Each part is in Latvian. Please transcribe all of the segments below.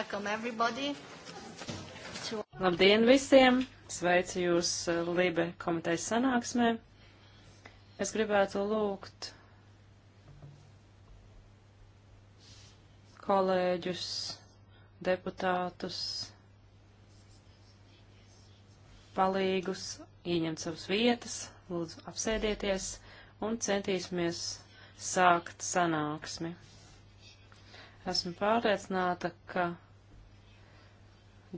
Welcome everybody. To... Labdien visiem! Sveicu jūs eh, Libe komitejas sanāksmē. Es gribētu lūgt kolēģus, deputātus, palīgus, ieņemt savas vietas, lūdzu apsēdieties un centīsimies sākt sanāksmi. Esmu pārliecināta, ka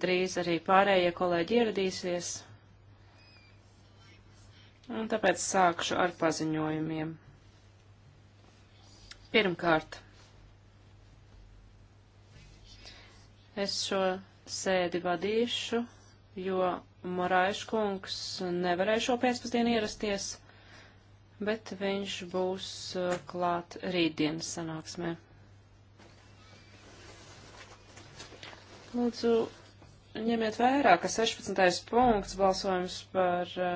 drīz arī pārējie kolēģi ieradīsies. Un tāpēc sākšu ar paziņojumiem. Pirmkārt, es šo sēdi vadīšu, jo Morājuš kungs nevarēja šo pēcpusdienu ierasties, bet viņš būs uh, klāt rītdienas sanāksmē. Lūdzu, ņemiet vērā, ka 16. punkts balsojums par uh,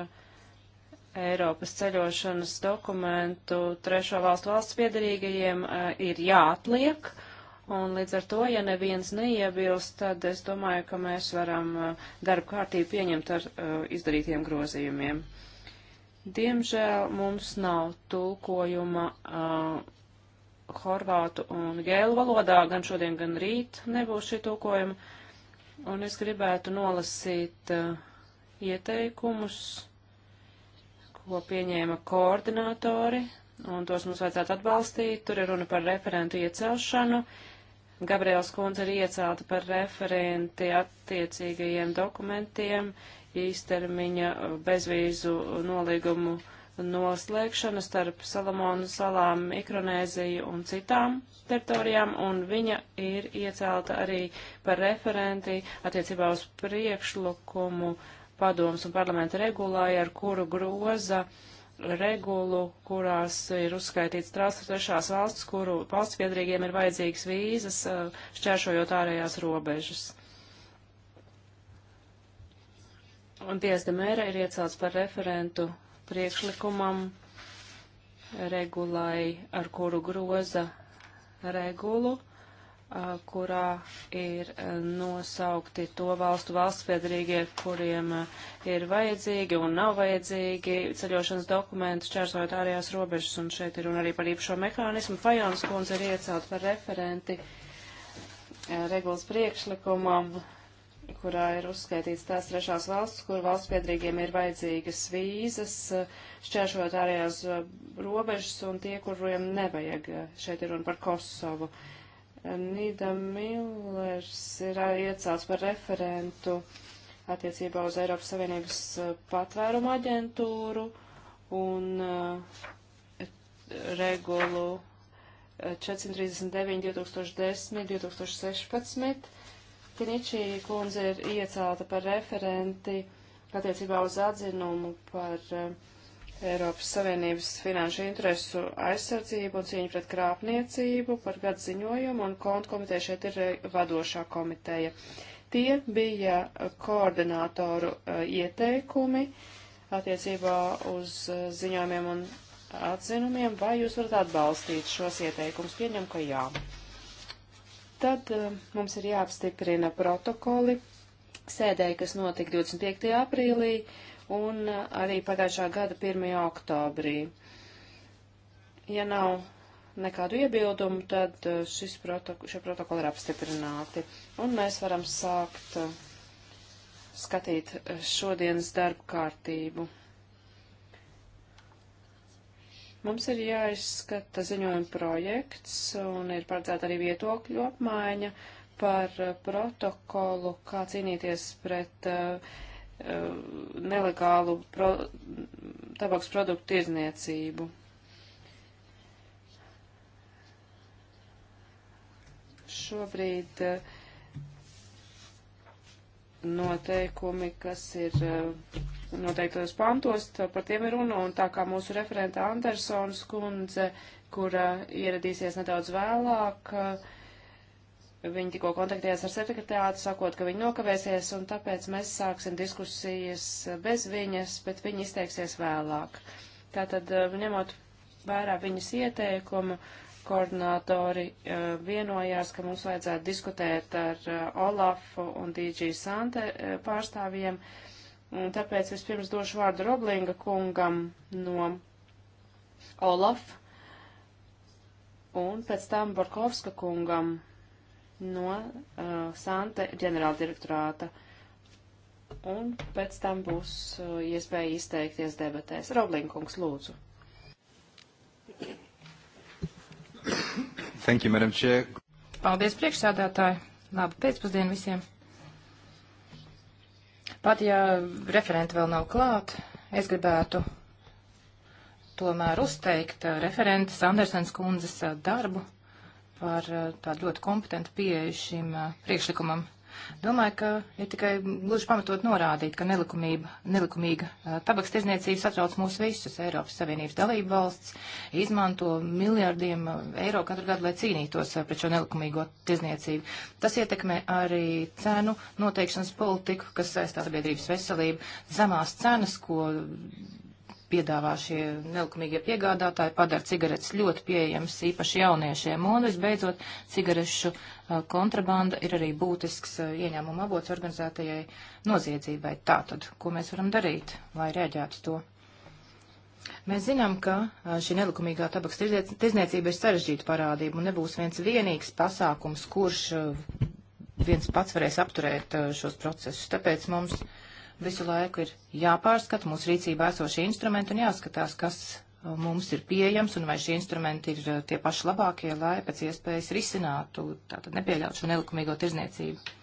Eiropas ceļošanas dokumentu trešo valstu valsts piedarīgajiem uh, ir jāatliek. Un līdz ar to, ja neviens neiebilst, tad es domāju, ka mēs varam uh, darbu kārtību pieņemt ar izdarītiem grozījumiem. Diemžēl mums nav tulkojuma horvātu un gēlu valodā, gan šodien, gan rīt nebūs šī tulkojuma. Uh, un es gribētu nolasīt uh, ieteikumus, ko pieņēma koordinātori, un tos mums vajadzētu atbalstīt. Tur ir runa par referentu iecelšanu. Gabriels Kunze ir iecelta par referenti attiecīgajiem dokumentiem, īstermiņa bezvīzu nolīgumu uh, noslēgšanu starp Salamonu salām, Mikronēziju un citām teritorijām, un viņa ir iecelta arī par referenti attiecībā uz priekšlikumu padomus un parlamenta regulāja, ar kuru groza regulu, kurās ir uzskaitīts trešās valsts, kuru valsts piedrīgiem ir vajadzīgas vīzas, šķēršojot ārējās robežas. Un tiesa de mēra ir iecelts par referentu priekšlikumam regulai, ar kuru groza regulu, kurā ir nosaukti to valstu valstspiedrīgie, kuriem ir vajadzīgi un nav vajadzīgi ceļošanas dokumentus čērsojot ārējās robežas, un šeit ir un arī par īpašo mehānismu. Fajons kundze ir iecelt par referenti regulas priekšlikumam. Mm kurā ir uzskaitīts tās trešās valsts, kur valsts piedrīgiem ir vajadzīgas vīzas, šķēršot ārējās uh, robežas un tie, kuriem nevajag. Šeit ir runa par Kosovu. Nīda Millers ir uh, iecelts par referentu attiecībā uz Eiropas Savienības uh, patvērumu aģentūru un regulu 439, 2010, 2016 Kiničī kundze ir iecelta par referenti attiecībā uz atzinumu par eh, Eiropas Savienības finanšu interesu aizsardzību un cīņu pret krāpniecību par gadu ziņojumu, un kontu komiteja šeit ir eh, vadošā komiteja. Tie bija koordinātoru eh, ieteikumi attiecībā uz ziņojumiem un atzinumiem, vai jūs varat atbalstīt šos ieteikumus? Pieņem, ka jā. Tad eh, mums ir jāapstiprina protokoli sēdēji, kas notika 25. aprīlī un eh, arī pagājušā gada 1. oktobrī. Ja nav nekādu iebildumu, tad eh, šis protokoli, šie protokoli ir apstiprināti. Un mēs varam sākt skatīt šodienas darbu kārtību. Mums ir jāizskata ziņojuma projekts un ir paredzēta arī vietokļu apmaiņa par uh, protokolu, kā cīnīties pret uh, uh, nelegālu pro, tabaks produktu tirzniecību. Šobrīd uh, noteikumi, kas ir eh, noteiktos pantos, par tiem ir runa, un tā kā mūsu referenta Andersons kundze, kura ieradīsies nedaudz vēlāk, eh, viņi tikko kontaktējās ar sekretariātu, sakot, ka viņi nokavēsies, un tāpēc mēs sāksim diskusijas bez viņas, bet viņi izteiksies vēlāk. Tātad, eh, ņemot vērā viņas ieteikumu, uh, koordinātori eh, vienojās, ka mums vajadzētu diskutēt ar eh, Olafu un DG Sante eh, pārstāvjiem. Un tāpēc vispirms došu vārdu Roblinga kungam no Olaf un pēc tam Borkovska kungam no uh, Sante ģenerāldirektorāta. Un pēc tam būs uh, iespēja izteikties debatēs. Roblinga kungs, lūdzu. Thank you, Madam Chair. Paldies, priekšsādātāji. Labu pēcpusdienu visiem. Pat ja referenti vēl nav klāt, es gribētu tomēr uzteikt eh, referentes Andersens kundzes eh, darbu par eh, tādu ļoti kompetentu pieeju šim priekšlikumam. Domāju, ka ir tikai gluži pamatot norādīt, ka nelikumīga tabaks tirzniecība satrauc mūs visus. Eiropas Savienības dalību valsts izmanto miljardiem eiro katru gadu, lai cīnītos pret šo nelikumīgo tirzniecību. Tas ietekmē arī cenu noteikšanas politiku, kas saistā sabiedrības veselību, zemās cenas, ko piedāvā šie nelikumīgie piegādātāji, padara cigaretes ļoti pieejamas īpaši jauniešiem un, visbeidzot, cigarešu uh, Uh, kontrabanda ir arī būtisks uh, ieņēmuma avots organizētajai noziedzībai. Tātad, ko mēs varam darīt, lai rēģētu to? Mēs zinām, ka uh, šī nelikumīgā tabaks tirdzniecība ir sarežģīta parādība un nebūs viens vienīgs pasākums, kurš viens pats varēs apturēt šos procesus. Tāpēc mums visu laiku ir jāpārskata mūsu rīcībā esošie instrumenti un jāskatās, kas mums ir pieejams un vai šie instrumenti ir eh, tie paši labākie, lai pēc iespējas risinātu tātad nepieļaut šo nelikumīgo tirzniecību.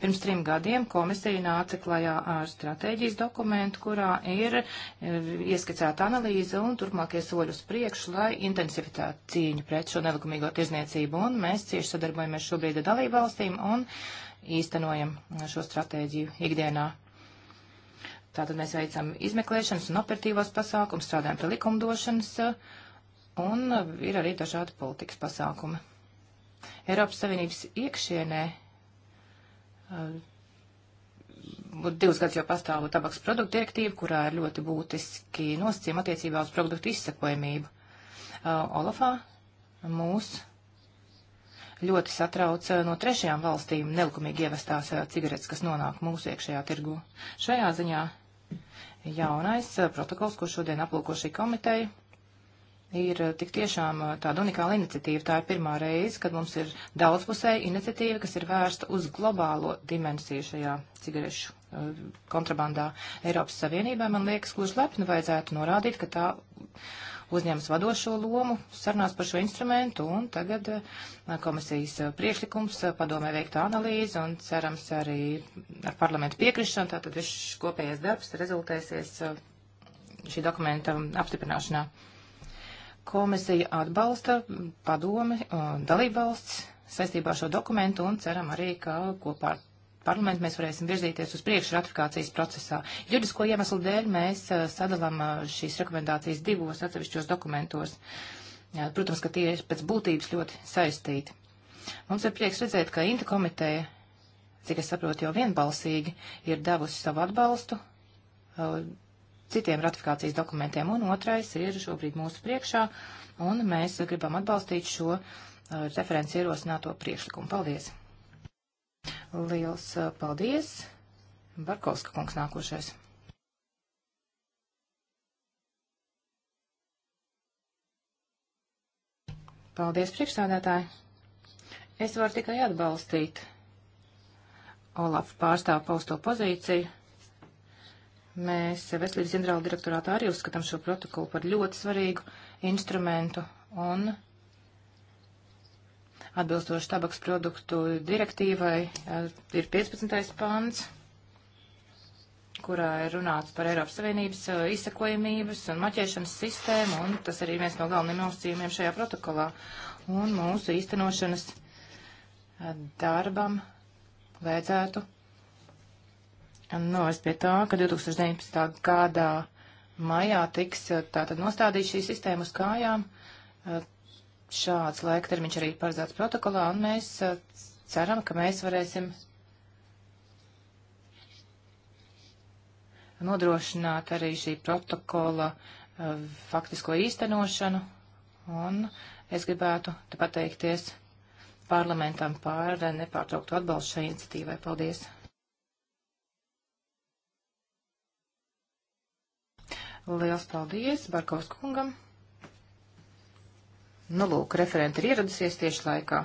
Pirms trim gadiem komisija nāca klajā ar stratēģijas dokumentu, kurā ir eh, ieskicēta analīze un turpmākie soļi uz priekšu, lai intensificētu cīņu pret šo nelikumīgo tirzniecību. Un mēs cieši sadarbojamies šobrīd ar dalībvalstīm un īstenojam šo stratēģiju ikdienā. Tātad mēs veicam izmeklēšanas un operatīvos pasākumus, strādājam pie likumdošanas un ir arī dažādi politikas pasākumi. Eiropas Savienības iekšienē eh, divus gadus jau pastāv tabaks produktu direktīva, kurā ir ļoti būtiski nosacījumi attiecībā uz produktu izsakojamību. Eh, Olafā mūs ļoti satrauc eh, no trešajām valstīm nelikumīgi ievestās cigaretes, kas nonāk mūsu iekšējā tirgu. Šajā ziņā Jaunais eh, protokols, ko šodien aplūko šī komiteja, ir eh, tik tiešām eh, tāda unikāla iniciatīva. Tā ir pirmā reize, kad mums ir daudzpusēja iniciatīva, kas ir vērsta uz globālo dimensiju šajā cigarešu kontrabandā Eiropas Savienībā. Man liekas, gluži lepni vajadzētu norādīt, ka tā uzņemas vadošo lomu sarunās par šo instrumentu, un tagad eh, komisijas eh, priekšlikums eh, padomē veiktu analīzi, un cerams arī ar parlamentu piekrišanu, tātad viss kopējais darbs rezultēsies šī dokumenta apstiprināšanā. Komisija atbalsta padomi un dalībvalsts saistībā ar šo dokumentu un ceram arī, ka kopā ar parlamentu mēs varēsim virzīties uz priekšu ratifikācijas procesā. Juridisko iemeslu dēļ mēs eh, sadalām eh, šīs rekomendācijas divos atsevišķos dokumentos. Protams, ka tie ir pēc būtības ļoti saistīti. Mums ir prieks redzēt, ka Inta komiteja, cik es saprotu, jau vienbalsīgi ir devusi savu atbalstu eh, citiem ratifikācijas dokumentiem, un otrais ir šobrīd mūsu priekšā, un mēs gribam atbalstīt šo referents ierosināto priekšlikumu. Paldies! Liels paldies! Barkovska kungs nākošais. Paldies, priekšstādātāji! Es varu tikai atbalstīt Olafu pārstāvu pausto pozīciju. Mēs veselības ģenerāla direktorātā arī uzskatām šo protokolu par ļoti svarīgu instrumentu, un atbilstoši tabaks produktu direktīvai ir 15. pants, kurā ir runāts par Eiropas Savienības izsekojamības un maķēšanas sistēmu, un tas arī viens no galvenajiem nosacījumiem šajā protokolā. Un mūsu īstenošanas darbam vajadzētu novest pie tā, ka 2019. gadā maijā tiks tātad nostādīt šī sistēma uz kājām šāds laika termiņš arī ir paredzēts protokolā, un mēs uh, ceram, ka mēs varēsim nodrošināt arī šī protokola uh, faktisko īstenošanu, un es gribētu te pateikties parlamentam par uh, nepārtrauktu atbalstu šai iniciatīvai. Paldies! Liels paldies Barkovs kungam! Nu, lūk, referenti ir ieradusies tieši laikā.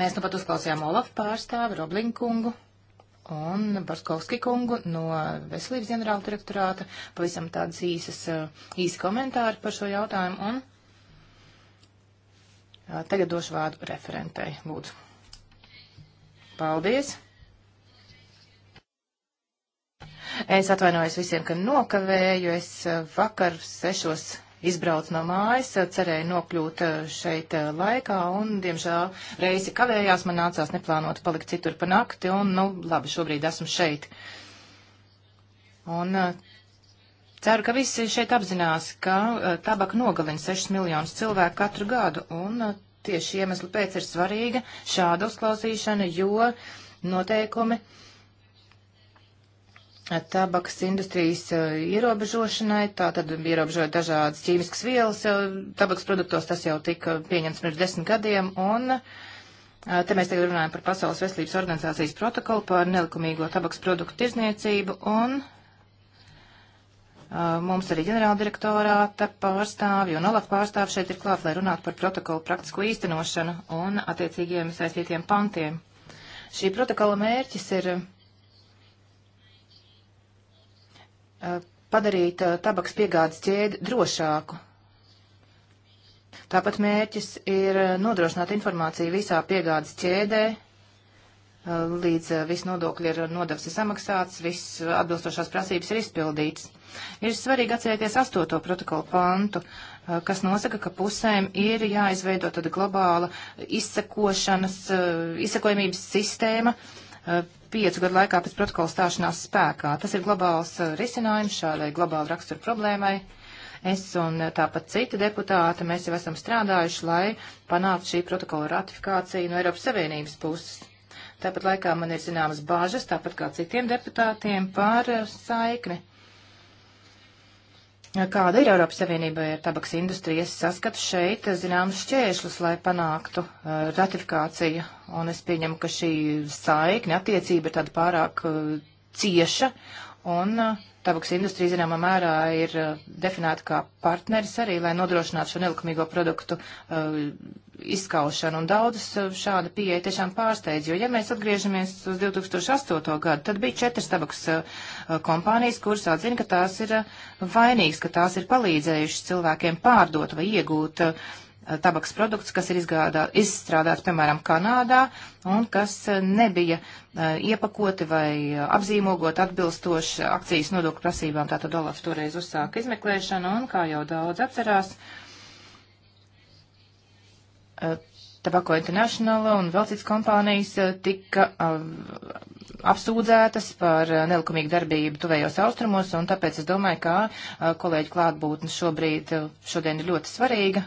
Mēs nu pat uzklausījām Olafu pārstāvi, Roblinu kungu un Barskovski kungu no Veselības ģenerāla direktorāta. Pavisam tādas īsas, eh, īsi komentāri par šo jautājumu. Un eh, tagad došu vārdu referentei. Lūdzu. Paldies! Es atvainojos visiem, ka nokavēju. Es eh, vakar sešos izbraucu no mājas, eh, cerēju nokļūt eh, šeit laikā un, diemžēl, reisi kavējās, man nācās neplānot palikt citur pa nakti un, nu, labi, šobrīd esmu šeit. Un Ceru, ka visi šeit apzinās, ka tabaka nogalina 6 miljonus cilvēku katru gadu, un tieši iemeslu pēc ir svarīga šāda uzklausīšana, jo noteikumi uh, tabakas industrijas eh, ierobežošanai, tā tad ierobežoja dažādas ķīmiskas vielas eh, tabakas produktos, tas jau tika pieņemts pirms desmit gadiem, un eh, te mēs tagad runājam par Pasaules veselības organizācijas protokolu par nelikumīgo tabakas produktu tirzniecību, un mums arī ģenerāldirektorāta pārstāvji un Olaf pārstāvji šeit ir klāt, lai runātu par protokolu praktisko īstenošanu un attiecīgiem saistītiem pantiem. Šī protokola mērķis ir Eh, padarīt eh, tabaks piegādes ķēdi drošāku. Tāpat mērķis ir eh, nodrošināt informāciju visā piegādes ķēdē, līdz viss nodokļi ir nodevs ir samaksāts, viss atbilstošās prasības ir izpildīts. Ir svarīgi atcerēties astoto protokolu pantu, kas nosaka, ka pusēm ir jāizveido tāda globāla izsekošanas, izsekojamības sistēma, uh, piecu gadu laikā pēc protokola stāšanās spēkā. Tas ir globāls eh, risinājums šādai globāla rakstura problēmai. Es un eh, tāpat citi deputāti, mēs jau esam strādājuši, lai panāktu šī protokola ratifikāciju no Eiropas Savienības puses. Tāpat laikā man ir zināmas bāžas, tāpat kā citiem deputātiem, par eh, saikni Kāda ir Eiropas Savienībai ar tabaks industriju? Es saskatu šeit zināmas šķēršļus, lai panāktu uh, ratifikāciju, un es pieņemu, ka šī saikne attiecība ir tāda pārāk uh, cieša, un uh, tabaks industrija zināmā mērā ir eh, definēta kā partneris arī, lai nodrošinātu šo nelikumīgo produktu uh, izskaušanu. Un daudzas eh, šāda pieeja tiešām pārsteidz, jo, ja mēs atgriežamies uz 2008. gadu, tad bija četras tabaks uh, kompānijas, kuras atzina, ka tās ir uh, vainīgas, ka tās ir palīdzējušas cilvēkiem pārdot vai iegūt uh, tabaks produkts, kas ir izgādā, izstrādāts, piemēram, Kanādā un kas eh, nebija eh, iepakoti vai eh, apzīmogot atbilstoši akcijas nodokļu prasībām. Tātad Olafs toreiz uzsāka izmeklēšanu un, kā jau daudz atcerās, Tobacco International un vēl citas kompānijas eh, tika eh, apsūdzētas par eh, nelikumīgu darbību tuvējos austrumos, un tāpēc es domāju, ka kolēģi klātbūtne šobrīd šodien ir ļoti svarīga.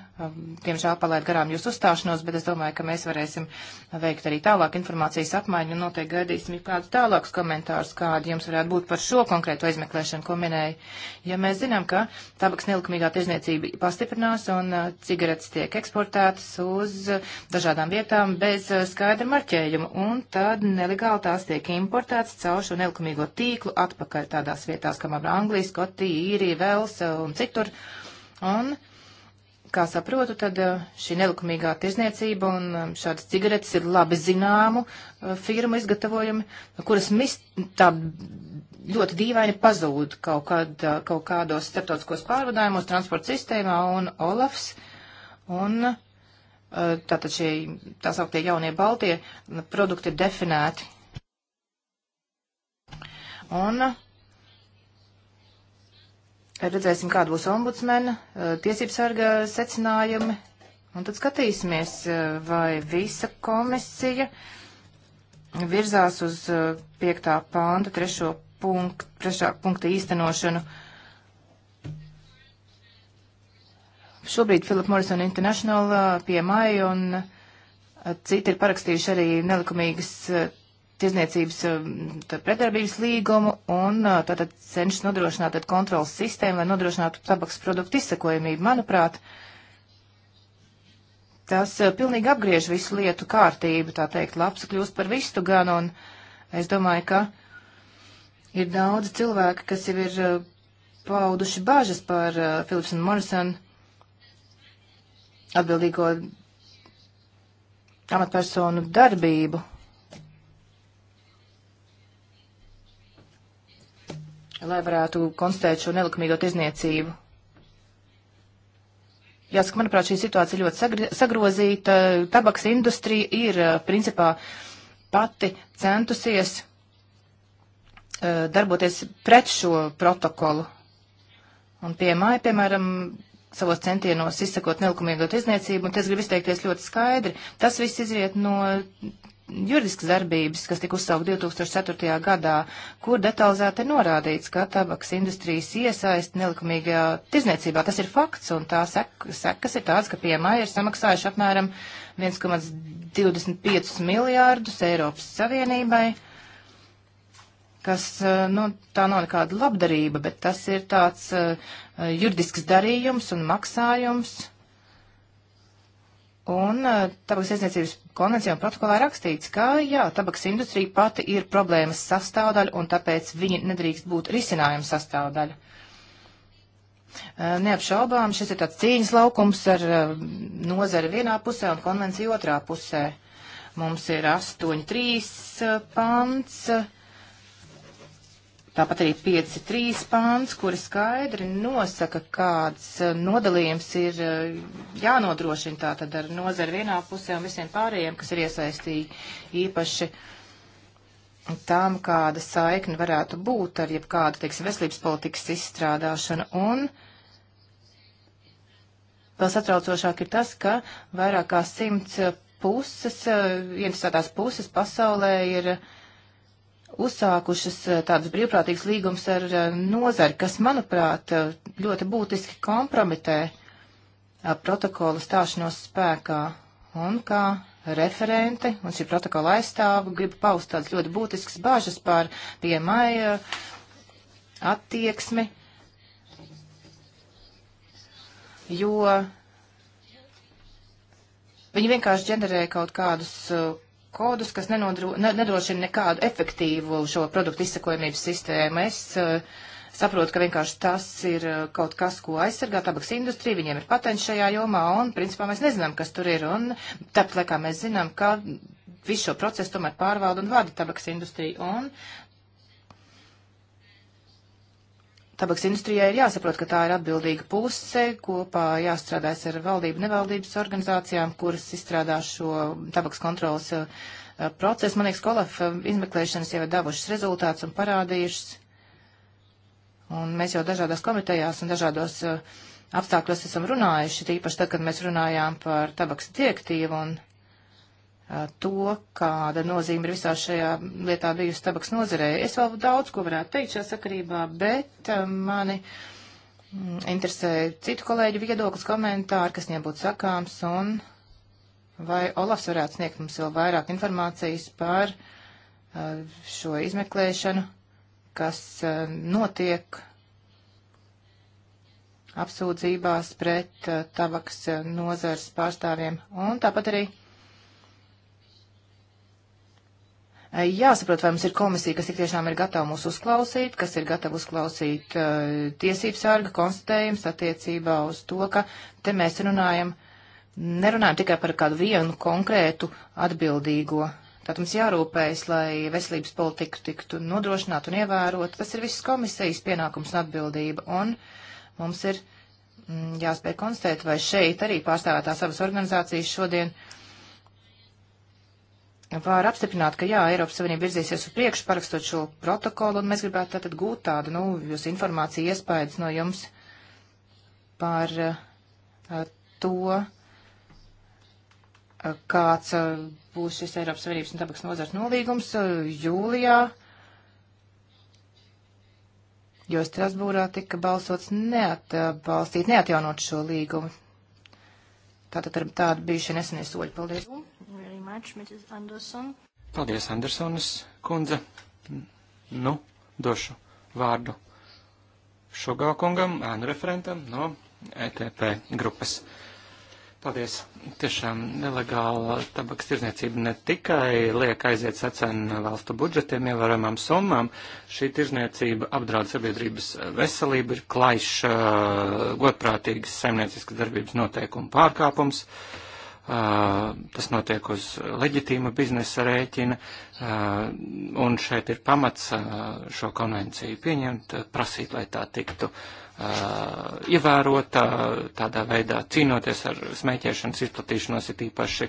Diemžēl palaid garām jūs uzstāšanos, bet es domāju, ka mēs varēsim veikt arī tālāk informācijas apmaiņu un noteikti gaidīsim kādus tālākus komentārus, kādi jums varētu būt par šo konkrēto izmeklēšanu, ko minēju. Ja mēs zinām, ka tabaks nelikumīgā tirzniecība pastiprinās un cigaretes tiek eksportētas uz dažādām vietām bez eh, skaidra marķējuma, un tad nelegāli tās tiek importētas caur šo nelikumīgo tīklu atpakaļ tādās vietās, kā Mabra Anglija, Skotija, Īrija, Velsa eh, un citur. Un, kā saprotu, tad eh, šī nelikumīgā tirzniecība un šādas cigaretes ir labi zināmu firmu izgatavojumi, kuras mis, tā ļoti dīvaini pazūd kaut, kad, kaut kādos starptautiskos pārvadājumos, transporta sistēmā, un Olafs un Eh, tātad šie tā sauktie jaunie baltie produkti ir definēti. Un eh, redzēsim, kāda būs ombudsmena, eh, tiesības sarga secinājumi, un tad skatīsimies, vai visa komisija virzās uz 5. pānta 3. Punkt, 3. punkta īstenošanu. Uh, Šobrīd Philip Morrison International uh, pie maija un uh, citi ir parakstījuši arī nelikumīgas uh, tirzniecības um, pretdarbības līgumu un tātad cenšas nodrošināt tad kontrolas sistēmu, lai nodrošinātu tabaks produktu izsekojamību. Manuprāt, tas pilnīgi apgriež visu lietu kārtību, tā teikt, labs kļūst par vistu gan, un es domāju, ka ir daudz cilvēki, kas jau ir pauduši bažas par Philips un Morrison atbildīgo amatpersonu darbību. Lai varētu konstatēt šo nelikumīgo tirzniecību. Jāsaka, manuprāt, šī situācija ļoti sagrozīta. Tabaks industrija ir eh, principā pati centusies eh, darboties pret šo protokolu. Un PMI, piemēram, savos centienos izsakot nelikumīgot izniecību, un te es gribu izteikties ļoti skaidri. Tas viss izriet no juridiskas darbības, kas tika uzsaukt 2004. gadā, kur detalizēti ir norādīts, ka tabaks industrijas iesaist nelikumīgajā tirzniecībā. Tas ir fakts, un tā sekas sek, ir tāds, ka PMI ir samaksājuši apmēram 1,25 miljārdus Eiropas Savienībai kas, eh, nu, tā nav nekāda labdarība, bet tas ir tāds uh, juridisks darījums un maksājums. Un uh, eh, tabaks iesniecības konvencijā un protokolā rakstīts, ka, jā, tabaks industrija pati ir problēmas sastāvdaļa un tāpēc viņi nedrīkst būt risinājuma sastāvdaļa. Uh, neapšaubām šis ir tāds cīņas laukums ar nozari vienā pusē un konvenciju otrā pusē. Mums ir 8.3 pants. Uh, Tāpat arī 5.3 pāns, kuri skaidri nosaka, kāds eh, nodalījums ir eh, jānodrošina tātad ar nozari vienā pusē un visiem pārējiem, kas ir iesaistīti īpaši tām, kāda saikne varētu būt ar jebkādu, teiksim, veselības politikas izstrādāšanu. Un vēl satraucošāk ir tas, ka vairāk kā simts puses, eh, interesētās puses pasaulē ir uzsākušas eh, tādus brīvprātīgus līgumus ar eh, nozari, kas, manuprāt, eh, ļoti būtiski kompromitē protokola stāšanos spēkā. Un kā referente un šī protokola aizstāvu gribu paust tādas ļoti būtiskas bāžas par PMI attieksmi, jo viņi vienkārši ģenerē kaut kādus kodus, kas nenodro, nedrošina nekādu efektīvu šo produktu izsakojamības sistēmu. Es uh, saprotu, ka vienkārši tas ir eh, kaut kas, ko aizsargā tabaks industrija, viņiem ir patents šajā jomā, un principā mēs nezinām, kas tur ir, un tāpat laikā mēs zinām, ka visu šo procesu tomēr pārvalda un vada tabaks industrija, un Tabaks industrijai ir jāsaprot, ka tā ir atbildīga puse, kopā jāstrādājas ar valdību nevaldības organizācijām, kuras izstrādā šo tabaks kontrolas eh, procesu. Man liekas, Kolaf eh, izmeklēšanas jau ir devušas rezultātus un parādījušas. Un mēs jau dažādās komitejās un dažādos eh, apstākļos esam runājuši, tīpaši tad, kad mēs runājām par tabaks direktīvu un to, kāda nozīme ir visā šajā lietā bijusi tabaks nozarē. Es vēl daudz ko varētu teikt šajā sakarībā, bet eh, mani mm, interesē citu kolēģu viedoklis, komentāri, kas viņiem būtu sakāms, un vai Olafs varētu sniegt mums vēl vairāk informācijas par eh, šo izmeklēšanu, kas eh, notiek apsūdzībās pret tabaks nozars pārstāvjiem, un tāpat arī Eh, jāsaprot, vai mums ir komisija, kas tik tiešām ir gatava mūs uzklausīt, kas ir gatava uzklausīt eh, tiesību sārga konstatējums attiecībā uz to, ka te mēs runājam, nerunājam tikai par kādu vienu konkrētu atbildīgo. Tātad mums jārūpējas, lai veselības politika tiktu nodrošināta un ievērota. Tas ir viss komisijas pienākums un atbildība. Un mums ir mm, jāspēj konstatēt, vai šeit arī pārstāvētās abas organizācijas šodien uh, var apstiprināt, ka jā, Eiropas Savienība virzīsies uz priekšu, parakstot šo protokolu, un mēs gribētu tātad gūt tādu, nu, jūsu informāciju iespējas no jums par uh, to, uh, kāds uh, būs šis Eiropas Savienības un tabaks nozars nolīgums jūlijā, jo Strasbūrā tika balsots neatbalstīt, neatjaunot šo līgumu. Tātad tāda bija šī nesenie soļi. Paldies! much, Mrs. Anderson. Paldies, Andersonas kundze. Nu, došu vārdu Šogākungam, ēnu referentam no ETP grupas. Paldies. Tiešām nelegāla tabaks tirzniecība ne tikai liek aiziet sacenu valstu budžetiem ievērojamām summām, šī tirzniecība apdraud sabiedrības veselību, ir klaišs, uh, godprātīgas saimnieciskas darbības noteikumu pārkāpums. Uh, tas notiek uz leģitīma biznesa rēķina, un šeit ir pamats šo konvenciju pieņemt, prasīt, lai tā tiktu ievērota, tādā veidā cīnoties ar smēķēšanas izplatīšanos, ir īpaši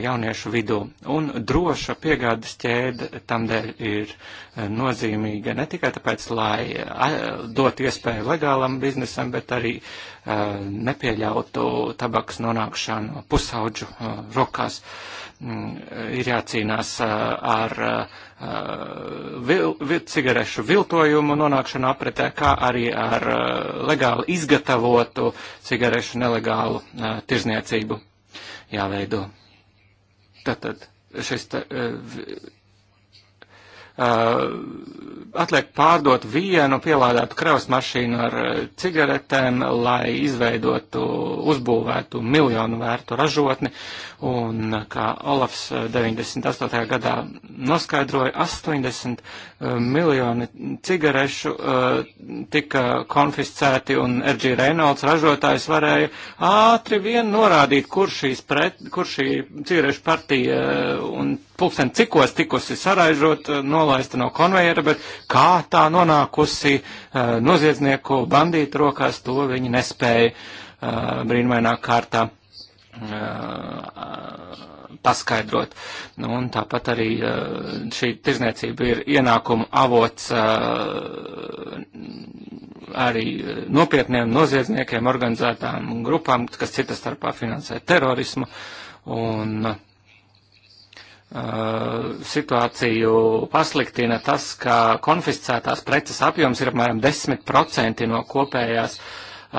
jauniešu vidū. Un droša piegādes ķēde tamdēļ ir nozīmīga ne tikai tāpēc, lai dotu iespēju legālam biznesam, bet arī uh, Uh, nepieļautu tabaks nonākšanu pusauģu uh, rokās. Mm, ir jācīnās uh, ar vil, vil, cigarešu viltojumu nonākšanu apretē, kā arī ar legāli izgatavotu cigarešu nelegālu tirzniecību jāveido. Tātad šis Uh, atliek pārdot vienu pielādētu kravas mašīnu ar uh, cigaretēm, lai izveidotu, uzbūvētu miljonu vērtu ražotni. Un, uh, kā Olafs 98. gadā noskaidroja, 80 miljoni cigarešu tika konfiscēti un RG Reynolds ražotājs varēja ātri vien norādīt, kur, pret, kur šī cigarešu partija un pulksten cikos tikusi saražot no palaista no konvejera, bet kā tā nonākusi eh, noziedznieku bandītu rokās, to viņi nespēja eh, brīnumainā kārtā eh, paskaidrot. Nu, un tāpat arī šī tirzniecība ir ienākuma avots arī nopietniem noziedzniekiem, organizētām grupām, kas citas starpā finansē terorismu. Un, uh, Eh, situāciju pasliktina tas, ka konfiscētās preces apjoms ir apmēram 10% no kopējās uh,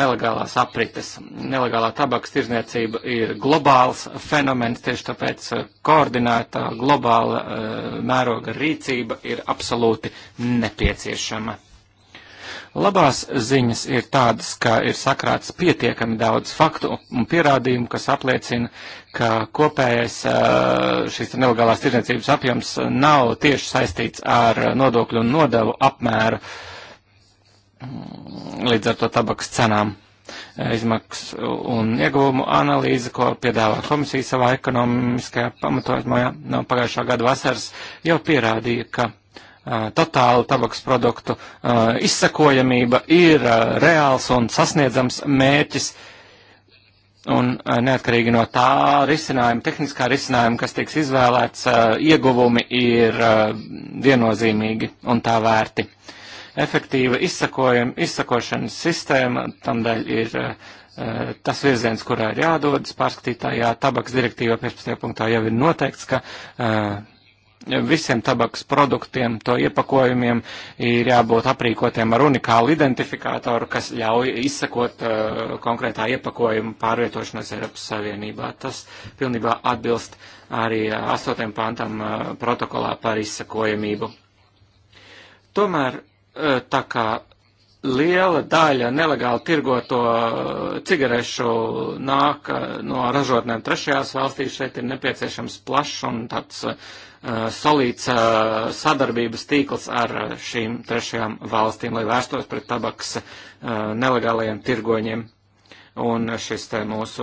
nelegālās aprites. Nelegālā tabaks tirzniecība ir globāls fenomens, tieši tāpēc eh, koordinētā globāla uh, mēroga rīcība ir absolūti nepieciešama. Labās ziņas ir tādas, ka ir sakrāts pietiekami daudz faktu un pierādījumu, kas apliecina, ka kopējais šīs nelegālās tirdzniecības apjoms nav tieši saistīts ar nodokļu un nodevu apmēru mm, līdz ar to tabakas cenām. Izmaksu un ieguvumu analīze, ko piedāvā komisija savā ekonomiskajā pamatojumā no pagājušā gada vasaras, jau pierādīja, ka totāla tabaks produktu izsakojamība ir reāls un sasniedzams mērķis. Un neatkarīgi no tā risinājuma, tehniskā risinājuma, kas tiks izvēlēts, ieguvumi ir viennozīmīgi un tā vērti. Efektīva izsakošanas sistēma, tamdēļ ir tas virziens, kurā ir jādodas pārskatītājā. Tabaks direktīva 15. punktā jau ir noteikts, ka visiem tabaks produktiem, to iepakojumiem ir jābūt aprīkotiem ar unikālu identifikātoru, kas ļauj izsekot uh, konkrētā iepakojuma pārvietošanos Eiropas Savienībā. Tas pilnībā atbilst arī 8. pantam uh, protokolā par izsekojamību. Tomēr, uh, tā kā liela daļa nelegāli tirgoto uh, cigarešu nāk uh, no ražotnēm trešajās valstīs. Šeit ir nepieciešams plašs un tāds uh, Eh, solīts eh, sadarbības tīkls ar eh, šīm trešajām valstīm, lai vērstos pret tabaks nelegālajiem tirgoņiem. Un šis te mūsu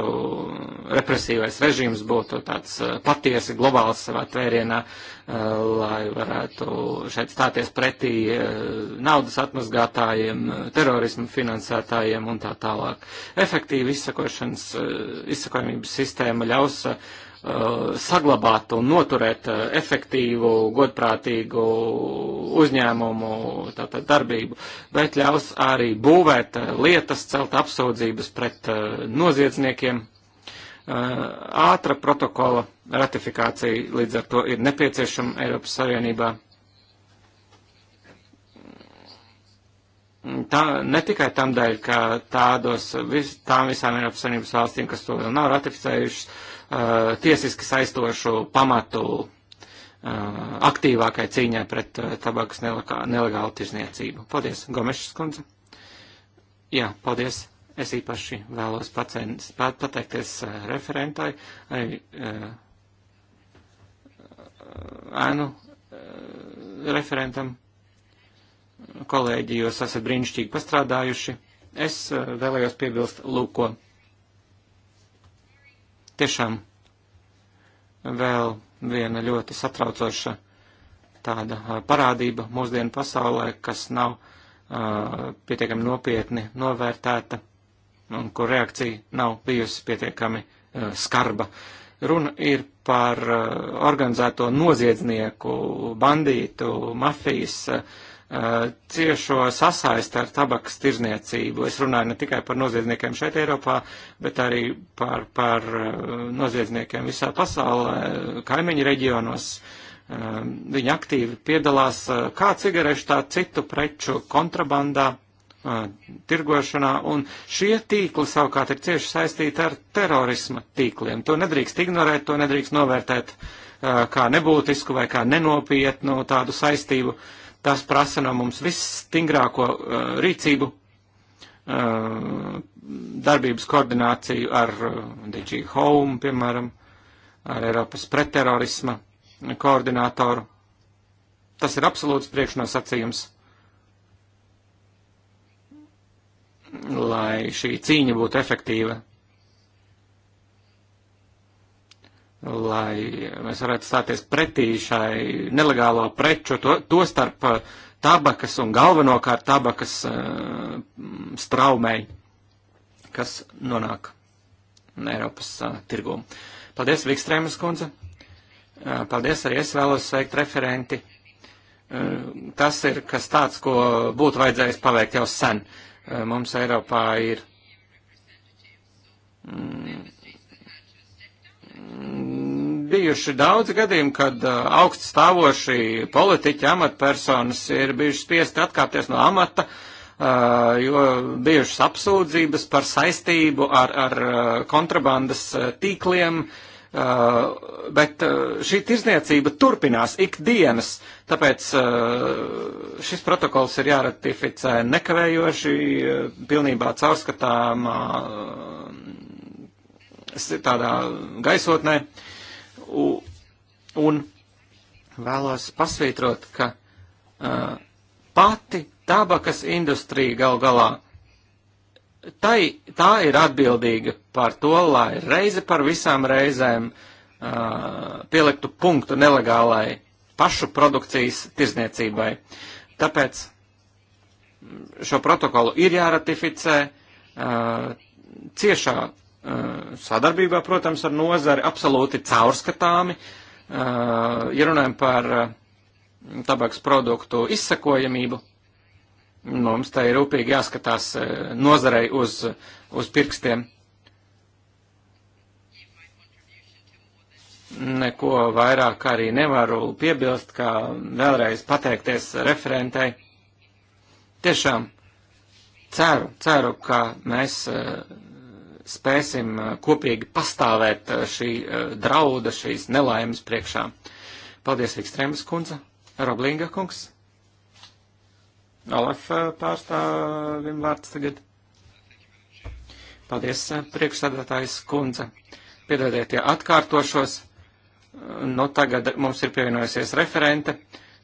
represīvais režīms būtu tāds patiesi globāls savā tvērienā, lai varētu šeit stāties pretī naudas atmazgātājiem, terorismu finansētājiem un tā tālāk. Efektīva izsakošanas, izsakojamības sistēma ļaus uh, Uh, saglabāt un noturēt uh, efektīvu, godprātīgu uzņēmumu tātad, darbību, bet ļaus arī būvēt uh, lietas, celt apsūdzības pret noziedzniekiem. Ātra protokola ratifikācija līdz ar to ir nepieciešama Eiropas Savienībā. Tā, ne tikai tam dēļ, ka tādos, vis, tām visām Eiropas Savienības valstīm, kas to vēl nav ratificējušas, uh, Uh, tiesiski saistošu pamatu uh, aktīvākai cīņai pret uh, tabakas nelegālu tirzniecību. Paldies, Gomešas kundze. Jā, paldies. Es īpaši vēlos pacenst, pateikties referentai, arī ēnu referentam. Kolēģi, jūs esat brīnišķīgi pastrādājuši. Es vēlējos piebilst lūko. Tiešām vēl viena ļoti satraucoša tāda parādība mūsdienu pasaulē, kas nav uh, pietiekami nopietni novērtēta un kur reakcija nav bijusi pietiekami uh, skarba. Runa ir par uh, organizēto noziedznieku, bandītu, mafijas uh, Eh, ciešo sasaisti ar tabakas tirzniecību. Es runāju ne tikai par noziedzniekiem šeit Eiropā, bet arī par, par eh, noziedzniekiem visā pasaulē, kaimiņu reģionos. Eh, viņi aktīvi piedalās kā cigarešu, tā citu preču kontrabandā, tirgošanā, un šie tīkli savukārt ir cieši saistīti ar terorisma tīkliem. To nedrīkst ignorēt, to nedrīkst novērtēt kā nebūtisku vai kā nenopietnu tādu saistību. Uh, Tas prasa no mums visstingrāko uh, rīcību, uh, darbības koordināciju ar uh, eh, DG Home, piemēram, ar Eiropas pretterorisma koordinātoru. Tas ir absolūts priekšnosacījums, lai šī cīņa būtu efektīva lai mēs varētu stāties pretī šai nelegālo preču, to, to starp eh, tabakas un galvenokārt tabakas uh, eh, straumei, kas nonāk Eiropas uh, tirgū. Paldies, Vikstrēmas kundze. Uh, paldies arī es vēlos sveikt referenti. Uh, tas ir kas tāds, ko būtu vajadzējis paveikt jau sen. Uh, mums Eiropā ir. Mm, Mm, bijuši daudz gadījumi, kad uh, augsts stāvoši politiķi, amatpersonas ir bijuši spiesti atkāpties no amata, uh, jo bijušas apsūdzības par saistību ar, ar uh, kontrabandas tīkliem, bet šī tirzniecība turpinās ikdienas, tāpēc šis protokols ir jāratificē nekavējoši, pilnībā caurskatāmā tādā gaisotnē. U, un vēlos pasvītrot, ka uh, pati tabakas industrija gal galā, tai, tā ir atbildīga par to, lai reize par visām reizēm uh, pieliktu punktu nelegālai pašu produkcijas tirzniecībai. Tāpēc šo protokolu ir jāratificē uh, ciešā Eh, sadarbībā, protams, ar nozari absolūti caurskatāmi. Eh, ja runājam par eh, tabaks produktu izsakojamību, nu, mums tā ir rūpīgi jāskatās nozarei uz, uz pirkstiem. Neko vairāk arī nevaru piebilst, kā vēlreiz pateikties referentei. Tiešām ceru, ceru, ka mēs spēsim eh, kopīgi pastāvēt eh, šī eh, drauda, šīs nelaimes priekšā. Paldies, Vikstrēmas kundze, Roblinga kungs. Olaf pārstāvim vārds tagad. Paldies, priekšsādātājs kundze. Piedodiet, ja atkārtošos. Nu, tagad mums ir pievienojusies referente.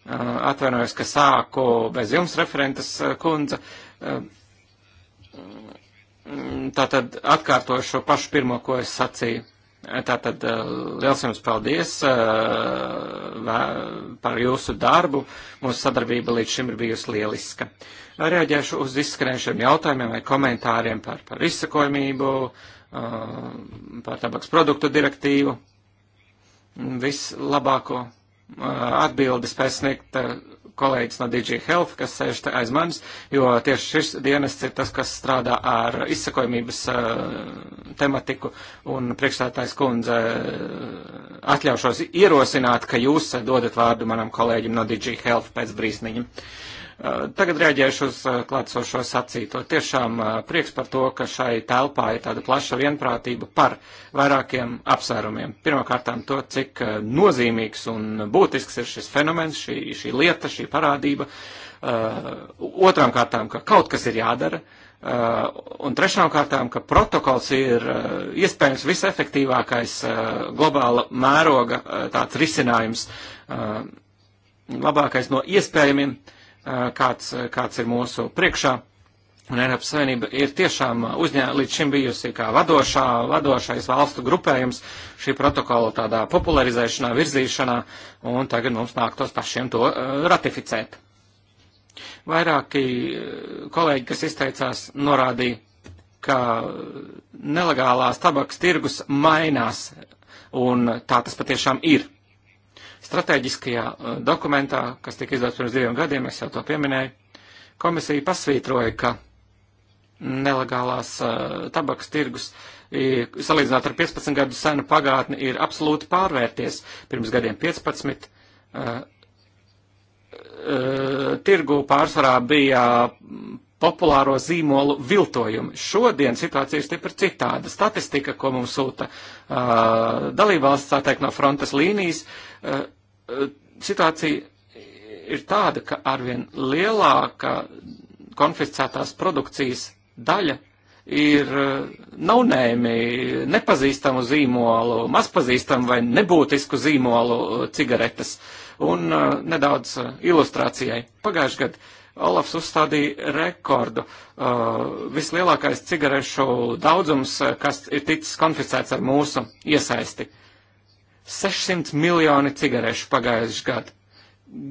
Atvainojos, ka sāku bez jums referentes kundze Mm, tātad atkārtošu šo pašu pirmo, ko es sacīju. Tātad eh, liels jums paldies eh, par jūsu darbu. Mūsu sadarbība līdz šim ir bijusi lieliska. Reaģēšu uz izskanējušiem jautājumiem vai komentāriem par, par izsakojumību, eh, par tabaks produktu direktīvu. Mm, vislabāko atbildi spēs sniegt kolēģis no DG Health, kas sēž te aiz manis, jo tieši šis dienests ir tas, kas strādā ar izsakojumības eh, tematiku, un priekšstādātājs kundze eh, atļaušos ierosināt, ka jūs dodat vārdu manam kolēģim no DG Health pēc brīsniņa. Uh, Tagad reaģēšu uz klātsošo sacīto. Tiešām prieks par to, ka šai telpā ir tāda plaša vienprātība par vairākiem apsvērumiem. Pirmkārtām to, cik nozīmīgs un būtisks ir šis fenomens, šī, šī lieta, šī parādība. Otrām kārtām, ka kaut kas ir jādara. Un trešām kārtām, ka protokols ir iespējams visefektīvākais globāla mēroga tāds risinājums, labākais no iespējamiem Eh, kāds, eh, kāds ir mūsu priekšā. Un Eiropas Savienība ir tiešām eh, uzņē, līdz šim bijusi kā vadošā, vadošais valstu grupējums šī protokola tādā popularizēšanā, virzīšanā, un tagad mums nāktos pašiem to uh, ratificēt. Vairāki kolēģi, kas izteicās, norādīja, ka nelegālās tabaks tirgus mainās, un tā tas patiešām ir. Stratēģiskajā eh, dokumentā, kas tika izdots pirms diviem gadiem, es jau to pieminēju, komisija pasvītroja, ka nelegālās eh, tabaks tirgus, salīdzināt ar 15 gadu senu pagātni, ir absolūti pārvērties. Pirms gadiem 15 eh, tirgu pārsvarā bija populāro zīmolu viltojumi. Šodien situācija ir stipri citāda. Statistika, ko mums sūta uh, dalībvalsts, tā teikt, no frontes līnijas, uh, situācija ir tāda, ka arvien lielāka konfiscētās produkcijas daļa ir eh, naunēmi nepazīstamu zīmolu, mazpazīstamu vai nebūtisku zīmolu eh, cigaretes. Un uh, nedaudz ilustrācijai. Pagājuši gadu Olafs uzstādīja rekordu. Uh, vislielākais cigarešu daudzums, kas ir ticis konfiscēts ar mūsu iesaisti. Uh, 600 miljoni cigarešu pagājuši gadu.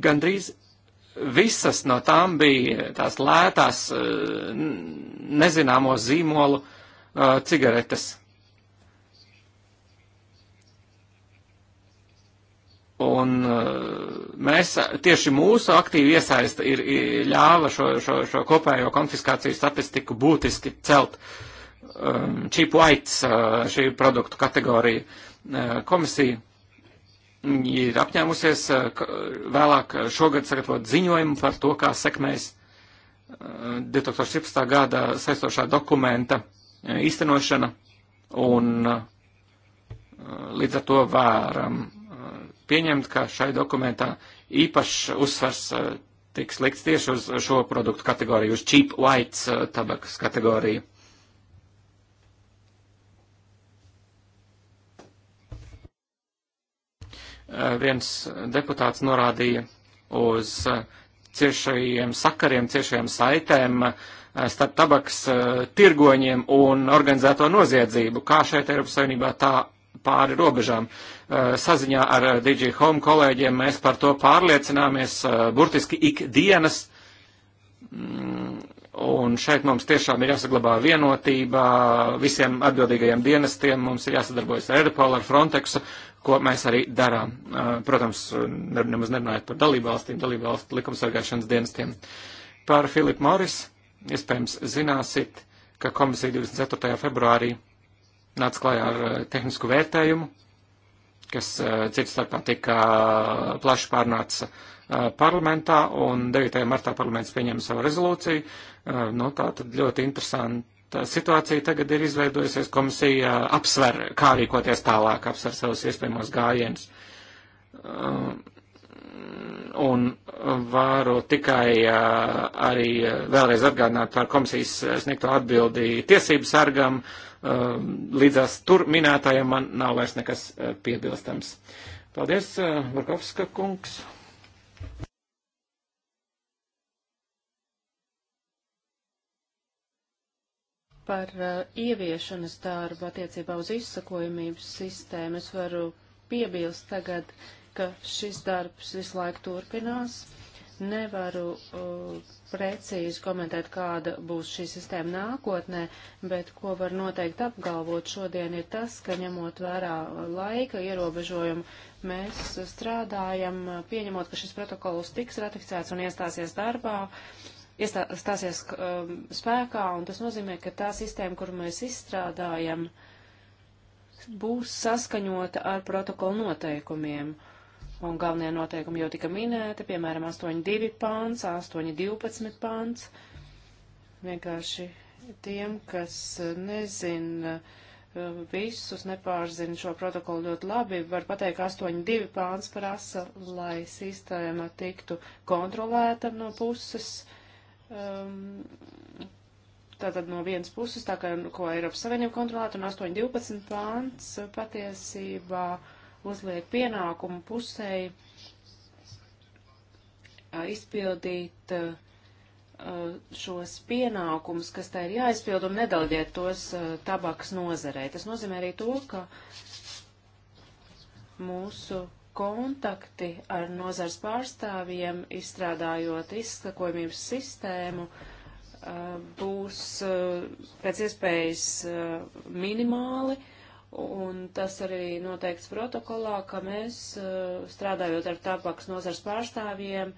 Gandrīz visas no tām bija tās lētās, eh, nezināmo zīmolu eh, cigaretes. Un eh, mēs, tieši mūsu aktīva iesaista ir, ir ļāva šo, šo, šo kopējo konfiskāciju statistiku būtiski celt. Um, cheap whites, uh, šī produktu kategorija, Komisija ir apņēmusies vēlāk šogad sagatavot ziņojumu par to, kā sekmēs 2017. gada saistošā dokumenta īstenošana un līdz ar to vēram pieņemt, ka šai dokumentā īpašs uzsvars tiks likts tieši uz šo produktu kategoriju, uz cheap whites tabakas kategoriju. Eh, viens deputāts norādīja uz eh, ciešajiem sakariem, ciešajiem saitēm eh, starp tabaks tirgoņiem un organizēto noziedzību, kā šeit Eiropas Savienībā tā pāri robežām. Saziņā ar DJ Home kolēģiem mēs par to pārliecināmies burtiski ikdienas mm, Un šeit mums tiešām ir jāsaglabā vienotība visiem atbildīgajiem dienestiem, mums ir jāsadarbojas ar Eiropolu, ar Frontexu, ko mēs arī darām. Uh, protams, nemaz nerunājot par dalībvalstīm, dalībvalstu likumsargāšanas dienestiem. Par Filipu Moris, iespējams, zināsit, ka komisija 24. februārī nāca klājā ar uh, tehnisku vērtējumu, kas uh, cits starpā tika plaši pārnāca parlamentā, un 9. martā parlaments pieņēma savu rezolūciju. Uh, nu, tā tad ļoti interesanta situācija tagad ir izveidojusies. Komisija uh, apsver, kā rīkoties tālāk, apsver savus iespējamos gājienus. Uh, un varu tikai arī vēlreiz atgādināt par komisijas sniegto atbildi tiesību sargam. Līdzās tur minētājiem man nav vairs nekas piebilstams. Paldies, Varkovska kungs. Par uh, ieviešanas darbu attiecībā uz izsakojamības sistēmu es varu piebilst tagad, ka šis darbs visu laiku turpinās. Nevaru uh, precīzi komentēt, kāda būs šī sistēma nākotnē, bet ko var noteikti apgalvot šodien ir tas, ka ņemot vērā laika ierobežojumu, mēs strādājam, eh, pieņemot, ka šis protokols tiks ratificēts un iestāsies darbā. Uh, iestāsies um, spēkā, un tas nozīmē, ka tā sistēma, kuru mēs izstrādājam, būs saskaņota ar protokolu noteikumiem. Un galvenie noteikumi jau tika minēti, piemēram, 8.2 pāns, 8.12 pāns. Vienkārši tiem, kas uh, nezina uh, visus, nepārzina šo protokolu ļoti labi, var pateikt, ka 8.2 pāns prasa, lai sistēma tiktu kontrolēta no puses. Uh, um, tātad no vienas puses, tā kā, ko Eiropas Savienība kontrolētu, un 8.12 pāns patiesībā uzliek pienākumu pusēji izpildīt šos pienākumus, kas tā ir jāizpild, un nedalģēt tos tabaks nozarei. Tas nozīmē arī to, ka mūsu kontakti ar nozars pārstāvjiem, izstrādājot izsakojumības sistēmu, uh, būs uh, pēc iespējas uh, minimāli, un tas arī noteikts protokolā, ka mēs, strādājot ar tabaks nozars pārstāvjiem,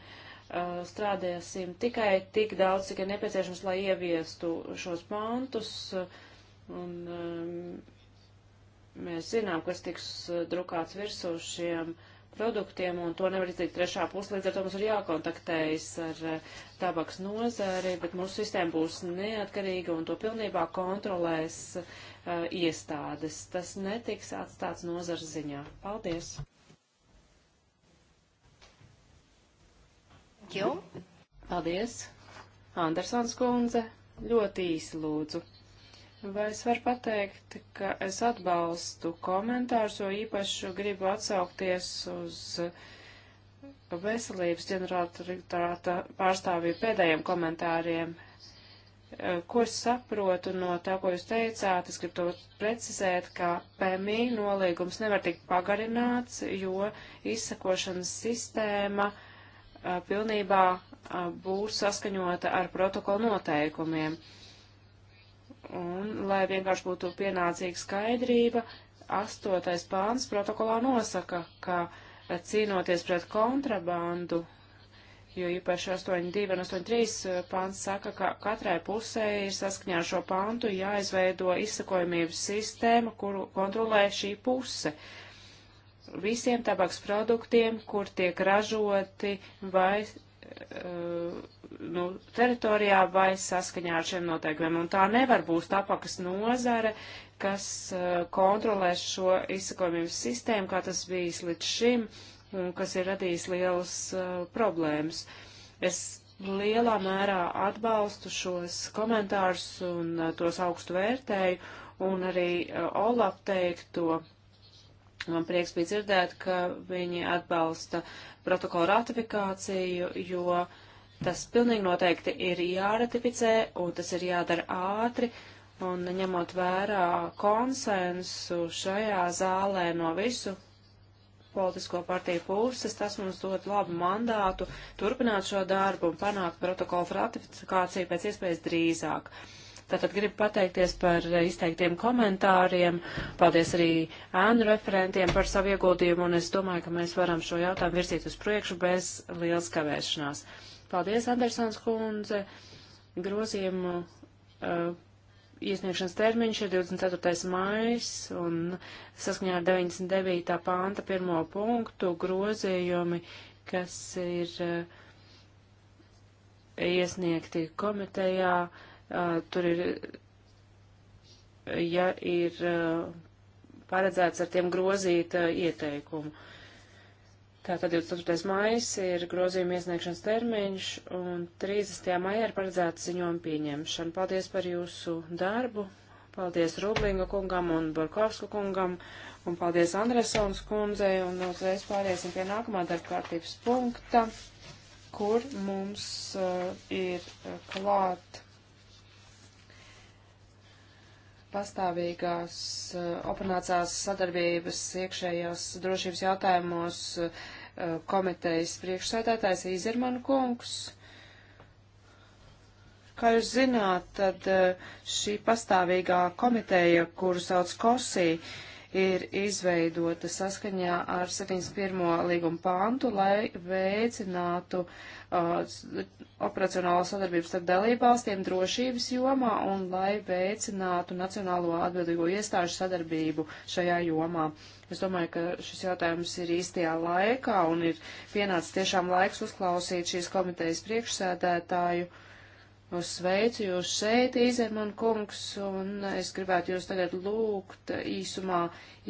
strādāsim tikai tik daudz, cik ir nepieciešams, lai ieviestu šos pantus, un um, Mēs zinām, kas tiks uh, drukāts virsū šiem produktiem, un to nevar izdarīt trešā puse, līdz ar to mums ir jākontaktējas ar uh, tabaks nozari, bet mūsu sistēma būs neatkarīga un to pilnībā kontrolēs uh, iestādes. Tas netiks atstāts nozars ziņā. Paldies! Jau. Paldies, Andersons kundze. Ļoti īsi lūdzu. Vai es varu pateikt, ka es atbalstu komentārus, jo īpaši gribu atsaukties uz veselības ģenerāldirektorāta pārstāvju pēdējiem komentāriem. Ko es saprotu no tā, ko jūs teicāt, es gribu to precizēt, ka PMI nolīgums nevar tikt pagarināts, jo izsakošanas sistēma pilnībā būs saskaņota ar protokolu noteikumiem. Uh, Un, lai vienkārši būtu pienācīga skaidrība, astotais pāns protokolā nosaka, ka cīnoties pret kontrabandu, jo īpaši 8.2 un 8.3 pāns saka, ka katrai pusē ir saskaņā ar šo pāntu jāizveido izsakojumības sistēma, kuru kontrolē šī puse visiem tabaks produktiem, kur tiek ražoti vai Eh, nu, teritorijā vai saskaņā ar šiem noteikumiem. Un tā nevar būt tapakas nozare, kas eh, kontrolēs šo izsakojumības sistēmu, kā tas bijis līdz šim, un kas ir radījis lielas eh, problēmas. Es lielā mērā atbalstu šos komentārus un tos augstu vērtēju, un arī Olaf teikto Man prieks bija dzirdēt, ka viņi atbalsta protokolu ratifikāciju, jo tas pilnīgi noteikti ir jāratificē un tas ir jādara ātri. Un ņemot vērā konsensu šajā zālē no visu politisko partiju puses, tas mums dod labu mandātu turpināt šo darbu un panākt protokolu ratifikāciju pēc iespējas drīzāk. Uh, Tātad gribu pateikties par izteiktiem komentāriem, paldies arī ēnu referentiem par savu ieguldījumu, un es domāju, ka mēs varam šo jautājumu virzīt uz priekšu bez lielas kavēšanās. Paldies, Andersons kundze, grozījumu. Uh, iesniegšanas termiņš ir 24. mājas un saskaņā ar 99. pānta pirmo punktu grozījumi, kas ir uh, iesniegti komitejā, Tur ir, ja ir paredzēts ar tiem grozīt ieteikumu. Tātad 24. maijas ir grozījuma iesniegšanas termiņš un 30. maijā ir paredzēta ziņojuma pieņemšana. Paldies par jūsu darbu, paldies Rublinga kungam un Borkovsku kungam un paldies Andresons kundzei un uzreiz pāriesim pie nākamā darba kārtības punkta, kur mums uh, ir klāt pastāvīgās eh, opernācās sadarbības iekšējās drošības jautājumos eh, komitejas priekšsēdētājs Īzermanu kungs. Kā jūs zināt, tad eh, šī pastāvīgā komiteja, kuru sauc Kosī, uh, ir izveidota saskaņā ar 71. līguma pāntu, lai veicinātu uh, operacionālo sadarbību starp dalībvalstiem drošības jomā un lai veicinātu nacionālo atbildīgo iestāžu sadarbību šajā jomā. Es domāju, ka šis jautājums ir īstajā laikā un ir pienācis tiešām laiks uzklausīt šīs komitejas priekšsēdētāju. Uh, Uz sveicu jūs šeit, Izerman kungs, un es gribētu jūs tagad lūgt īsumā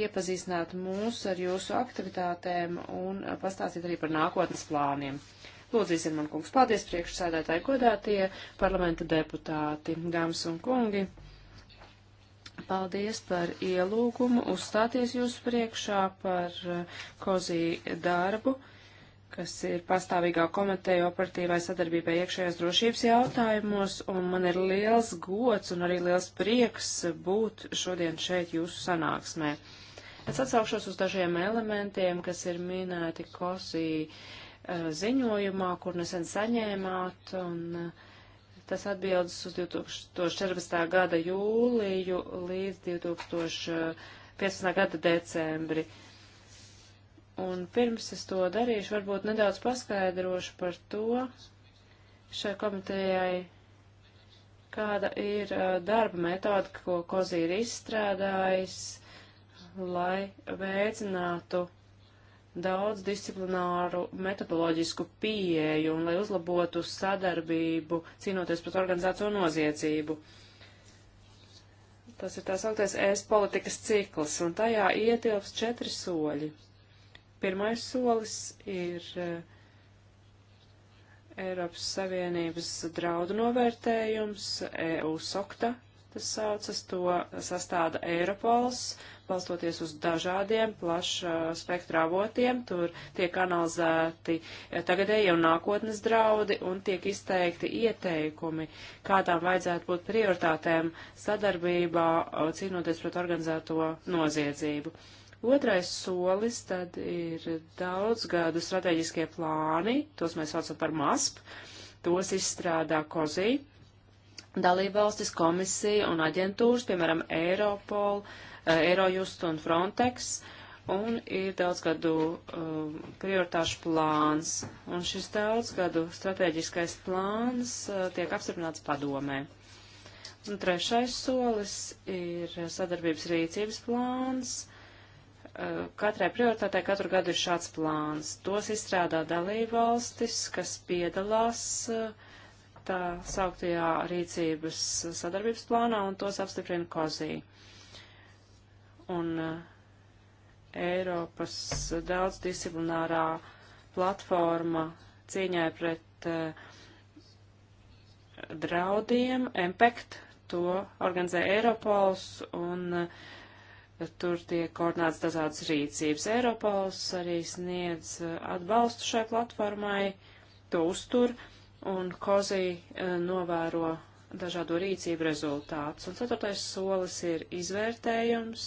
iepazīstināt mūs ar jūsu aktivitātēm un pastāstīt arī par nākotnes plāniem. Lūdzu, Izerman kungs, paldies priekšsēdētāji godātie parlamenta deputāti, dāmas un kungi. Paldies par ielūgumu uzstāties jūsu priekšā par eh, kozī darbu. Uh, kas ir pastāvīgā komiteja operatīvai sadarbībai iekšējās drošības jautājumos, un man ir liels gods un arī liels prieks būt šodien šeit jūsu sanāksmē. Es atsaukšos uz dažiem elementiem, kas ir minēti Kosī eh, ziņojumā, kur nesen saņēmāt, un eh, tas atbildes uz 2014. gada jūliju līdz 2015. gada decembri. Un pirms es to darīšu, varbūt nedaudz paskaidrošu par to šai komitejai, kāda ir uh, darba metode, ko Kozī ir izstrādājis, lai veicinātu daudz disciplināru metodoloģisku pieeju un lai uzlabotu sadarbību cīnoties pret organizāciju noziedzību. Tas ir tā sauktais ēst politikas cikls, un tajā ietilps četri soļi. Pirmais solis ir eh, Eiropas Savienības draudu novērtējums, EU SOKTA, tas saucas, to sastāda Eiropols, balstoties uz dažādiem plaša spektra avotiem, tur tiek analizēti eh, tagadēji un nākotnes draudi un tiek izteikti ieteikumi, kādām vajadzētu būt prioritātēm sadarbībā, cīnoties pret organizēto noziedzību. Otrais solis tad ir daudz gadu strateģiskie plāni, tos mēs saucam par MASP, tos izstrādā COZI, dalībvalstis, komisija un aģentūras, piemēram, Eiropol, eh, Eurojust un Frontex, un ir daudzgadu um, eh, prioritāšu plāns, un šis daudzgadu strateģiskais plāns uh, tiek apstiprināts padomē. Un trešais solis ir sadarbības rīcības plāns, katrai prioritātei katru gadu ir šāds plāns. Tos izstrādā dalībvalstis, kas piedalās uh, tā sauktajā rīcības sadarbības plānā, un tos apstiprina kozī. Un uh, Eiropas daudzdisciplinārā platforma cīņai pret uh, draudiem, MPECT, to organizē Eiropols un uh, tur tiek koordinēts dažādas rīcības. Eiropols arī sniedz uh, atbalstu šai platformai, to uztur, un Kozī uh, novēro dažādo rīcību rezultātus. Un ceturtais solis ir izvērtējums,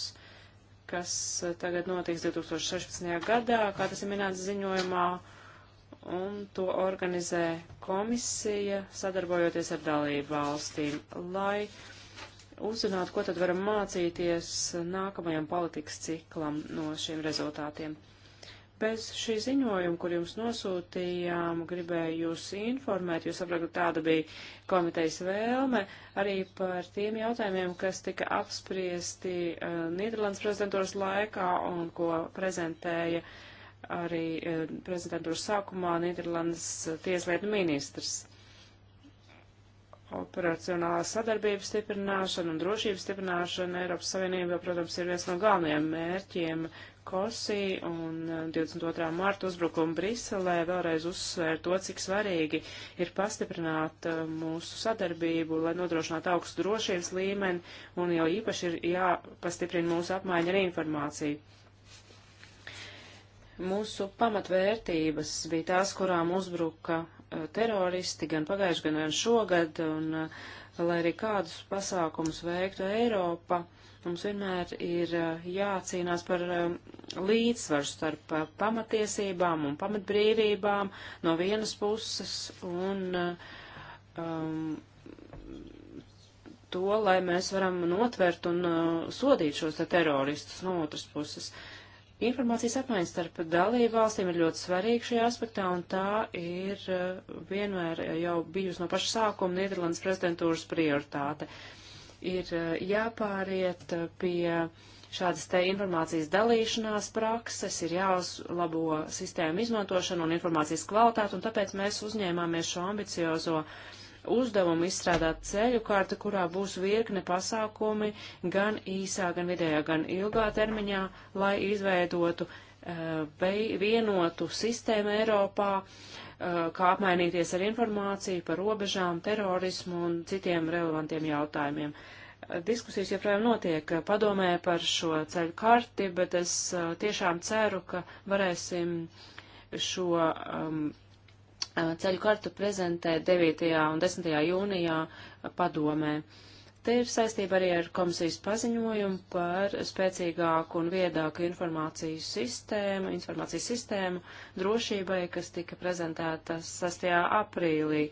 kas uh, tagad notiks 2016. gadā, kā tas ir minēts ziņojumā, un to organizē komisija, sadarbojoties ar dalību valstīm, lai uh, uzzināt, ko tad varam mācīties nākamajam politikas ciklam no šiem rezultātiem. Bez šī ziņojuma, kur jums nosūtījām, gribēju jūs informēt, jūs saprotat, ka tāda bija komitejas vēlme arī par tiem jautājumiem, kas tika apspriesti uh, Nīderlandes prezidentūras laikā un ko prezentēja arī uh, prezidentūras sākumā Nīderlandes uh, tieslietu ministrs operacionālās sadarbības stiprināšana un drošības stiprināšana Eiropas Savienībā, protams, ir viens no galvenajiem mērķiem Kosī un 22. Eh, mārta uzbrukuma Briselē vēlreiz uzsvēra to, cik svarīgi ir pastiprināt eh, mūsu sadarbību, lai nodrošinātu augstu drošības līmeni un jau īpaši ir jāpastiprina mūsu apmaiņa ar informāciju mūsu pamatvērtības bija tās, kurām uzbruka Eh, teroristi gan pagājuši, gan, gan šogad, un eh, lai arī kādus pasākumus veiktu Eiropa, mums vienmēr ir eh, jācīnās par līdzsvaru starp pamatiesībām un pamatbrīvībām no vienas puses un um, to, lai mēs varam notvert un uh, sodīt šos te teroristus no otras puses. Uh, Informācijas apmaiņa starp dalību valstīm ir ļoti svarīga šajā aspektā, un tā ir eh, vienmēr jau bijusi no paša sākuma Nīderlandes prezidentūras prioritāte. Ir eh, jāpāriet eh, pie šādas te informācijas dalīšanās prakses, ir jāuzlabo sistēmu izmantošanu un informācijas kvalitāti, un tāpēc mēs uzņēmāmies šo ambiciozo uh, uzdevumu izstrādāt ceļu kārtu, kurā būs virkne pasākumi gan īsā, gan vidējā, gan ilgā termiņā, lai izveidotu uh, vienotu sistēmu Eiropā, uh, kā apmainīties ar informāciju par robežām, terorismu un citiem relevantiem jautājumiem. Eh, diskusijas joprojām notiek padomē par šo ceļu karti, bet es uh, tiešām ceru, ka varēsim šo um, Eh, ceļu kartu prezentē 9. un 10. jūnijā padomē. Te ir saistība arī ar komisijas paziņojumu par spēcīgāku un viedāku informāciju sistēmu, informācijas sistēmu drošībai, kas tika prezentēta 6. aprīlī.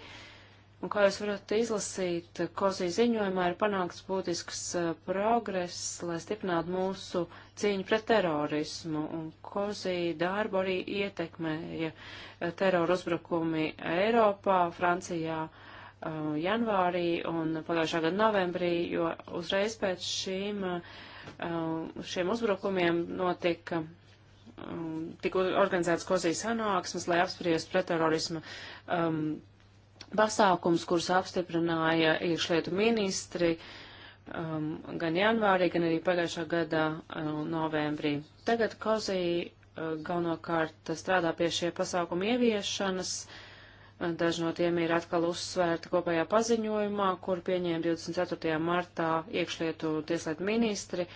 Un kā jūs varat izlasīt, komisijas ziņojumā ir panākts būtisks eh, progress, lai stiprinātu mūsu cīņu pret terorismu, un Kozī darbu arī ietekmēja eh, terora uzbrukumi Eiropā, Francijā uh, janvārī un pagājušā gada novembrī, jo uzreiz pēc šīm, uh, šiem uzbrukumiem notika um, tika organizēts Kozī sanāksmes, lai apspriest pretterorismu um, pasākums, kurus apstiprināja iekšlietu ministri, uh, um, gan janvārī, gan arī pagājušā gada um, uh, novembrī. Tagad Kozī uh, galvenokārt strādā pie šie pasākumu ieviešanas. Uh, daži no tiem ir atkal uzsvērti kopējā paziņojumā, kur pieņēma 24. martā iekšlietu tieslietu ministri,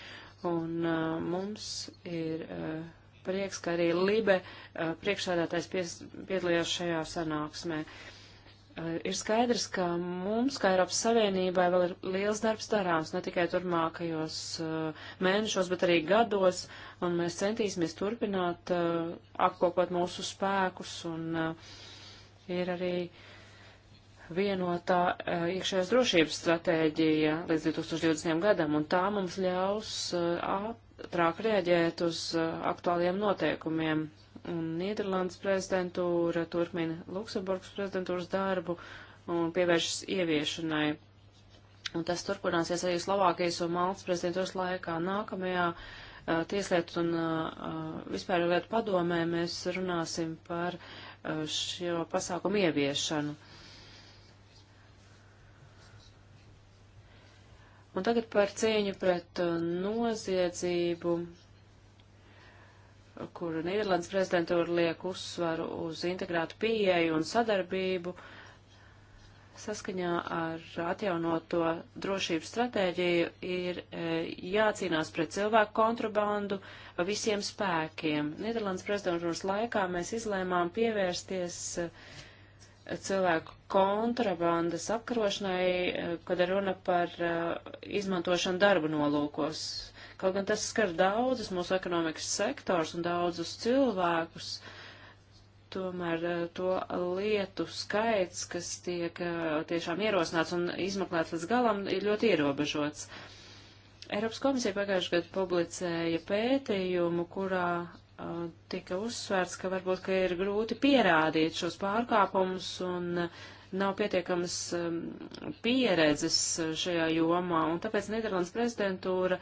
un uh, mums ir uh, prieks, ka arī Libe uh, priekšsēdētājs pies, piedalījās šajā sanāksmē. Uh, Eh, ir skaidrs, ka mums, kā Eiropas Savienībai, vēl ir liels darbs darāms, ne tikai turmākajos eh, mēnešos, bet arī gados, un mēs centīsimies turpināt eh, apkopot mūsu spēkus, un ir arī vienotā iekšējās drošības stratēģija līdz 2020. gadam, un tā mums ļaus ātrāk rēģēt uz aktuāliem noteikumiem un Nīderlandes prezidentūra turpina Luksemburgas prezidentūras darbu un pievēršas ieviešanai. Un tas turpināsies arī Slovākijas un Maltas prezidentūras laikā. Nākamajā uh, tieslietu un uh, vispār lietu padomē mēs runāsim par uh, šo pasākumu ieviešanu. Un tagad par cīņu pret noziedzību kur Nīderlandes prezidentūra liek uzsvaru uz integrētu pieeju un sadarbību saskaņā ar atjaunoto drošības stratēģiju ir e, jācīnās pret cilvēku kontrabandu visiem spēkiem. Nīderlandes prezidentūras laikā mēs izlēmām pievērsties e, cilvēku kontrabandas apkarošanai, e, kad ir runa par e, izmantošanu darba nolūkos Kaut gan tas skar daudzus mūsu ekonomikas sektors un daudzus cilvēkus, tomēr eh, to lietu skaits, kas tiek eh, tiešām ierosināts un izmeklēts līdz galam, ir ļoti ierobežots. Eiropas komisija pagājušajā gadā publicēja pētījumu, kurā tika uzsvērts, ka varbūt, ka ir grūti pierādīt šos pārkāpumus un nav pietiekamas um, pieredzes šajā jomā, un tāpēc Nīderlandes prezidentūra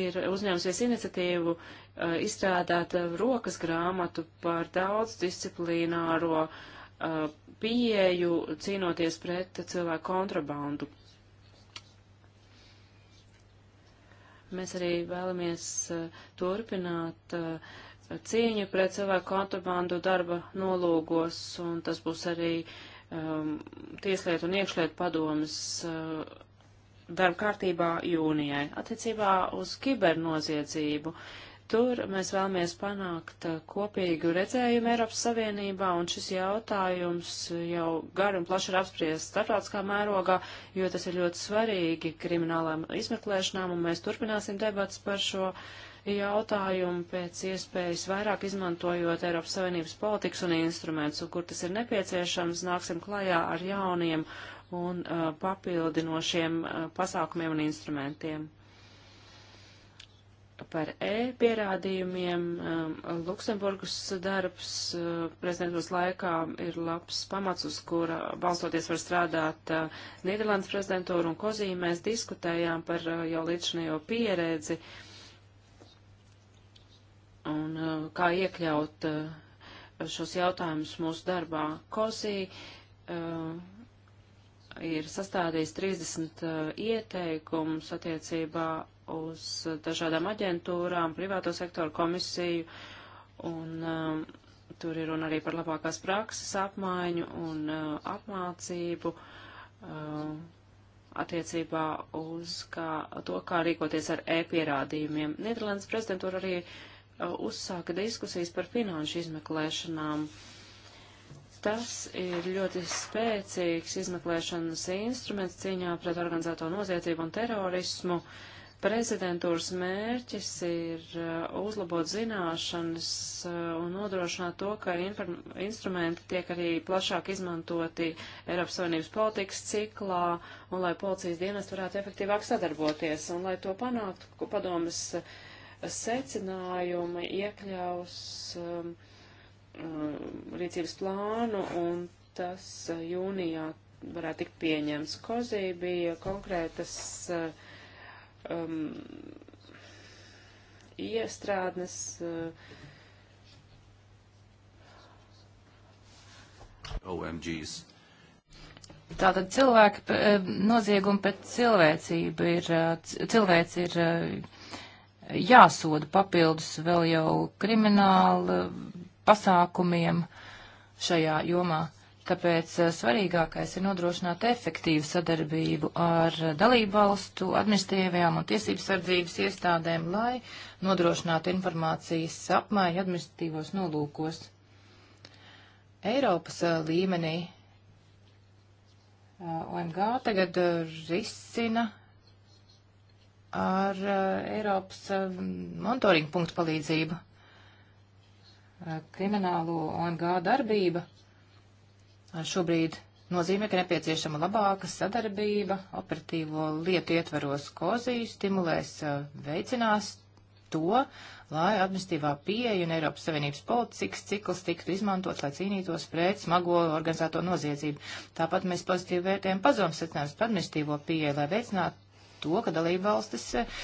ir uzņēmusies iniciatīvu uh, izstrādāt rokas grāmatu par daudz disciplināro uh, pieeju cīnoties pret cilvēku kontrabandu. Mēs arī vēlamies uh, turpināt uh, cīņu pret cilvēku kontrabandu darba nolūgos, un tas būs arī um, Tieslietu un iekšlietu padomas uh, darba kārtībā jūnijai. Attiecībā uz kibernoziedzību. Tur mēs vēlamies panākt uh, kopīgu redzējumu Eiropas Savienībā, un šis jautājums jau gari un plaši ir apspriests starptautiskā mērogā, jo tas ir ļoti svarīgi kriminālām izmeklēšanām, un mēs turpināsim debats par šo uh, jautājumu pēc iespējas vairāk izmantojot Eiropas Savienības politikas un instrumentus, un kur tas ir nepieciešams, nāksim klajā ar jauniem un uh, papildinošiem uh, pasākumiem un instrumentiem. Par e-pierādījumiem um, Luksemburgas darbs uh, prezidentūras laikā ir labs pamats, uz kura balstoties var strādāt uh, Nīderlandes prezidentūra un Kozī. Mēs diskutējām par uh, jau līdzinējo pieredzi uh, un uh, kā iekļaut uh, šos jautājumus mūsu darbā. Kozī uh, ir sastādījis 30 uh, ieteikumus attiecībā uz dažādām aģentūrām, privāto sektoru komisiju, un uh, tur ir runa arī par labākās prakses apmaiņu un uh, apmācību attiecībā uz kā, to, kā rīkoties ar e-pierādījumiem. Nīderlandes prezidentūra arī uh, Uh, uzsāka diskusijas par finanšu izmeklēšanām. Tas ir ļoti spēcīgs izmeklēšanas instruments cīņā pret organizēto noziedzību un terorismu. Prezidentūras mērķis ir uh, uzlabot zināšanas uh, un nodrošināt to, ka instrumenti tiek arī plašāk izmantoti Eiropas Savienības politikas ciklā un lai policijas dienas varētu efektīvāk sadarboties un lai to panāktu, padomas uh, secinājumi iekļaus um, um, rīcības plānu un tas uh, jūnijā varētu tikt pieņems. Kozī bija konkrētas uh, um, iestrādnes. Uh, OMGs. Tātad cilvēki, eh, noziegumi pret cilvēcību ir, eh, cilvēks ir eh, jāsoda papildus vēl jau krimināla pasākumiem šajā jomā. Tāpēc eh, svarīgākais ir nodrošināt efektīvu sadarbību ar dalībvalstu administratīvajām un tiesības sardzības iestādēm, lai nodrošinātu informācijas apmaiņu administratīvos nolūkos. Eiropas eh, līmenī eh, OMG tagad risina ar eh, Eiropas eh, monitoringa punktu palīdzību. Eh, kriminālo ONG darbība šobrīd nozīmē, ka nepieciešama labāka sadarbība operatīvo lietu ietvaros koziju, stimulēs, veicinās to, lai administratīvā pieeja un Eiropas Savienības politikas cikls tiktu izmantots, lai cīnītos pret smago organizēto noziedzību. Tāpat mēs pozitīvi vērtējam padomu secinājumus par administratīvo pieeju, lai veicinātu to, ka dalībvalstis eh,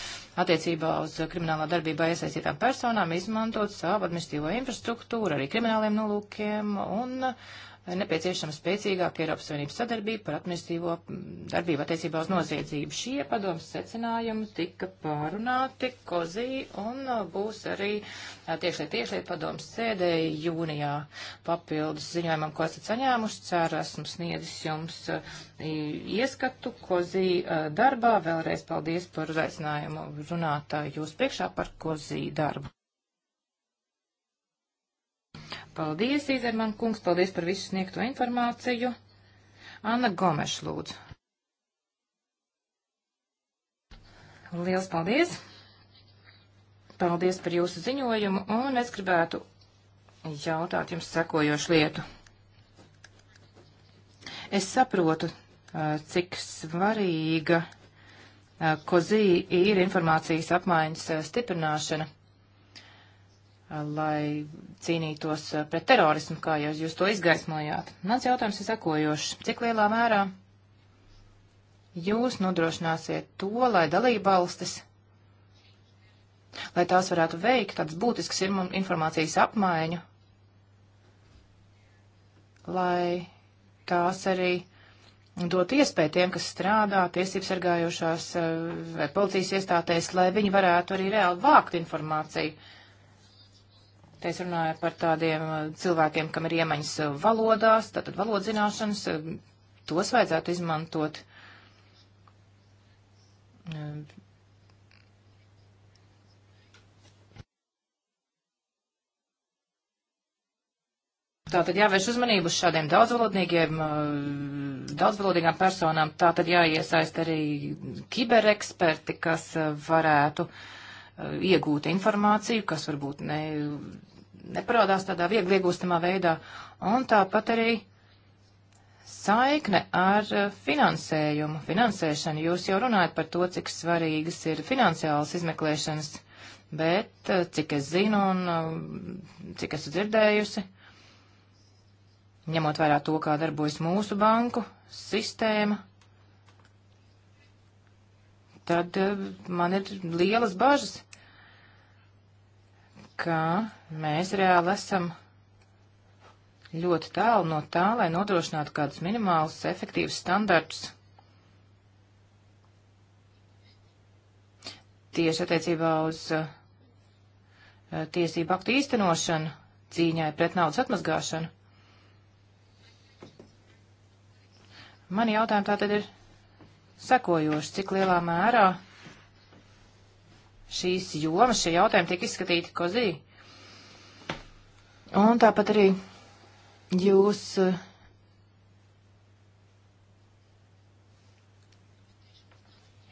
attiecībā uz kriminālā darbībā iesaistītām personām izmantot savu administīvo infrastruktūru arī krimināliem nolūkiem un nepieciešama spēcīgāka Eiropas Savienības sadarbība par administrīvo mm, darbību attiecībā uz noziedzību. Šie padomas secinājumi tika pārunāti Kozī un uh, būs arī uh, tiešliet tiešliet padomas sēdēja jūnijā papildus ziņojumam, ko esat saņēmuši. Ceru, esmu sniedzis jums uh, ieskatu Kozī darbā. Vēlreiz paldies par uzaicinājumu runāt jūs priekšā par Kozī darbu. Paldies, Izerman kungs, paldies par visu sniegto informāciju. Anna Gomeš, lūdzu. Liels paldies! Paldies par jūsu ziņojumu, un es gribētu jautāt jums sekojošu lietu. Es saprotu, cik svarīga kozī ir informācijas apmaiņas stiprināšana lai cīnītos eh, pret terorismu, kā jau jūs to izgaismojāt. Mans jautājums ir sekojošs. Cik lielā mērā jūs nodrošināsiet to, lai dalībvalstis, lai tās varētu veikt tāds būtisks informācijas apmaiņu, lai tās arī dot iespēju tiem, kas strādā tiesību sargājošās eh, vai policijas iestātēs, lai viņi varētu arī reāli vākt informāciju Te es runāju par tādiem uh, cilvēkiem, kam ir iemaņas uh, valodās, tātad valodzināšanas, uh, tos vajadzētu izmantot. Tātad jāvērš uzmanību uz šādiem daudzvalodīgiem, daudzvalodīgām personām. Tātad jāiesaist arī kibereksperti, kas varētu iegūt informāciju, kas varbūt ne neparādās tādā viegli iegūstamā veidā. Un tāpat arī saikne ar eh, finansējumu, finansēšanu. Jūs jau runājat par to, cik svarīgas ir finansiālas izmeklēšanas, bet eh, cik es zinu un eh, cik esmu dzirdējusi, ņemot vērā to, kā darbojas mūsu banku sistēma, tad man ir lielas bažas ka mēs reāli esam ļoti tālu no tā, lai nodrošinātu kādus minimālus efektīvus standartus. Tieši attiecībā uz uh, tiesību aktu īstenošanu cīņai pret naudas atmazgāšanu. Mani jautājumi tātad ir sekojoši, cik lielā mērā šīs jomas, šie jautājumi tiek izskatīti kozī. Un tāpat arī jūs eh,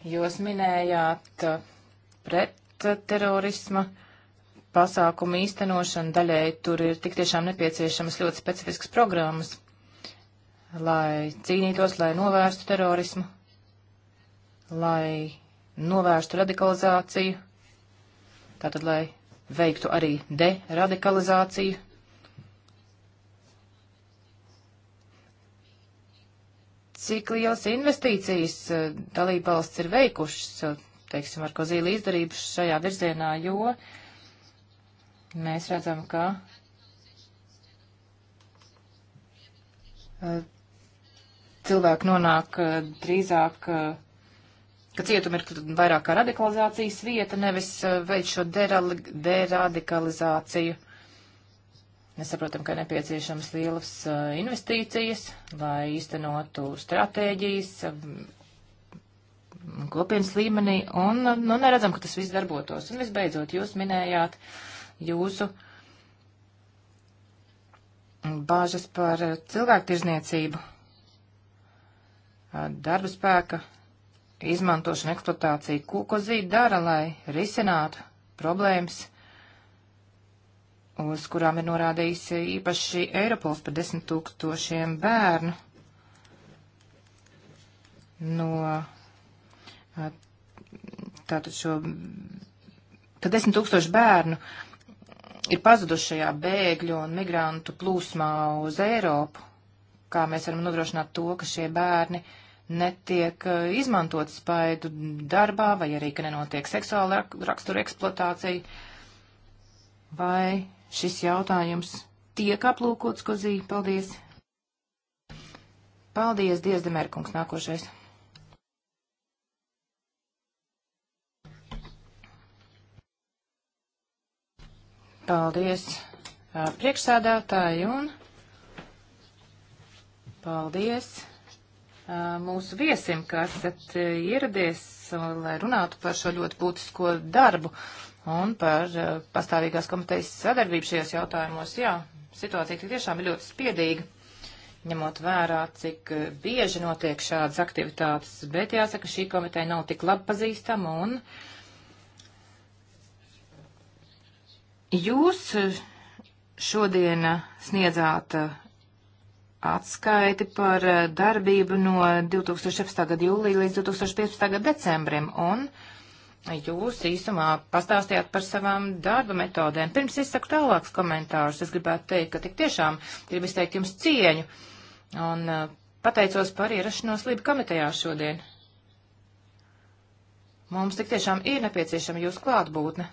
jūs minējāt eh, pret eh, terorisma pasākumu īstenošanu, daļēji tur ir tik tiešām nepieciešamas ļoti specifiskas programmas, lai cīnītos, lai novērstu terorismu, lai novērstu radikalizāciju tātad, lai veiktu arī deradikalizāciju. Cik liels investīcijas eh, dalībvalsts ir veikušas, eh, teiksim, ar kozīli izdarības šajā virzienā, jo mēs redzam, ka eh, cilvēki nonāk drīzāk ka cietumi ir vairāk kā radikalizācijas vieta, nevis uh, veic šo deradikalizāciju. Mēs saprotam, ka nepieciešams lielas uh, investīcijas, lai īstenotu stratēģijas um, kopienas līmenī, un uh, nu, neredzam, ka tas viss darbotos. Un visbeidzot, jūs minējāt jūsu bāžas par cilvēktirzniecību, darba spēka izmantošana, eksploatācija, ko, ko zīd dara, lai risinātu problēmas, uz kurām ir norādījis īpaši Eiropols par desmit tūkstošiem bērnu no tātad šo, tad desmit tūkstoši bērnu ir pazuduši šajā bēgļu un migrantu plūsmā uz Eiropu. Kā mēs varam nodrošināt to, ka šie bērni uh, netiek eh, izmantot spaidu darbā, vai arī, ka nenotiek seksuāla rakstura eksploatācija, vai šis jautājums tiek aplūkots, ko zī, paldies. Paldies, Dievs, Demērkungs, nākošais. Paldies eh, priekšsādātāji un paldies mūsu viesim, ka esat ieradies, lai runātu par šo ļoti būtisko darbu un par pastāvīgās komitejas sadarbību šajos jautājumos. Jā, situācija tiešām ir ļoti spiedīga, ņemot vērā, cik bieži notiek šādas aktivitātes, bet jāsaka, šī komiteja nav tik labi pazīstama un jūs šodien sniedzāt atskaiti par eh, darbību no 2017. gada jūlija līdz 2015. gada decembrim, un jūs īsumā pastāstījāt par savām darba metodēm. Pirms izsaku tālākus komentārus, es gribētu teikt, ka tik tiešām gribu izteikt jums cieņu, un eh, pateicos par ierašanos Lība komitejā šodien. Mums tik tiešām ir nepieciešama jūsu klātbūtne.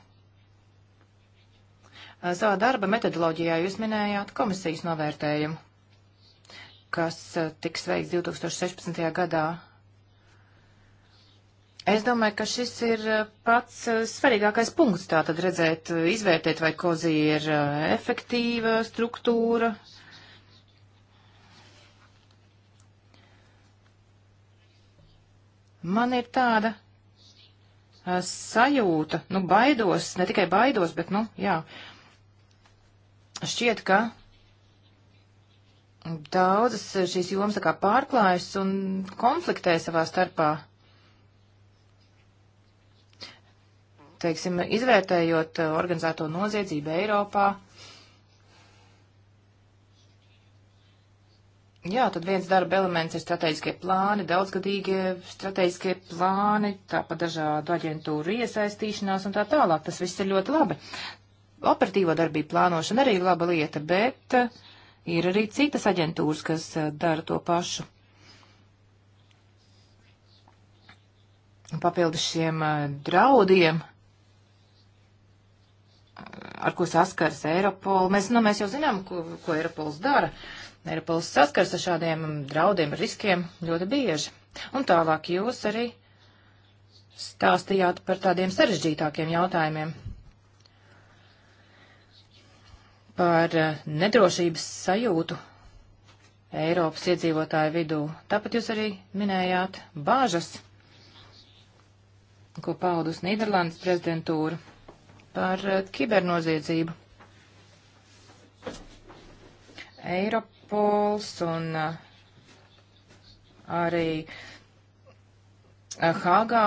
Eh, savā darba metodoloģijā jūs minējāt komisijas novērtējumu kas eh, tiks veikts 2016. gadā. Es domāju, ka šis ir eh, pats eh, svarīgākais punkts, tā tad redzēt, izvērtēt, vai kozī ir efektīva struktūra. Man ir tāda sajūta, nu, baidos, ne tikai baidos, bet, nu, jā, šķiet, ka daudzas eh, šīs jomas tā kā pārklājas un konfliktē savā starpā. Teiksim, izvērtējot eh, organizēto noziedzību Eiropā. Jā, tad viens darba elements ir strateģiskie plāni, daudzgadīgie strateģiskie plāni, tāpat dažādu aģentūru iesaistīšanās un tā tālāk. Tas viss ir ļoti labi. Operatīvo darbību plānošana arī laba lieta, bet uh, Ir arī citas aģentūras, kas eh, dara to pašu. Papildus šiem eh, draudiem, ar ko saskars Eiropola, mēs, nu, mēs jau zinām, ko, ko Eiropols dara. Eiropols saskars ar šādiem draudiem, riskiem ļoti bieži. Un tālāk jūs arī stāstījāt par tādiem sarežģītākiem jautājumiem. par eh, nedrošības sajūtu Eiropas iedzīvotāju vidū. Tāpat jūs arī minējāt bāžas, ko paudus Nīderlandes prezidentūra par eh, kibernoziedzību. Eiropols un eh, arī Hāgā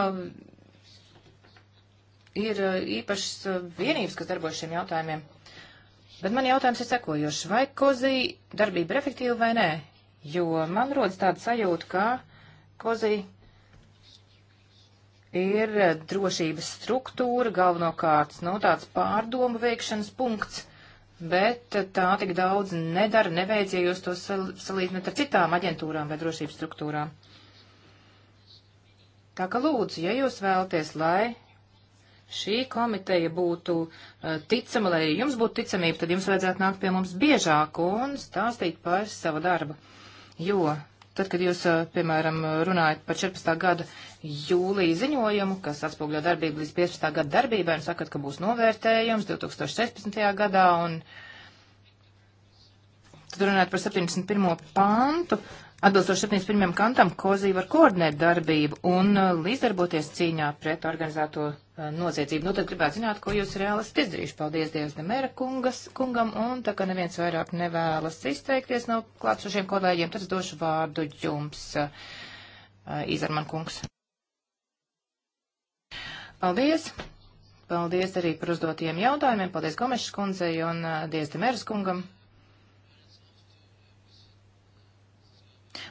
ir īpašas vienības, kas darbojas šiem jautājumiem. Bet man jautājums ir sekojošs. Vai kozī darbība ir efektīva vai nē? Jo man rodas tāda sajūta, ka kozī ir drošības struktūra, galvenokārt, nu, tāds pārdomu veikšanas punkts, bet tā tik daudz nedara, neveic, ja jūs to sal salīdzinat ar citām aģentūrām vai drošības struktūrām. Tā ka lūdzu, ja jūs vēlaties, lai šī komiteja būtu uh, ticama, lai jums būtu ticamība, tad jums vajadzētu nākt pie mums biežāk un stāstīt par savu darbu. Jo tad, kad jūs, uh, piemēram, runājat par 14. gada jūlija ziņojumu, kas atspūgļo darbību līdz 15. gada darbībai, un sakat, ka būs novērtējums 2016. gadā, un tad runājat par 71. pāntu, uh, Atbilstoši 71. kantam, Kozī var koordinēt darbību un uh, līdzdarboties cīņā pret organizēto uh, noziedzību. Nu, tad gribētu zināt, ko jūs reāli esat izdarījuši. Paldies Dievs Demēra kungas, kungam, un tā kā neviens vairāk nevēlas izteikties no klātsošiem kolēģiem, tad es došu vārdu jums, uh, Izarman kungs. Paldies! Paldies arī par uzdotiem jautājumiem. Paldies Gomešas kundzei un Dievs Demēras kungam.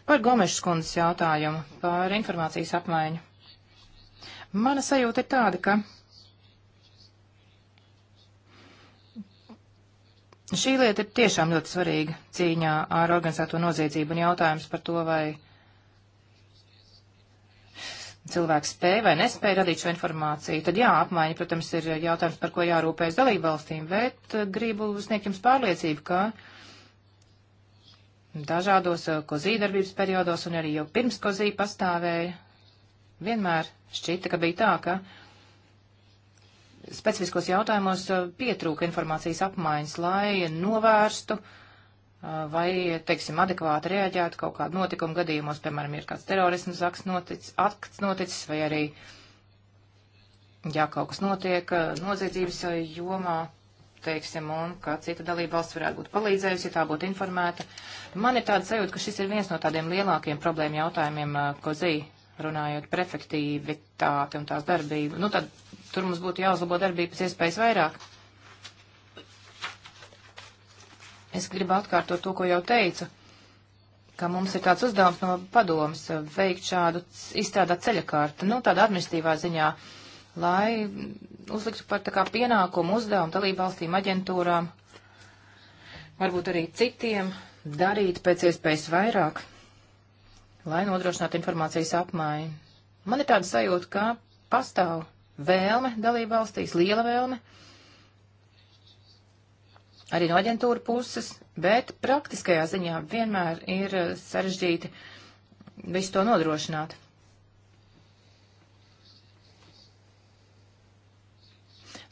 Par Gomešas kundzes jautājumu par informācijas apmaiņu. Mana sajūta ir tāda, ka šī lieta ir tiešām ļoti svarīga cīņā ar organizēto noziedzību un jautājums par to, vai cilvēks spēja vai nespēja radīt šo informāciju. Tad jā, apmaiņa, protams, ir jautājums, par ko jārūpējas dalību valstīm, bet eh, gribu sniegt jums pārliecību, ka. Uh, dažādos eh, kozī darbības periodos un arī jau pirms kozī pastāvēja, vienmēr šķita, ka bija tā, ka specifiskos jautājumos eh, pietrūka informācijas apmaiņas, lai novērstu eh, vai, teiksim, adekvāti reaģētu kaut kādu notikumu gadījumos, piemēram, ir kāds terorismas akts noticis, akts noticis vai arī, ja kaut kas notiek noziedzības jomā teiksim, un ka cita dalībvalsts varētu būt palīdzējusi, ja tā būtu informēta. Man ir tāda sajūta, ka šis ir viens no tādiem lielākiem problēma jautājumiem, uh, ko zī runājot par efektivitāti un tās darbību. Nu, tad tur mums būtu jāuzlabo darbība pēc iespējas vairāk. Es gribu atkārtot to, ko jau teicu, ka mums ir tāds uzdevums no padomas uh, veikt šādu, izstrādāt ceļakārtu, nu, tādā administratīvā ziņā. Uh, lai uzliktu par tā kā pienākumu uzdevumu dalībvalstīm aģentūrām, varbūt arī citiem, darīt pēc iespējas vairāk, lai nodrošinātu informācijas apmaiņu. Man ir tāda sajūta, ka pastāv vēlme dalībvalstīs, liela vēlme, arī no aģentūra puses, bet praktiskajā ziņā vienmēr ir sarežģīti visu to nodrošināt.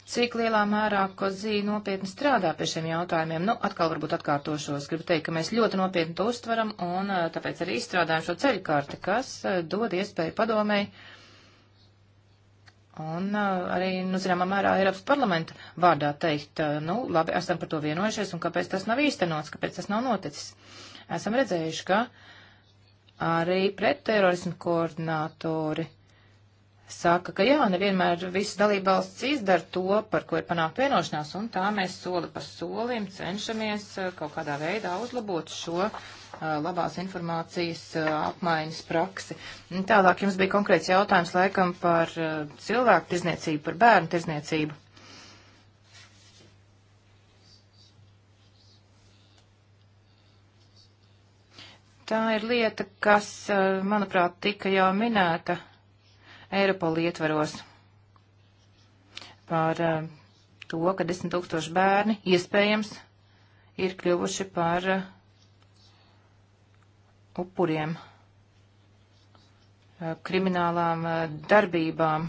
cik lielā mērā Kozī nopietni strādā pie šiem jautājumiem. Nu, atkal varbūt atkārtošos. Gribu teikt, ka mēs ļoti nopietni to uztveram un eh, tāpēc arī izstrādājam šo ceļkārti, kas eh, dod iespēju padomēji un eh, arī, nu, zināmā mērā, Eiropas parlamenta vārdā teikt, nu, labi, esam par to vienojušies un kāpēc tas nav īstenots, kāpēc tas nav noticis. Esam redzējuši, ka arī pretterorismu koordinātori saka, ka jā, nevienmēr visas dalībvalsts izdara to, par ko ir panākt vienošanās, un tā mēs soli pa solim cenšamies eh, kaut kādā veidā uzlabot šo eh, labās informācijas eh, apmaiņas praksi. Tālāk jums bija konkrēts jautājums laikam par cilvēku tirzniecību, par bērnu tirzniecību. Tā ir lieta, kas, manuprāt, tika jau minēta Eiropola ietvaros par eh, to, ka 10 tūkstoši bērni iespējams ir kļuvuši par eh, upuriem eh, kriminālām darbībām.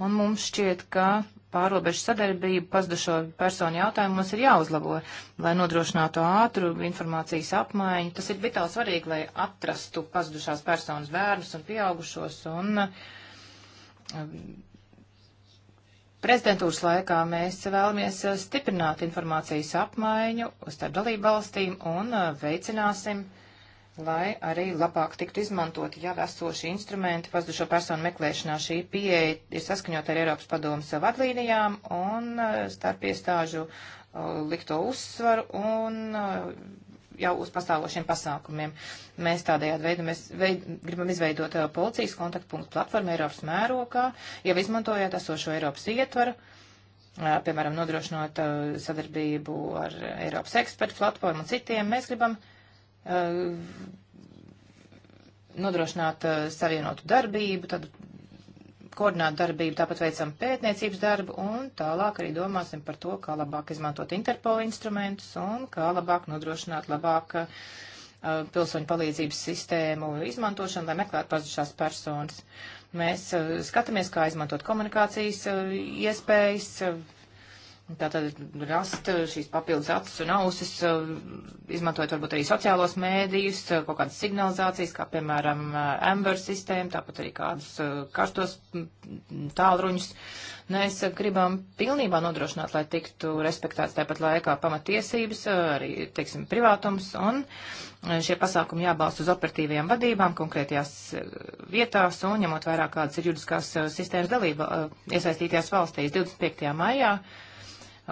Un mums šķiet, ka pārobežu sadarbību pazudušo personu jautājumu mums ir jāuzlabo, lai nodrošinātu ātru informācijas apmaiņu. Tas ir vitāli svarīgi, lai atrastu pazudušās personas bērnus un pieaugušos. Un, um, Prezidentūras laikā mēs vēlamies stiprināt informācijas apmaiņu starp dalību valstīm un uh, veicināsim uh, lai arī labāk tiktu izmantot jau esoši instrumenti pazudušo personu meklēšanā. Šī pieeja ir saskaņot ar Eiropas padomas vadlīnijām un eh, starp iestāžu eh, likto uzsvaru un eh, jau uz pastāvošiem pasākumiem. Mēs tādējādi veidu, mēs veid, gribam izveidot policijas kontaktpunktu platformu Eiropas mērokā, jau izmantojot esošo Eiropas ietvaru piemēram, nodrošinot sadarbību ar Eiropas ekspertu platformu un citiem, mēs gribam Uh, nodrošināt uh, savienotu darbību, tad koordināt darbību, tāpat veicam pētniecības darbu un tālāk arī domāsim par to, kā labāk izmantot Interpol instrumentus un kā labāk nodrošināt labāk uh, pilsoņu palīdzības sistēmu izmantošanu, lai meklētu pazudušās personas. Mēs uh, skatāmies, kā izmantot komunikācijas uh, iespējas uh, Tātad rast šīs papildus acis un ausis, eh, izmantojot varbūt arī sociālos mēdījus, eh, kaut kādas signalizācijas, kā piemēram eh, Amber sistēma, tāpat arī kādus karstos tālruņus. Mēs nu, gribam pilnībā nodrošināt, lai tiktu respektēts tāpat laikā pamatiesības, arī, teiksim, privātums, un šie pasākumi jābalst uz operatīvajām vadībām konkrētajās vietās, un ņemot vairāk kādas ir juridiskās sistēmas dalība iesaistītajās valstīs 25. maijā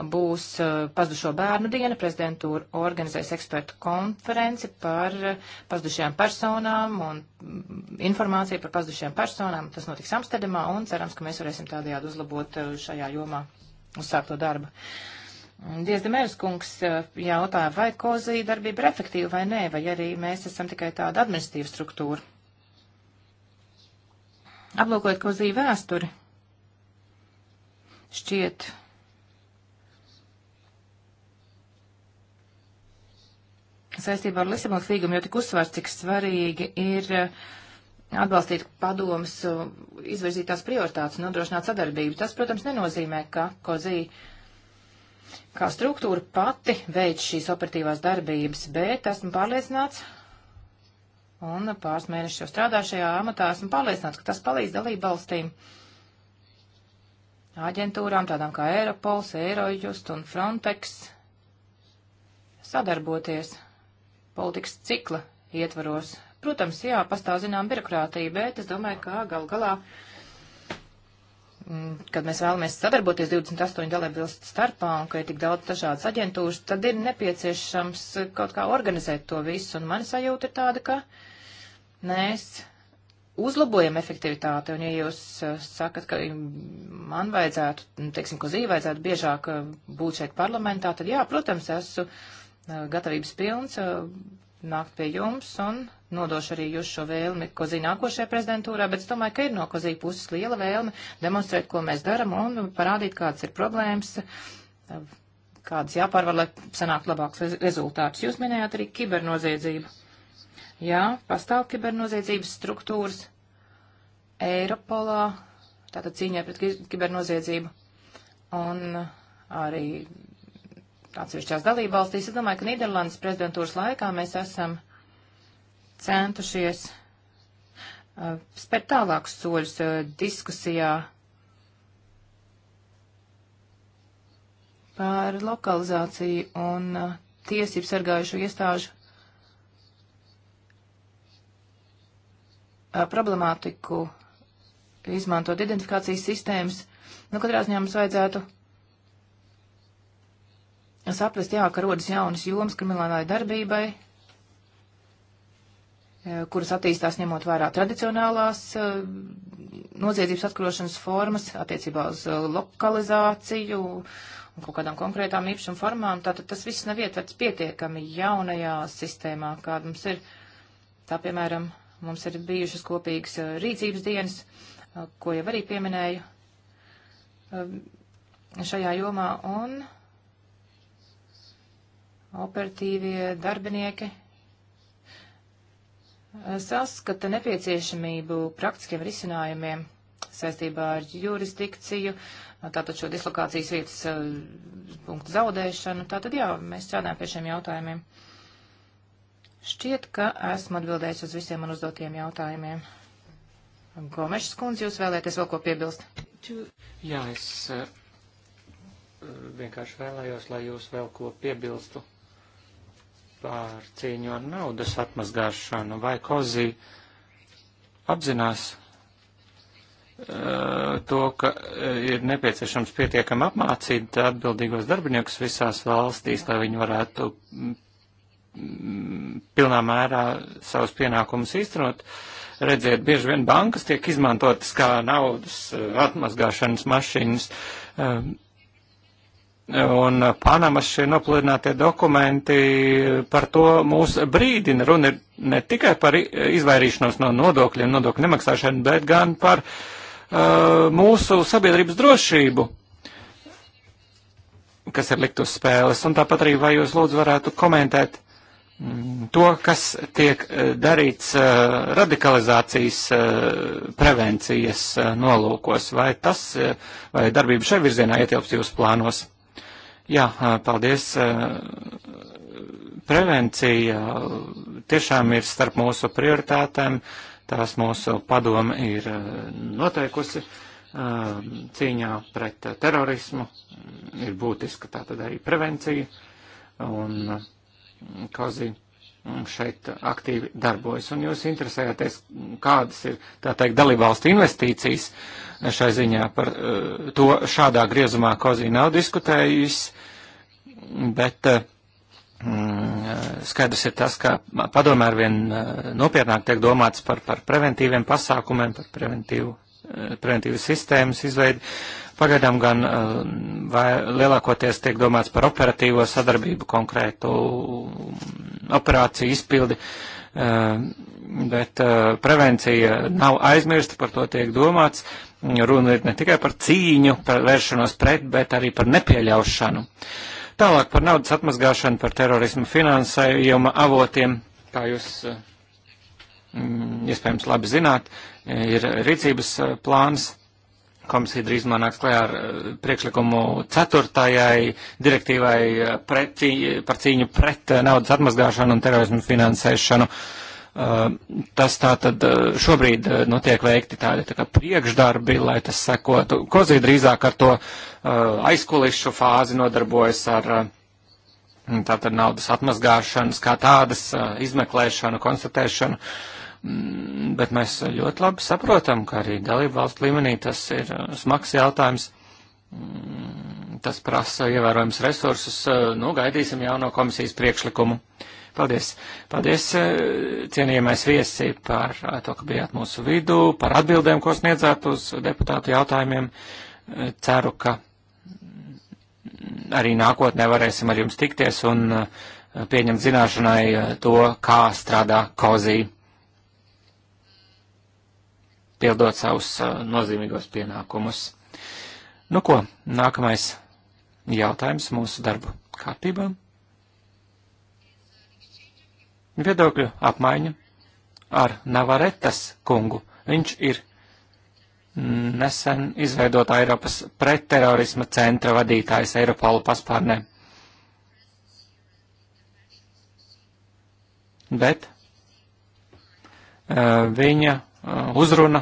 būs eh, pazudušo bērnu diena. Prezidentūra organizēs ekspertu konferenci par eh, pazudušajām personām un mm, informāciju par pazudušajām personām. Tas notiks Amsterdamā un cerams, ka mēs varēsim tādējādi uzlabot eh, šajā jomā uzsākto darbu. Diezde Mērs kungs jautāja, vai kozī darbība ir efektīva vai nē, vai arī mēs esam tikai tāda administratīva struktūra. Aplūkojot kozī vēsturi, šķiet, saistībā ar Lisabonas līgumu jau tik uzsvērts, cik svarīgi ir eh, atbalstīt padomus, eh, izvirzītās prioritātes, nodrošināt sadarbību. Tas, protams, nenozīmē, ka Kozī kā struktūra pati veids šīs operatīvās darbības, bet esmu pārliecināts, un pāris mēnešus jau strādā šajā amatā, esmu pārliecināts, ka tas palīdz dalību valstīm, aģentūrām tādām kā Eiropols, Eirojust un Frontex sadarboties politikas cikla ietvaros. Protams, jā, pastāv zinām birokrātija, bet es domāju, ka gal galā, mm, kad mēs vēlamies sadarboties 28 dalībvalstu starpā un ka ir tik daudz dažādas aģentūras, tad ir nepieciešams kaut kā organizēt to visu. Un mana sajūta ir tāda, ka mēs uzlabojam efektivitāti, un ja jūs uh, sakat, ka man vajadzētu, nu, teiksim, ko zīvē vajadzētu biežāk uh, būt šeit parlamentā, tad jā, protams, esmu Eh, gatavības pilns eh, nākt pie jums un nodošu arī jūs šo vēlmi Kozī nākošajā prezidentūrā, bet es domāju, ka ir no Kozī puses liela vēlme demonstrēt, ko mēs daram un parādīt, kādas ir problēmas, eh, kādas jāpārvar, lai sanāktu labāks rezultāts. Jūs minējāt arī kibernoziedzību. Jā, pastāv kibernoziedzības struktūras Eiropolā, tātad cīņā pret kibernoziedzību. Un arī atsevišķās dalībvalstīs. Es domāju, ka Nīderlandes prezidentūras laikā mēs esam centušies uh, spērt tālākus soļus uh, diskusijā par lokalizāciju un uh, tiesību sargājušo iestāžu uh, problemātiku izmantot identifikācijas sistēmas. Nu, katrā ziņā mums vajadzētu saprast, jā, ka rodas jaunas jomas kriminālai darbībai, e, kuras attīstās ņemot vērā tradicionālās e, noziedzības atkarošanas formas attiecībā uz e, lokalizāciju un kaut kādām konkrētām īpašuma formām. Tātad tas viss nav ietverts pietiekami jaunajā sistēmā, kāda mums ir. Tā, piemēram, mums ir bijušas kopīgas rīcības dienas, ko jau arī pieminēju šajā jomā, un operatīvie darbinieki eh, saskata nepieciešamību praktiskiem risinājumiem saistībā ar jurisdikciju, tātad šo dislokācijas vietas eh, punktu zaudēšanu. Tātad jā, mēs strādājam pie šiem jautājumiem. Šķiet, ka esmu atbildējis uz visiem man uzdotiem jautājumiem. Gomešs kundze, jūs vēlēties vēl ko piebilst? Jā, es eh, vienkārši vēlējos, lai jūs vēl ko piebilstu par cīņu ar naudas atmazgāšanu, vai Kozī apzinās eh, to, ka eh, ir nepieciešams pietiekami apmācīt atbildīgos darbiniekus visās valstīs, lai viņi varētu mm, mm, pilnā mērā savus pienākumus īstenot. Redziet, bieži vien bankas tiek izmantotas kā naudas eh, atmazgāšanas mašīnas. Un Panamas šie nopludinātie dokumenti par to mūs brīdina. Runa ir ne tikai par izvairīšanos no nodokļiem, nodokļu nemaksāšanu, bet gan par uh, mūsu sabiedrības drošību, kas ir likt uz spēles. Un tāpat arī, vai jūs lūdzu varētu komentēt mm, to, kas tiek uh, darīts uh, radikalizācijas uh, prevencijas uh, nolūkos, vai tas, uh, vai darbība šai virzienā ietilpst jūsu plānos? Jā, paldies. Prevencija tiešām ir starp mūsu prioritātēm. Tās mūsu padome ir noteikusi cīņā pret terorismu. Ir būtiska tātad arī prevencija. Un, Kazi šeit aktīvi darbojas. Un jūs interesējaties, kādas ir, tā teikt, dalībvalstu investīcijas šai ziņā par eh, to šādā griezumā Kozī nav diskutējis, bet eh, mm, skaidrs ir tas, ka padomē arvien eh, nopietnāk tiek domāts par, par preventīviem pasākumiem, par preventīvu preventīvas sistēmas izveidi, Pagaidām gan eh, vai, lielākoties tiek domāts par operatīvo sadarbību, konkrētu mm, operāciju izpildi, eh, bet eh, prevencija nav aizmirsta, par to tiek domāts. Runa ir ne tikai par cīņu, par vēršanos pret, bet arī par nepieļaušanu. Tālāk par naudas atmazgāšanu, par terorismu finansējuma avotiem, kā jūs mm, iespējams labi zināt, ir rīcības plāns komisija drīzumā nāks klajā ar eh, priekšlikumu ceturtajai direktīvai eh, preti, par cīņu pret eh, naudas atmazgāšanu un terorismu finansēšanu. Tas tā tad šobrīd notiek veikti tādi tā kā priekšdarbi, lai tas sekotu. Kozī drīzāk ar to aizkulišu fāzi nodarbojas ar tātad naudas atmazgāšanas kā tādas izmeklēšanu, konstatēšanu. Uh, Mm, bet mēs ļoti labi saprotam, ka arī dalību valstu līmenī tas ir uh, smags jautājums. Mm, tas prasa ievērojams resursus. Uh, nu, gaidīsim jauno komisijas priekšlikumu. Paldies. Paldies, uh, cienījamais viesi, par to, ka bijāt mūsu vidū, par atbildēm, ko sniedzāt uz deputātu jautājumiem. Ceru, ka mm, arī nākotnē varēsim ar jums tikties un pieņemt zināšanai to, kā strādā kozī pildot savus uh, nozīmīgos pienākumus. Nu ko, nākamais jautājums mūsu darbu kārtībā. Viedokļu apmaiņa ar Navaretas kungu. Viņš ir nesen izveidota Eiropas pretterorisma centra vadītājs Eiropola paspārnē. Bet uh, viņa Uh, uzruna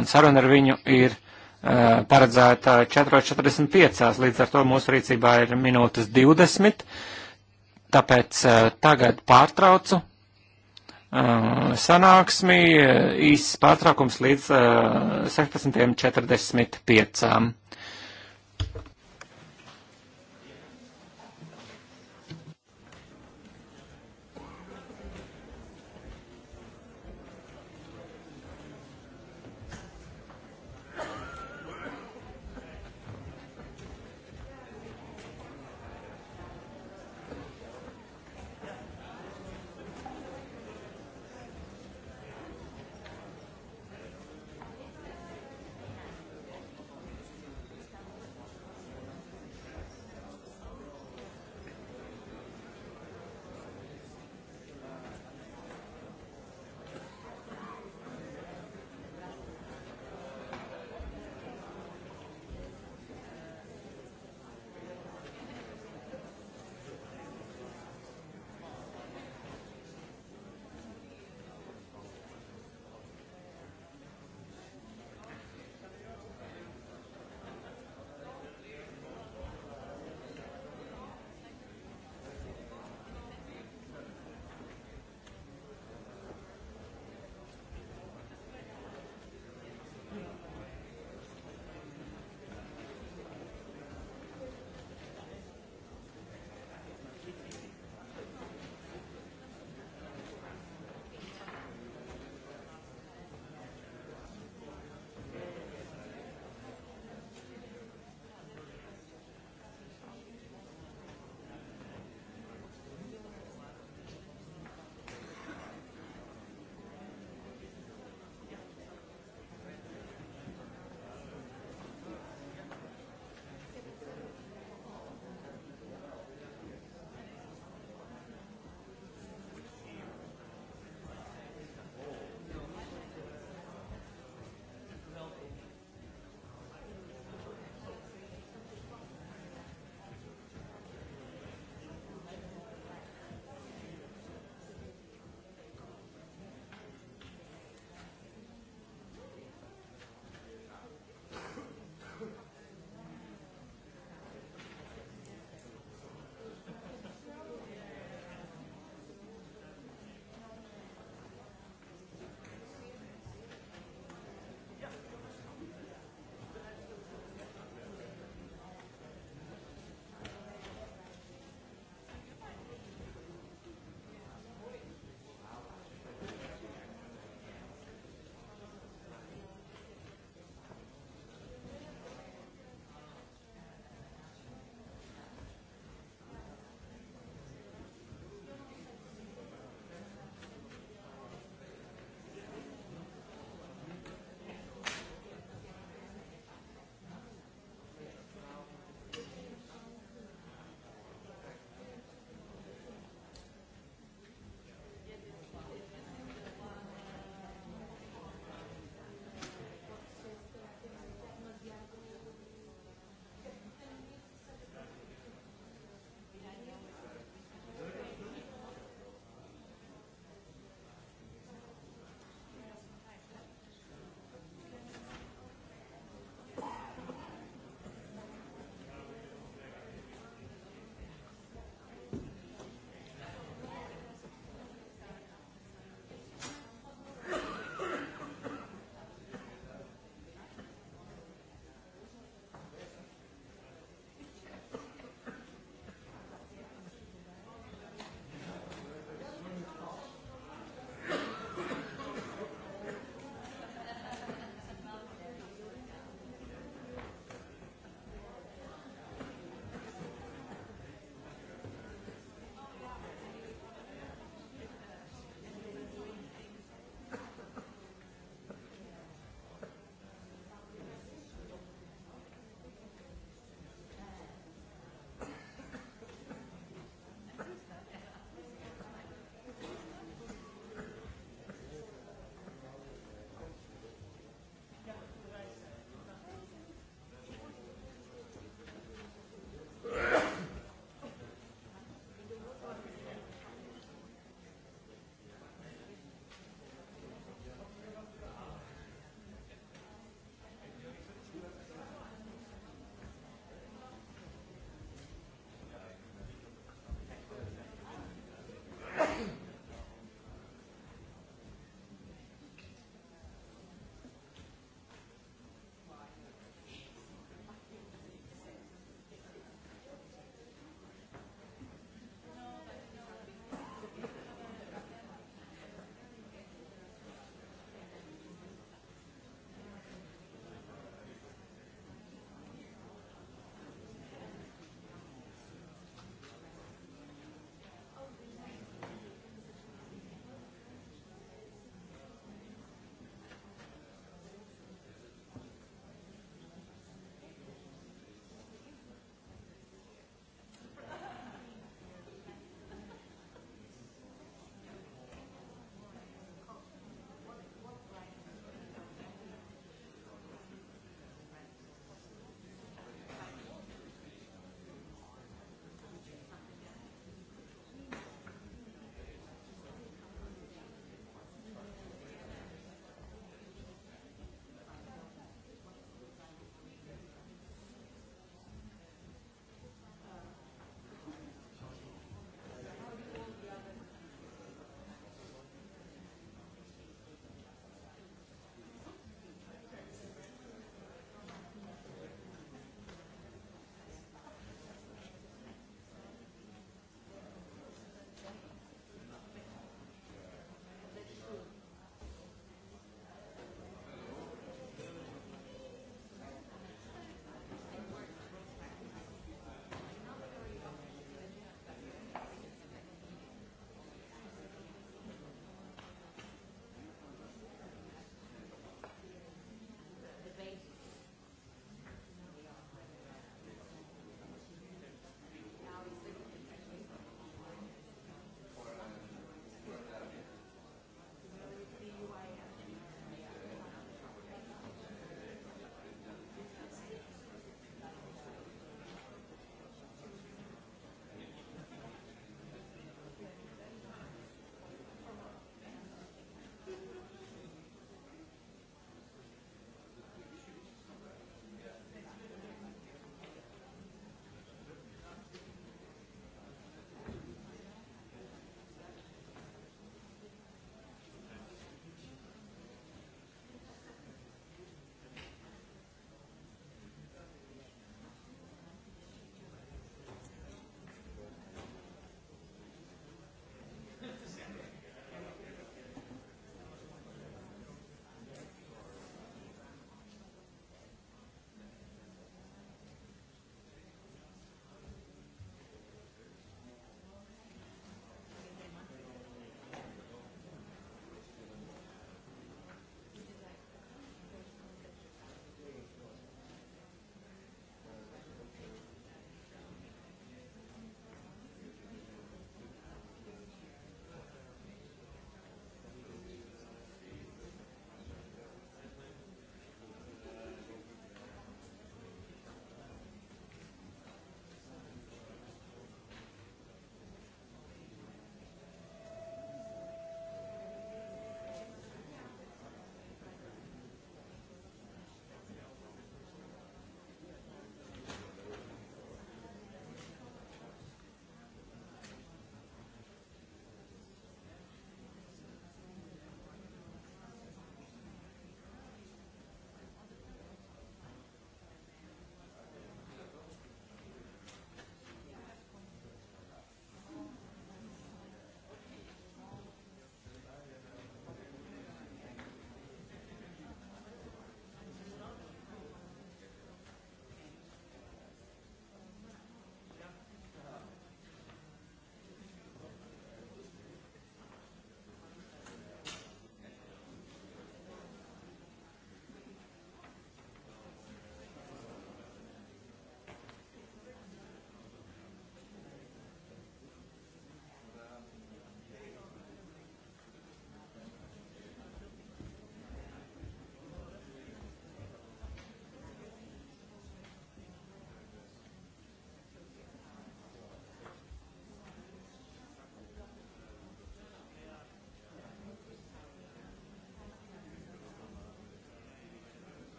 un saruna ar viņu ir uh, paredzēta 4.45. Līdz ar to mūsu rīcībā ir minūtes 20. Tāpēc uh, tagad pārtraucu sanāksmi, īsts pārtraukums līdz 16.45.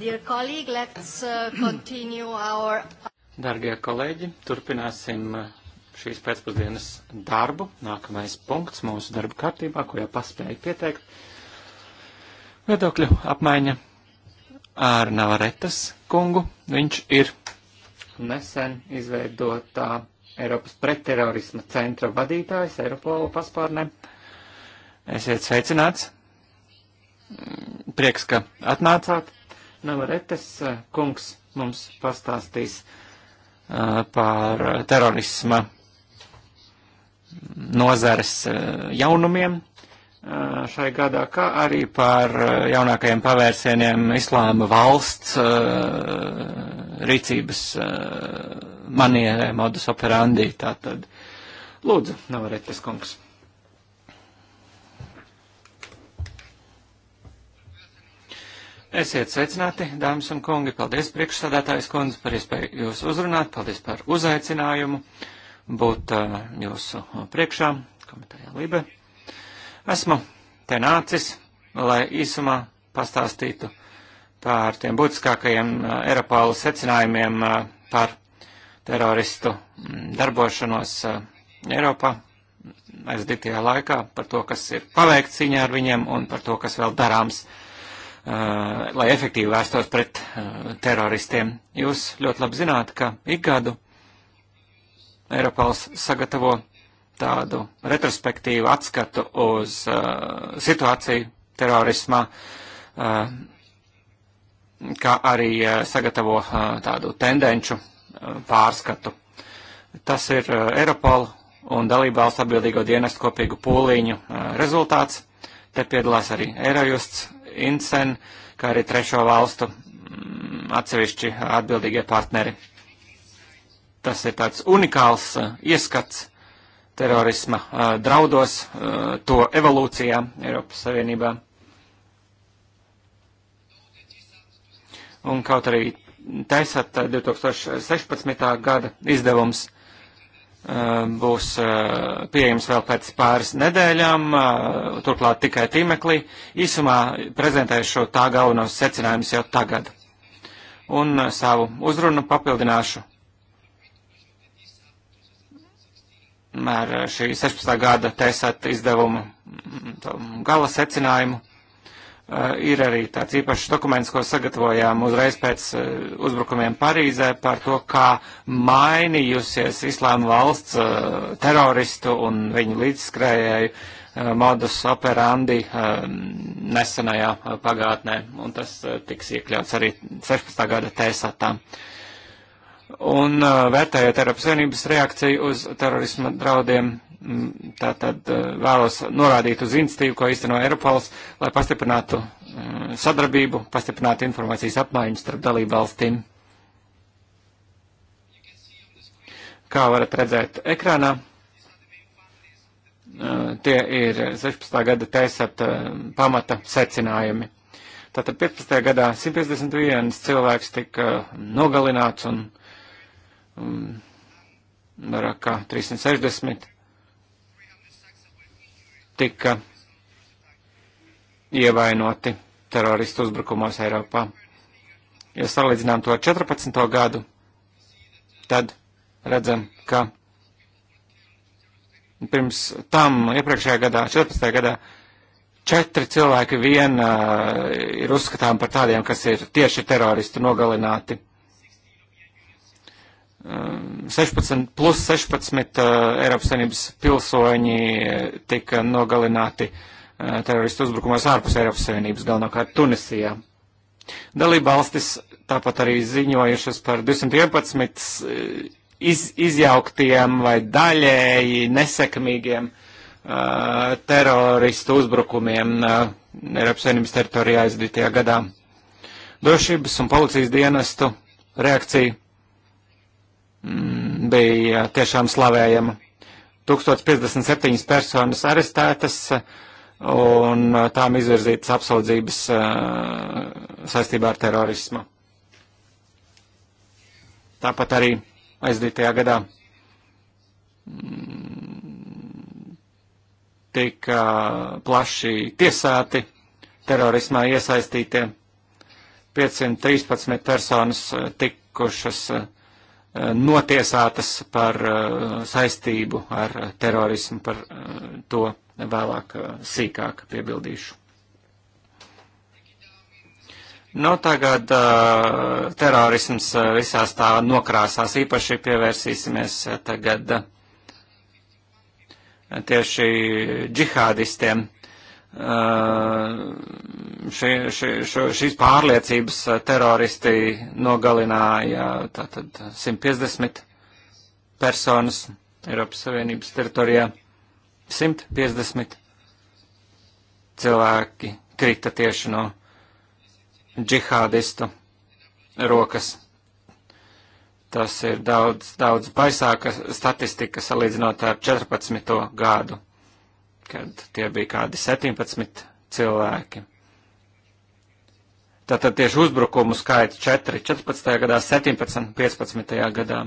Dear colleague, let's uh, continue our... Dargie kolēģi, turpināsim uh, šīs pēcpusdienas darbu. Nākamais punkts mūsu darba kārtībā, ko jau paspēju pieteikt. Viedokļu apmaiņa ar Navaretas kungu. Viņš ir nesen izveidotā Eiropas pretterorisma centra vadītājs Eiropola paspārnē. Esiet sveicināts! Mm, prieks, ka atnācāt! Navaretes eh, kungs mums pastāstīs eh, par terorisma nozares eh, jaunumiem šai gadā, kā arī par jaunākajiem pavērsieniem islāma valsts rīcības manierē, modus operandi. Tātad, lūdzu, Navaretes kungs. Esiet sveicināti, dāmas un kungi, paldies priekšsādātājs kundze par iespēju jūs uzrunāt, paldies par uzaicinājumu būt uh, jūsu priekšā, komitējā Libe. Esmu te nācis, lai īsumā pastāstītu par tiem būtiskākajiem uh, Eiropālu secinājumiem uh, par teroristu mm, darbošanos uh, Eiropā aizdītajā laikā, par to, kas ir paveikts cīņā ar viņiem un par to, kas vēl darāms. Uh, Uh, lai efektīvi vērstos pret uh, teroristiem. Jūs ļoti labi zināt, ka ik gadu Eiropals sagatavo tādu retrospektīvu atskatu uz uh, situāciju terorismā, uh, kā arī uh, sagatavo uh, tādu tendenču uh, pārskatu. Tas ir uh, Eiropola un dalībvalstu atbildīgo dienestu kopīgu pūliņu uh, rezultāts. Te piedalās arī Eirojusts, INSEN, kā arī trešo valstu mm, atsevišķi atbildīgie partneri. Tas ir tāds unikāls uh, ieskats terorisma uh, draudos, uh, to evolūcijā Eiropas Savienībā. Un kaut arī taisat 2016. gada izdevums Ehm, būs eh, pieejams vēl pēc pāris nedēļām, eh, turklāt tikai tīmeklī. Īsumā prezentēšu tā galvenos secinājumus jau tagad. Un eh, savu uzrunu papildināšu ar šī 16. gada tēsat izdevumu mm, mm, gala secinājumu. Eh, ir arī tāds īpašs dokuments, ko sagatavojām uzreiz pēc eh, uzbrukumiem Parīzē par to, kā mainījusies Islāma valsts eh, teroristu un viņu līdzskrējēju modus operandi nesenajā pagātnē, un tas tiks iekļauts arī 16. gada tēsatā. Un vērtējot Eiropas Savienības reakciju uz terorisma draudiem, Mm, Tātad eh, vēlos norādīt uz institīvu, ko īsteno Eiropols, lai pastiprinātu eh, sadarbību, pastiprinātu informācijas apmaiņu starp dalību valstīm. Kā varat redzēt ekrānā, eh, tie ir 16. gada TESAT pamata secinājumi. Tātad 15. gadā 151 cilvēks tika nogalināts un, un mm, vairāk kā 360 tika ievainoti teroristu uzbrukumos Eiropā. Ja salīdzinām to ar 14. gadu, tad redzam, ka pirms tam iepriekšējā gadā, 14. gadā, četri cilvēki vien uh, ir uzskatām par tādiem, kas ir tieši teroristu nogalināti. 16, plus 16 uh, Eiropas Savienības pilsoņi uh, tika nogalināti uh, teroristu uzbrukumos ārpus Eiropas Savienības, galvenokārt Tunisijā. Dalība valstis tāpat arī ziņojušas par 211 iz, izjauktiem vai daļēji nesekmīgiem uh, teroristu uzbrukumiem uh, Eiropas Savienības teritorijā aizdītajā gadā. Drošības un policijas dienestu reakcija Mm, bija uh, tiešām slavējama. 1057 personas arestētas uh, un uh, tām izvirzītas apsaudzības saistībā ar terorismu. Tāpat arī aizdītajā gadā mm, tika plaši tiesāti terorismā iesaistītie 513 personas tikušas uh, Eh, notiesātas par eh, saistību ar terorismu, par eh, to vēlāk sīkāk piebildīšu. Nu, tagad uh, terorisms visās tā nokrāsās īpaši pievērsīsimies tagad uh, tieši džihādistiem. Uh, šie, šie, šo, šīs pārliecības teroristi nogalināja tātad 150 personas Eiropas Savienības teritorijā. 150 cilvēki krita tieši no džihādistu rokas. Tas ir daudz, daudz baisāka statistika salīdzinot ar 14. gadu kad tie bija kādi 17 cilvēki. Tātad tieši uzbrukumu skaits 4, 14. gadā, 17, 15. gadā.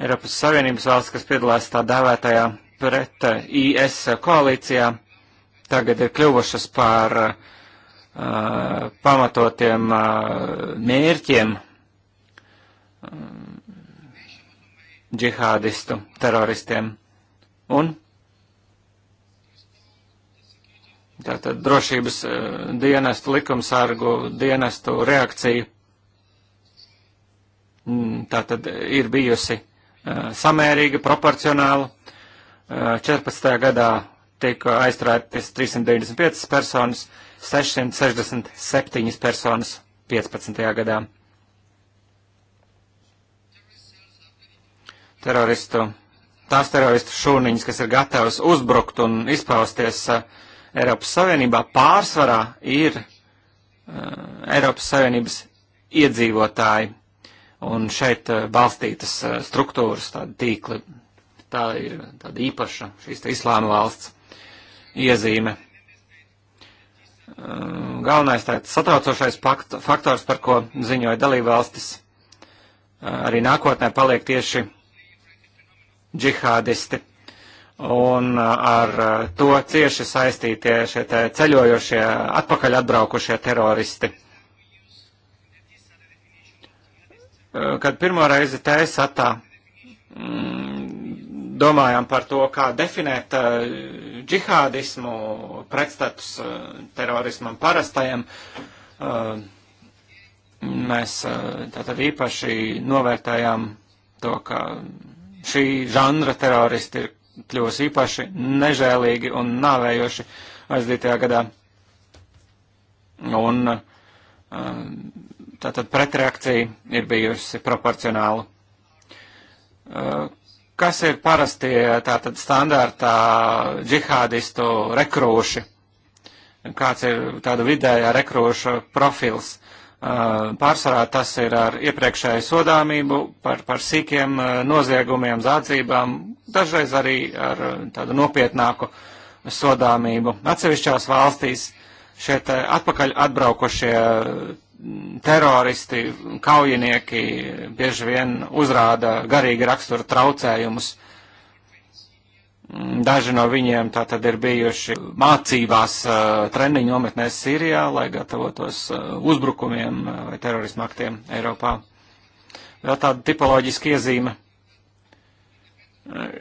Eiropas Savienības valsts, kas piedalās tā dēvētajā pret eh, IS koalīcijā, tagad ir kļuvušas par uh, pamatotiem uh, mērķiem um, džihādistu teroristiem. Un tātad drošības eh, dienestu, likumsargu dienestu reakciju. Mm, tātad ir bijusi eh, samērīga, proporcionāla. 14. Eh, gadā tika aizturētas 395 personas, 667 personas 15. gadā. Teroristu, tās teroristu šūniņas, kas ir gatavas uzbrukt un izpausties uh, Eiropas Savienībā pārsvarā ir uh, Eiropas Savienības iedzīvotāji un šeit uh, balstītas uh, struktūras, tādi tīkli. Tā ir tāda īpaša šīs islāma valsts iezīme. Galvenais tāds satraucošais faktors, par ko ziņoja dalībvalstis, arī nākotnē paliek tieši džihādisti un uh, ar uh, to cieši saistītie šie ceļojošie, atpakaļ atbraukušie teroristi. Uh, kad pirmo reizi TSATā mm, domājām par to, kā definēt džihādismu pretstatus terorismam parastajam, mēs tātad īpaši novērtējām to, ka šī žanra teroristi ir kļūs īpaši nežēlīgi un nāvējoši aizdītajā gadā. Un eh, tātad pretreakcija ir bijusi proporcionāla. Eh, kas ir parastie eh, tātad standārtā džihādistu rekrūši? Kāds ir tāda vidējā rekrūša profils? Eh, pārsvarā tas ir ar iepriekšēju sodāmību, par, par sīkiem eh, noziegumiem, zādzībām, dažreiz arī ar eh, tādu nopietnāku sodāmību. Atsevišķās valstīs šie atpakaļ atbraukušie teroristi, kaujinieki bieži vien uzrāda garīgi rakstura traucējumus uh, Mm, daži no viņiem tātad ir bijuši mācībās uh, treniņu nometnēs Sīrijā, lai gatavotos uh, uzbrukumiem uh, vai terorismu aktiem Eiropā. Vēl tāda tipoloģiska iezīme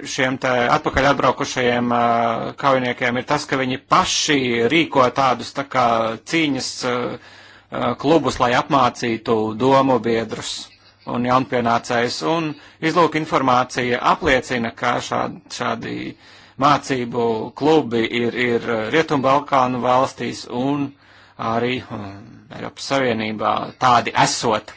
šiem te atpakaļ atbraukušajiem kaujiniekiem ir tas, ka viņi paši rīko tādus tā kā cīņas klubus, lai apmācītu domu biedrus un jaunpienācējs, un izlūk informācija apliecina, ka šādi, šādi mācību klubi ir, ir Rietumbalkānu valstīs un arī um, Eiropas Savienībā tādi esot.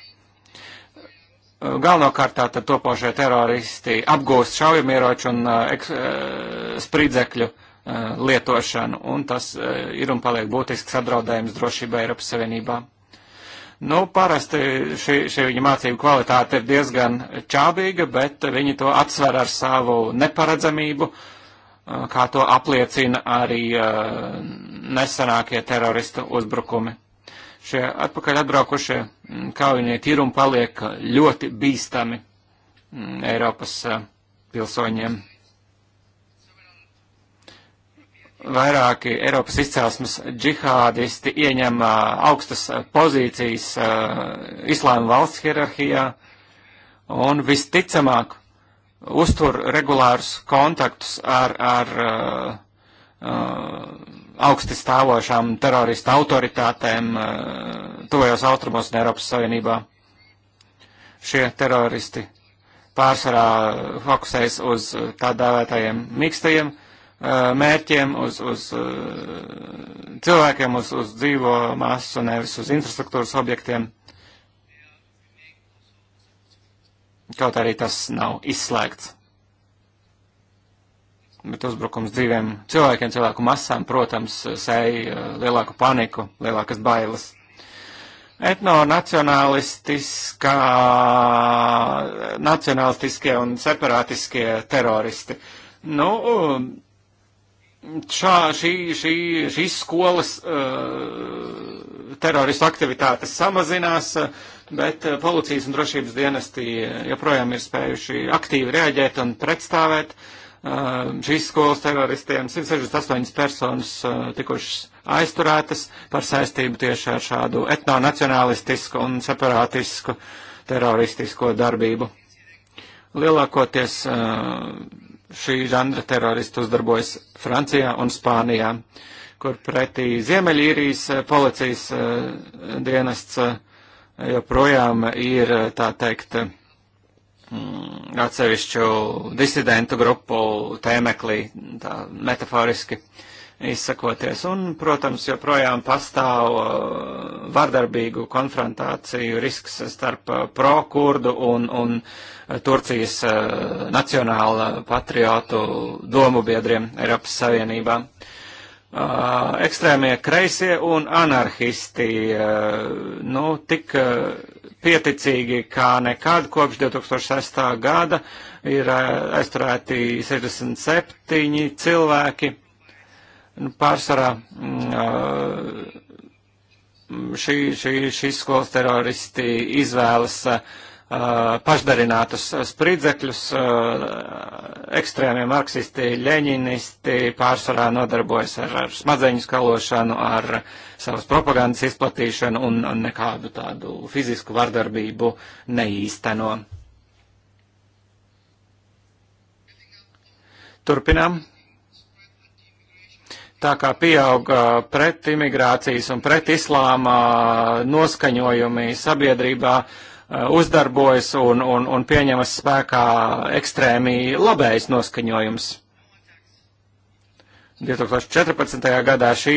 Galvenokārt tātad topošie teroristi apgūst šaujamieroču un uh, eks, uh, spridzekļu uh, lietošanu, un tas uh, ir un paliek būtisks apdraudējums drošībai Eiropas Savienībā. Nu, parasti šī, šī viņa mācību kvalitāte ir diezgan čābīga, bet viņi to atsver ar savu neparedzamību, uh, kā to apliecina arī uh, nesenākie terorista uzbrukumi. Šie atpakaļ atbraukušie mm, kaujinieki ir un paliek ļoti bīstami mm, Eiropas uh, pilsoņiem. vairāki Eiropas izcelsmes džihādisti ieņem augstas pozīcijas islāma valsts hierarhijā un visticamāk uztur regulārus kontaktus ar, ar augsti stāvošām teroristu autoritātēm tuvajos austrumos un Eiropas Savienībā. Šie teroristi pārsvarā fokusējas uz tā dēvētajiem mīkstajiem Uh, mērķiem, uz, uz uh, cilvēkiem, uz, uz dzīvo masu, nevis uz infrastruktūras objektiem. Kaut arī tas nav izslēgts. Bet uzbrukums dzīviem cilvēkiem, cilvēku masām, protams, sēja uh, lielāku paniku, lielākas bailes etnonacionālistiskā, nacionālistiskie un separātiskie teroristi. Nu, šā, šī, šī, šīs skolas uh, teroristu aktivitātes samazinās, eh, bet eh, policijas un drošības dienesti joprojām ir spējuši aktīvi reaģēt un pretstāvēt. Uh, šīs skolas teroristiem 168 personas uh, tikušas aizturētas par saistību tieši ar šādu etnonacionalistisku un separātisku teroristisko darbību. Lielākoties uh, šī žanra teroristi uzdarbojas Francijā un Spānijā, kur pretī Ziemeļīrijas eh, policijas eh, dienests eh, joprojām ir, tā teikt, mm, atsevišķu disidentu grupu tēmeklī, tā metaforiski. Uh, izsakoties. Un, protams, joprojām pastāv uh, vardarbīgu konfrontāciju risks starp uh, pro-kurdu un, un uh, Turcijas nacionāla patriotu domu biedriem Eiropas Savienībā. Ekstrēmie kreisie un anarhisti, nu, tik pieticīgi kā nekad kopš 2006. gada ir aizturēti 67 cilvēki Pārsvarā mm, šī, šī, šīs skolas teroristi izvēlas pašdarinātus spridzekļus, ekstrēmie marksisti, ļeņinisti pārsvarā nodarbojas ar, ar smadzeņu skalošanu, ar savas propagandas izplatīšanu un nekādu tādu fizisku vardarbību neīsteno. Turpinām tā kā pieauga pret imigrācijas un pret islāma noskaņojumi sabiedrībā eh, uzdarbojas un, un, un pieņemas spēkā ekstrēmī labējs noskaņojums. 2014. gadā šī,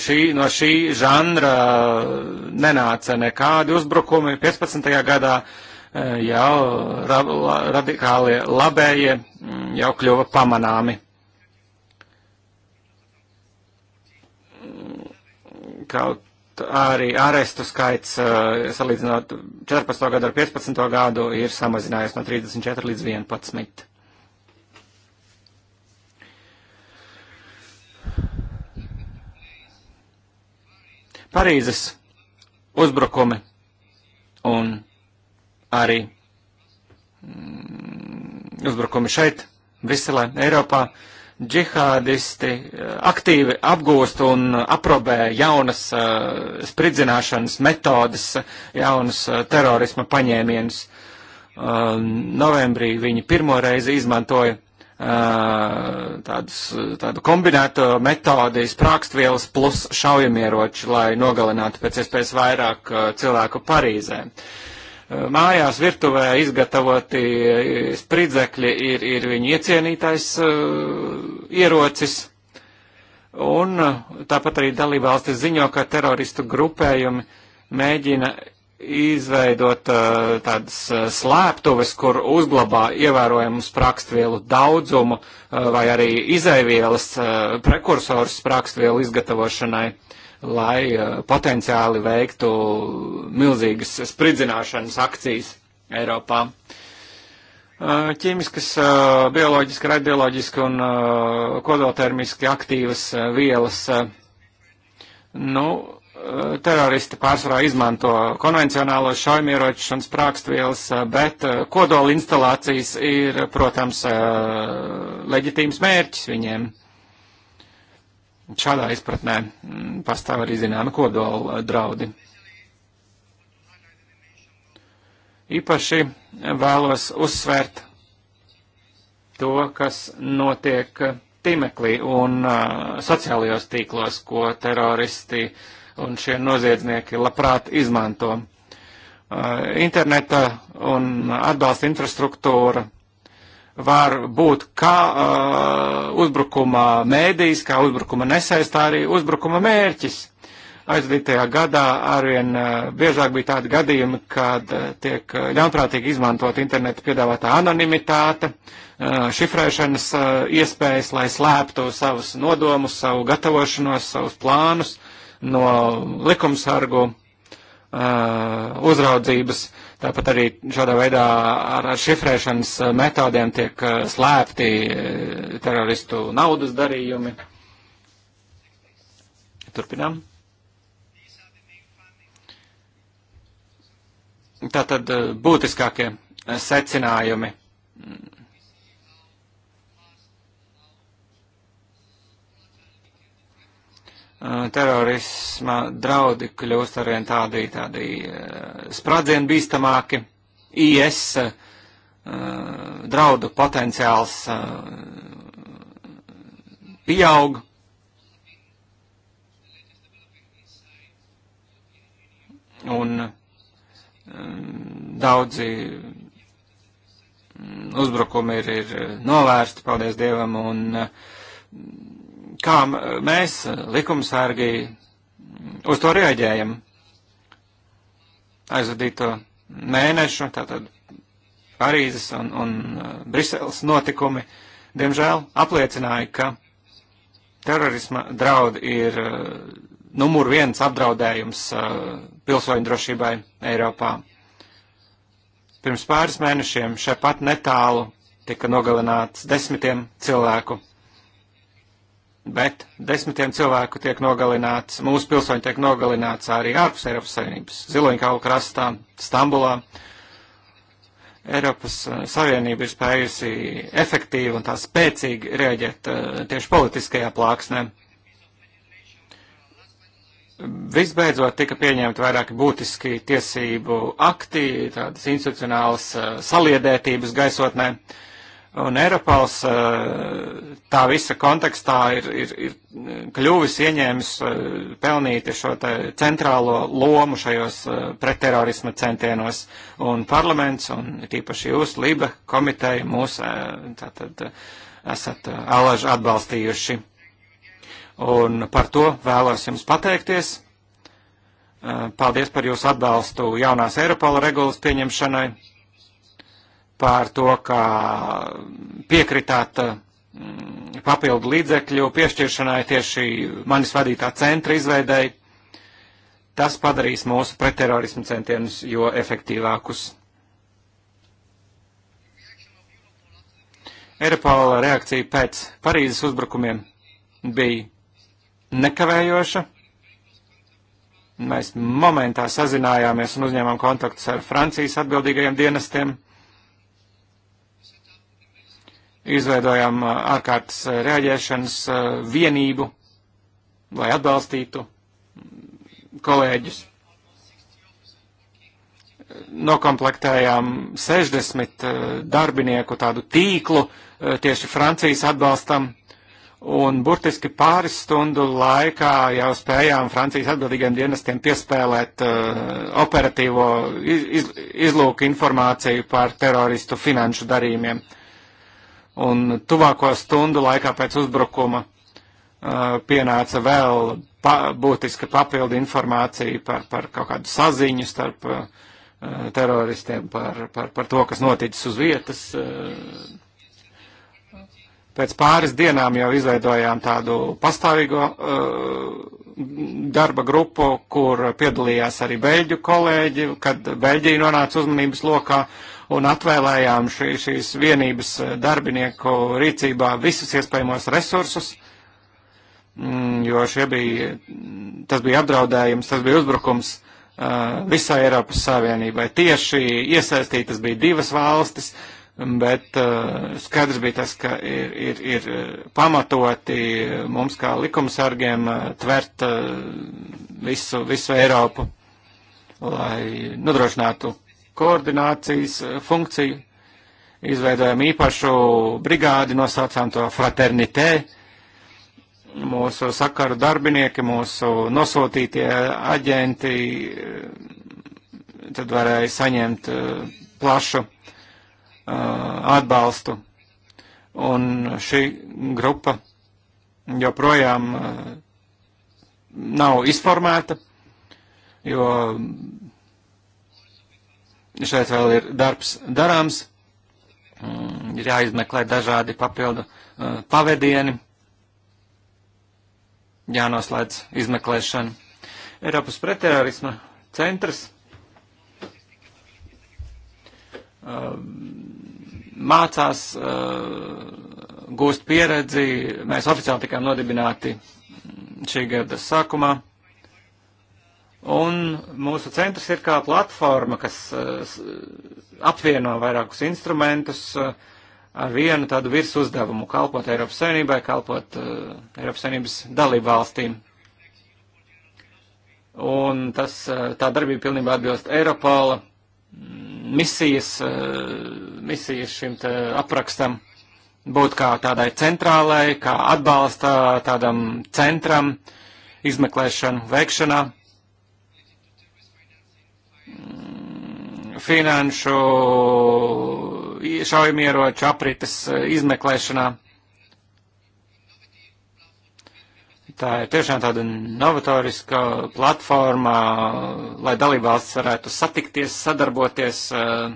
šī, no šī žanra nenāca nekādi uzbrukumi, 15. gadā eh, jau radikālie labējie mm, jau kļuva pamanāmi. kaut arī arestu skaits eh, salīdzinot 14. gadu ar 15. gadu ir samazinājies no 34 līdz 11. Parīzes uzbrukumi un arī mm, uzbrukumi šeit, Briselē, Eiropā džihādisti eh, aktīvi apgūst un aprobē jaunas uh, spridzināšanas metodas, jaunas uh, terorisma paņēmienus. Uh, um, novembrī viņi pirmo reizi izmantoja tādus, tādu kombinēto metodi, sprākstvielas plus šaujamieroči, lai nogalinātu pēc iespējas vairāk cilvēku Parīzē. Uh, Eh, mājās virtuvē izgatavoti eh, spridzekļi ir, ir viņu iecienītais eh, ierocis. Un tāpat arī dalībvalstis ziņo, ka teroristu grupējumi mēģina izveidot tādas slēptuves, kur uzglabā ievērojamu sprākstvielu daudzumu vai arī izaivielas prekursors sprākstvielu izgatavošanai. Uh, lai eh, potenciāli veiktu milzīgas spridzināšanas akcijas Eiropā. Eh, ķīmiskas, eh, bioloģiski, radioloģiski un kodoltermiski aktīvas vielas, nu, teroristi pārsvarā izmanto konvencionālos šaujamieročus un sprākstvielas, bet kodola instalācijas ir, protams, leģitīms mērķis viņiem. Uh, Šādā izpratnē mm, pastāv arī zināma kodola draudi. Īpaši vēlos uzsvērt to, kas notiek tīmeklī un uh, sociālajos tīklos, ko teroristi un šie noziedznieki labprāt izmanto. Uh, interneta un atbalsta infrastruktūra var būt kā uh, uzbrukuma mēdījis, kā uzbrukuma nesaistā arī uzbrukuma mērķis. Aizvadītajā gadā arvien uh, biežāk bija tādi gadījumi, kad uh, tiek uh, ļaunprātīgi izmantot interneta piedāvātā anonimitāte, uh, šifrēšanas uh, iespējas, lai slēptu savus nodomus, savu gatavošanos, savus plānus no likumsargu uh, uzraudzības. Uh, Tāpat arī šādā veidā ar šifrēšanas metodēm tiek eh, slēpti eh, teroristu naudas darījumi. Turpinām. Tātad eh, būtiskākie secinājumi Eh, terorisma draudi kļūst arvien tādi, tādi eh, spradzien bīstamāki, IS eh, draudu potenciāls pieaug. Un daudzi mm, uzbrukumi ir, ir novērsti, paldies Dievam, un kā eh, mēs, eh, likumsārgi, uz to reaģējam. Aizvadīto mēnešu, tātad Parīzes un, un eh, Briseles notikumi, diemžēl apliecināja, ka terorisma draudi ir numur viens apdraudējums pilsoņu drošībai Eiropā. Pirms pāris mēnešiem šeit pat netālu tika nogalināts desmitiem cilvēku bet desmitiem cilvēku tiek nogalināts, mūsu pilsoņi tiek nogalināts arī ārpus Eiropas Savienības, Ziloņkalu krastā, Stambulā. Eiropas eh, Savienība ir spējusi efektīvi un tā spēcīgi rēģēt eh, tieši politiskajā plāksnē. Visbeidzot tika pieņemti vairāki būtiski tiesību akti, tādas institucionālas eh, saliedētības gaisotnē. Uh, Un Eiropals eh, tā visa kontekstā ir, ir, ir kļuvis ieņēmis eh, pelnīti šo centrālo lomu šajos eh, pretterorisma centienos. Un parlaments, un tīpaši jūs, Liba komiteja, mūs tātad esat alaži atbalstījuši. Un par to vēlos jums pateikties. Paldies par jūsu atbalstu jaunās Eiropola regulas pieņemšanai par to, ka piekritāt mm, papildu līdzekļu piešķiršanai tieši manis vadītā centra izveidēji. Tas padarīs mūsu pretterorismu centienus jo efektīvākus. Eiropola reakcija pēc Parīzes uzbrukumiem bija nekavējoša. Mēs momentā sazinājāmies un uzņēmām kontaktus ar Francijas atbildīgajiem dienestiem izveidojām uh, ārkārtas uh, reaģēšanas uh, vienību, lai atbalstītu mm, kolēģus. Nokomplektējām 60 darbinieku tādu tīklu tieši Francijas atbalstam, un burtiski pāris stundu laikā jau spējām Francijas atbildīgiem dienestiem piespēlēt uh, operatīvo iz, izlūku informāciju par teroristu finanšu darījumiem. Uh, un tuvāko stundu laikā pēc uzbrukuma uh, pienāca vēl pa, būtiska papildu informācija par, par kaut kādu saziņu starp uh, teroristiem, par, par, par to, kas noticis uz vietas. Uh, pēc pāris dienām jau izveidojām tādu pastāvīgo uh, darba grupu, kur piedalījās arī beļģu kolēģi, kad Beļģija nonāca uzmanības lokā. Uh, un atvēlējām šī, šīs vienības eh, darbinieku rīcībā visus iespējamos resursus, mm, jo šie bija, tas bija apdraudējums, tas bija uzbrukums eh, visai Eiropas Savienībai. Tieši iesaistītas bija divas valstis, bet uh, skaidrs bija tas, ka ir, ir, ir pamatoti mums kā likumsargiem uh, tvert uh, visu, visu Eiropu, lai nodrošinātu koordinācijas eh, funkciju. Izveidojam īpašu brigādi, nosaucām to fraternitē. Mūsu sakaru darbinieki, mūsu nosūtītie aģenti eh, tad varēja saņemt eh, plašu atbalstu. Un šī grupa joprojām nav izformēta, jo šeit vēl ir darbs darāms, mm, ir jāizmeklē dažādi papildu eh, pavadieni, jānoslēdz izmeklēšana. Eiropas pretterorisma centrs eh, mācās, eh, gūst pieredzi, mēs oficiāli tikām nodibināti šī gada sākumā. Un mūsu centrs ir kā platforma, kas eh, apvieno vairākus instrumentus eh, ar vienu tādu virs uzdevumu - kalpot Eiropas Savienībai, kalpot eh, Eiropas Savienības dalību valstīm. Un tas, tā darbība pilnībā atbilst Eiropola mm, misijas, misijas šim aprakstam būt kā tādai centrālai, kā atbalsta tādam centram izmeklēšanu veikšanā. finanšu šaujamieroču aprites eh, izmeklēšanā. Tā ir tiešām tāda novatoriska platforma, lai dalībvalsts varētu satikties, sadarboties eh,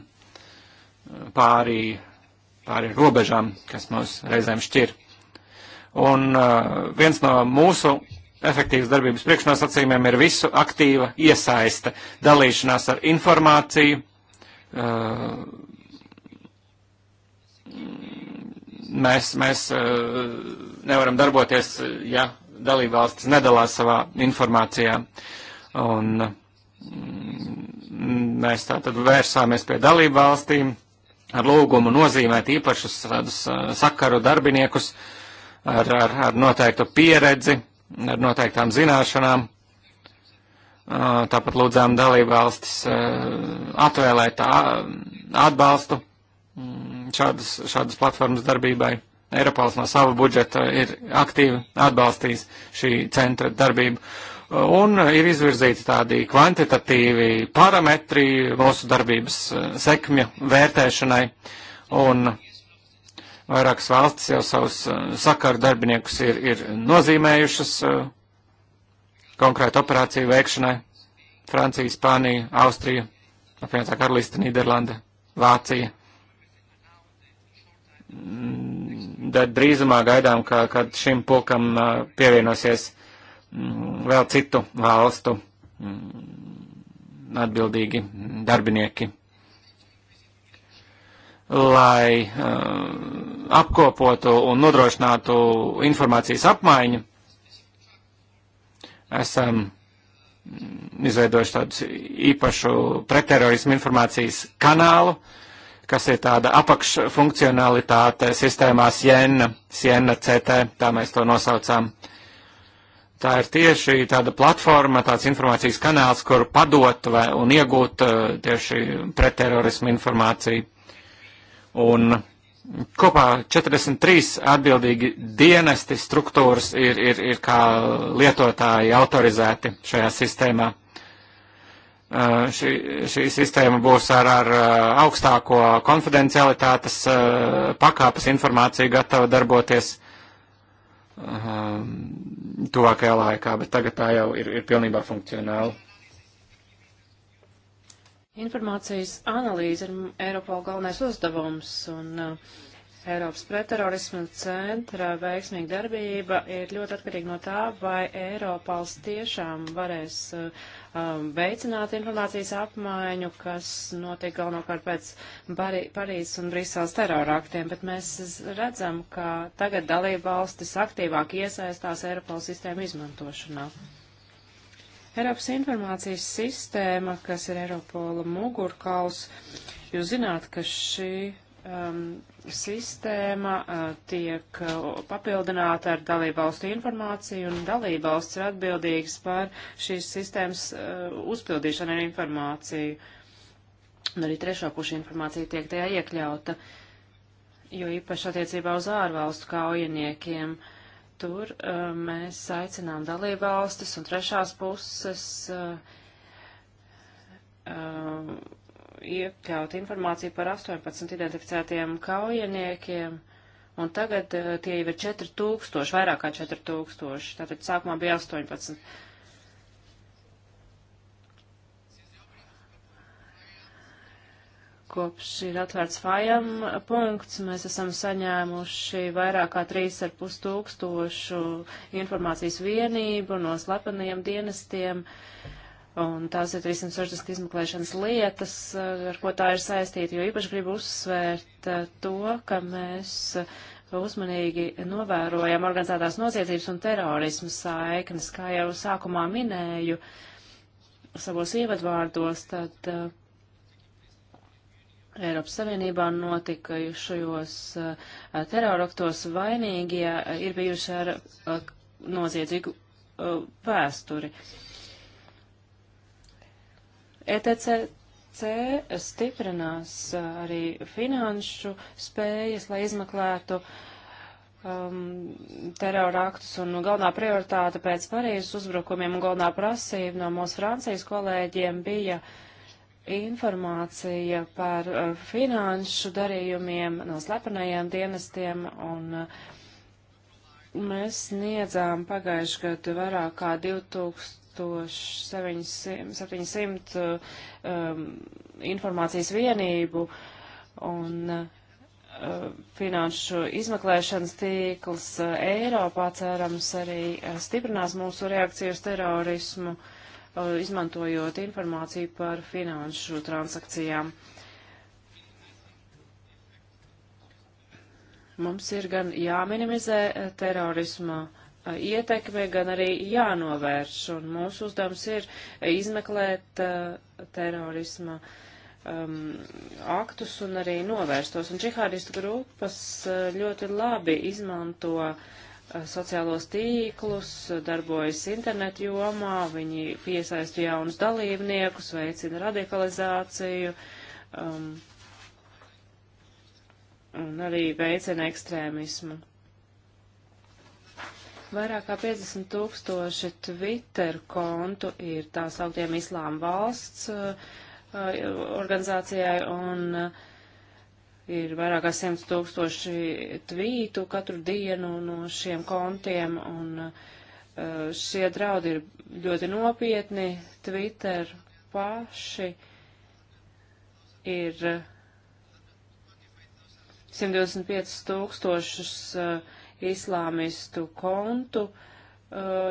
pāri, pāri robežām, kas mūs reizēm šķir. Un eh, viens no mūsu efektīvas darbības priekšnosacījumiem ir visu aktīva iesaiste, dalīšanās ar informāciju, mēs, mēs nevaram darboties, ja dalībvalstis nedalās savā informācijā. Un mm, mēs tātad vērsāmies pie dalībvalstīm ar lūgumu nozīmēt īpašus tādus sakaru darbiniekus ar, ar, ar noteiktu pieredzi, ar noteiktām zināšanām Tāpat lūdzām dalībvalstis atvēlēt atbalstu mm, šādas, šādas platformas darbībai. Eiropāls no sava budžeta ir aktīvi atbalstījis šī centra darbību. Un ir izvirzīti tādi kvantitatīvi parametri mūsu darbības sekmju vērtēšanai. Un vairākas valstis jau savus sakaru darbiniekus ir, ir nozīmējušas konkrētu operāciju veikšanai - Francija, Spānija, Austrija, apvienotā karalista, Nīderlanda, Vācija. Mm, tad drīzumā gaidām, ka, kad šim pulkam pievienosies mm, vēl citu valstu mm, atbildīgi darbinieki lai uh, apkopotu un nodrošinātu informācijas apmaiņu, esam izveidojuši tādu īpašu pretterorismu informācijas kanālu, kas ir tāda apakšfunkcionalitāte sistēmā Siena, Siena CT, tā mēs to nosaucām. Tā ir tieši tāda platforma, tāds informācijas kanāls, kur padot vai, un iegūt eh, tieši pretterorismu informāciju. Un Kopā 43 atbildīgi dienesti struktūras ir, ir, ir kā lietotāji autorizēti šajā sistēmā. Uh, šī, šī sistēma būs ar, ar uh, augstāko konfidencialitātes uh, pakāpes informāciju gatava darboties uh, tuvākajā laikā, bet tagad tā jau ir, ir pilnībā funkcionāla. Informācijas analīze ir Eiropola galvenais uzdevums, un uh, Eiropas pretterorisma centra veiksmīga darbība ir ļoti atkarīga no tā, vai Eiropals tiešām varēs uh, um, veicināt informācijas apmaiņu, kas notiek galvenokārt pēc Parīzes un Brīseles terorāktiem, bet mēs redzam, ka tagad dalība valstis aktīvāk iesaistās Eiropas sistēmu izmantošanā. Eiropas informācijas sistēma, kas ir Eiropola mugurkauls, jūs zināt, ka šī um, sistēma uh, tiek uh, papildināta ar dalībvalstu informāciju, un dalībvalsts ir atbildīgs par šīs sistēmas uh, uzpildīšanu ar informāciju. Un arī trešo pušu informācija tiek tajā iekļauta, jo īpaši attiecībā uz ārvalstu kaujiniekiem. Uh, Tur uh, mēs aicinām dalībvalstis un trešās puses uh, uh, iekļaut informāciju par 18 identificētiem kaujiniekiem. Un tagad uh, tie jau ir 4000, vairāk kā 4000. Tātad sākumā bija 18. kopš ir atvērts fajam punkts, mēs esam saņēmuši vairāk kā 3,5 tūkstošu informācijas vienību no slepeniem dienestiem, un tās ir 360 izmeklēšanas lietas, eh, ar ko tā ir saistīta, jo īpaši gribu uzsvērt eh, to, ka mēs uzmanīgi novērojam organizētās noziedzības un terorismu saiknes, kā jau sākumā minēju savos ievadvārdos, tad uh, Eiropas Savienībā notikušajos eh, teroraktos vainīgie eh, ir bijuši ar eh, noziedzīgu vēsturi. ETCC stiprinās arī finanšu spējas, lai izmeklētu um, teroraktus, un galvenā prioritāte pēc Parīzes uzbrukumiem un galvenā prasība no mūsu Francijas kolēģiem bija uh, informācija par uh, finanšu darījumiem no slepenajiem dienestiem un uh, mēs sniedzām pagājuši gadu vairāk kā 2700 uh, um, informācijas vienību un uh, finanšu izmeklēšanas tīkls uh, Eiropā cerams arī uh, stiprinās mūsu reakciju uz terorismu. Uh, Uh, izmantojot informāciju par finanšu transakcijām. Mums ir gan jāminimizē uh, terorisma uh, ietekme, gan arī jānovērš, un mūsu uzdevums ir izmeklēt uh, terorisma uh, um, aktus un arī novērstos. Un džihādistu grupas ļoti labi izmanto Eh, sociālos tīklus, darbojas internetu jomā, viņi piesaista jaunus dalībniekus, veicina radikalizāciju um, un arī veicina ekstrēmismu. Vairāk kā 50 tūkstoši Twitter kontu ir tā sauktiem Islāma valsts uh, organizācijai un uh, ir vairāk kā 100 tūkstoši tvītu katru dienu no šiem kontiem, un uh, šie draudi ir ļoti nopietni. Twitter paši ir 125 uh, tūkstošus uh, islāmistu kontu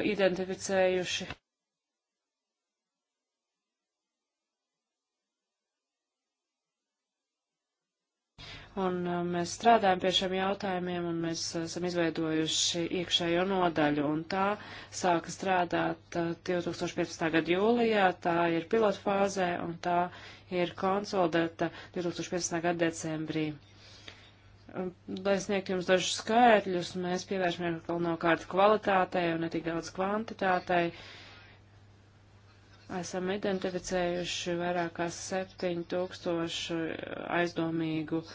identificējuši. Un uh, mēs strādājam pie šiem jautājumiem, un mēs uh, esam izveidojuši iekšējo nodaļu, un tā sāka strādāt 2015. Uh, gada jūlijā, tā ir pilotfāzē, un tā ir konsolidēta 2015. gada decembrī. Um, lai sniegtu jums dažus skaitļus, mēs pievēršamies galvenokārt kvalitātei un ne tik daudz kvantitātei. Esam identificējuši vairāk kā 7000 aizdomīgu uh,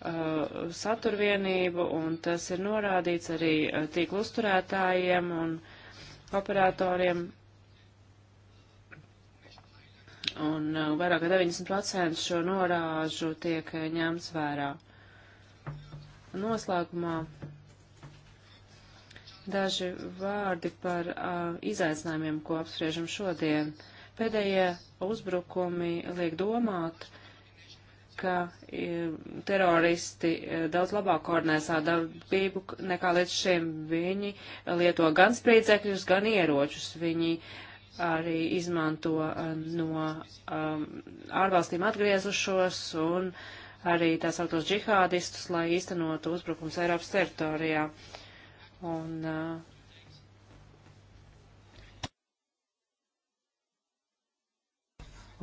Uh, saturvienību, un tas ir norādīts arī uh, tīklu uzturētājiem un operatoriem. Un uh, vairāk kā 90% šo norāžu tiek ņemts vērā. Noslēgumā daži vārdi par uh, izaicinājumiem, ko apspriežam šodien. Pēdējie uzbrukumi liek domāt, uh, ka teroristi e, daudz labāk koordinē savu darbību nekā līdz šim. Viņi lieto gan spriedzekļus, gan ieročus. Viņi arī izmanto e, no um, ārvalstīm atgriezušos un arī tā sauktos džihādistus, lai īstenotu uzbrukums Eiropas teritorijā. Un, uh,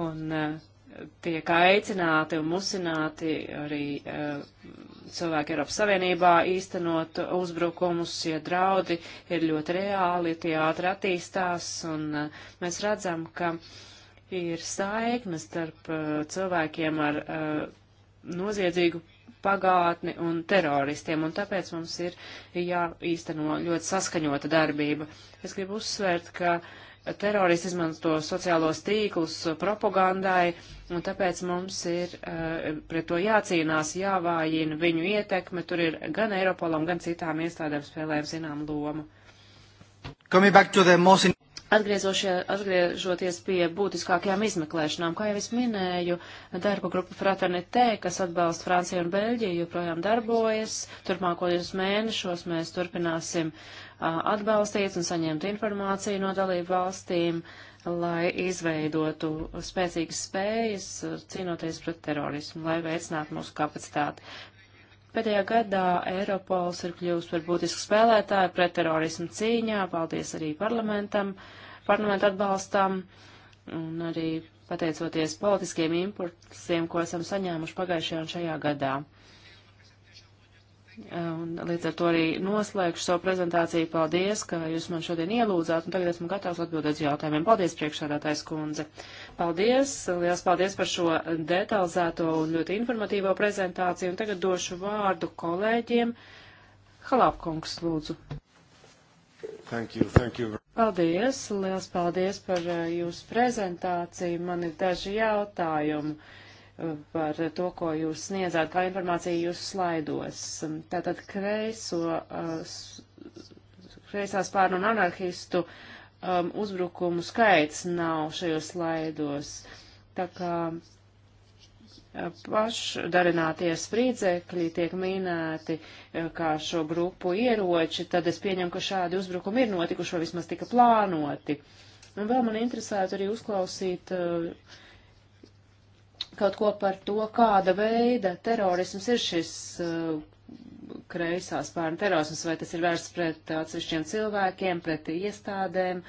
un uh, tiek aicināti un musināti arī uh, cilvēki Eiropas Savienībā īstenot uzbrukumus, ja draudi ir ļoti reāli, tie ātri attīstās, un uh, mēs redzam, ka ir saiknes starp uh, cilvēkiem ar noziedzīgu pagātni un teroristiem, un tāpēc mums ir jāīsteno ļoti saskaņota darbība. Es gribu uzsvērt, ka uh, teroristi izmanto sociālos tīklus propagandai, un tāpēc mums ir uh, pret to jācīnās, jāvājina viņu ietekme. Tur ir gan Eiropolam, gan citām iestādēm spēlēm zinām lomu. Most... Atgriežoties pie būtiskākajām izmeklēšanām, kā jau es minēju, darba grupa Fraternitē, kas atbalsta Franciju un Beļģiju, joprojām darbojas. Turpmākajos mēnešos mēs turpināsim uh, atbalstīts un saņemtu informāciju no dalību valstīm, lai izveidotu spēcīgas spējas cīnoties pret terorismu, lai veicinātu mūsu kapacitāti. Pēdējā gadā Eiropols ir kļuvusi par būtisku spēlētāju pret terorismu cīņā, paldies arī parlamentam, parlamentu atbalstam un arī pateicoties politiskiem impulsiem, ko esam saņēmuši pagājušajā un šajā gadā. Un līdz ar to arī noslēgšu savu prezentāciju. Paldies, ka jūs man šodien ielūdzāt, un tagad esmu gatavs atbildēt uz jautājumiem. Paldies, priekšsādātājs kundze. Paldies, liels paldies par šo detalizēto un ļoti informatīvo prezentāciju, un tagad došu vārdu kolēģiem. Halapkungs, lūdzu. Thank you, thank you. Paldies, liels paldies par uh, jūsu prezentāciju. Man ir daži jautājumi. Uh, par to, ko jūs sniedzāt, kā informācija jūsu slaidos. Tātad kreiso, uh, kreisā spārnu un anarhistu um, uzbrukumu skaits nav šajos slaidos. Tā kā uh, pašdarinātie sprīdzekļi tiek minēti uh, kā šo grupu ieroči, tad es pieņemu, ka šādi uzbrukumi ir notikuši vai vismaz tika plānoti. Un vēl man interesētu arī uzklausīt uh, kaut ko par to, kāda veida terorisms ir šis uh, kreisā spārna terorisms, vai tas ir vērsts pret atsevišķiem cilvēkiem, pret iestādēm,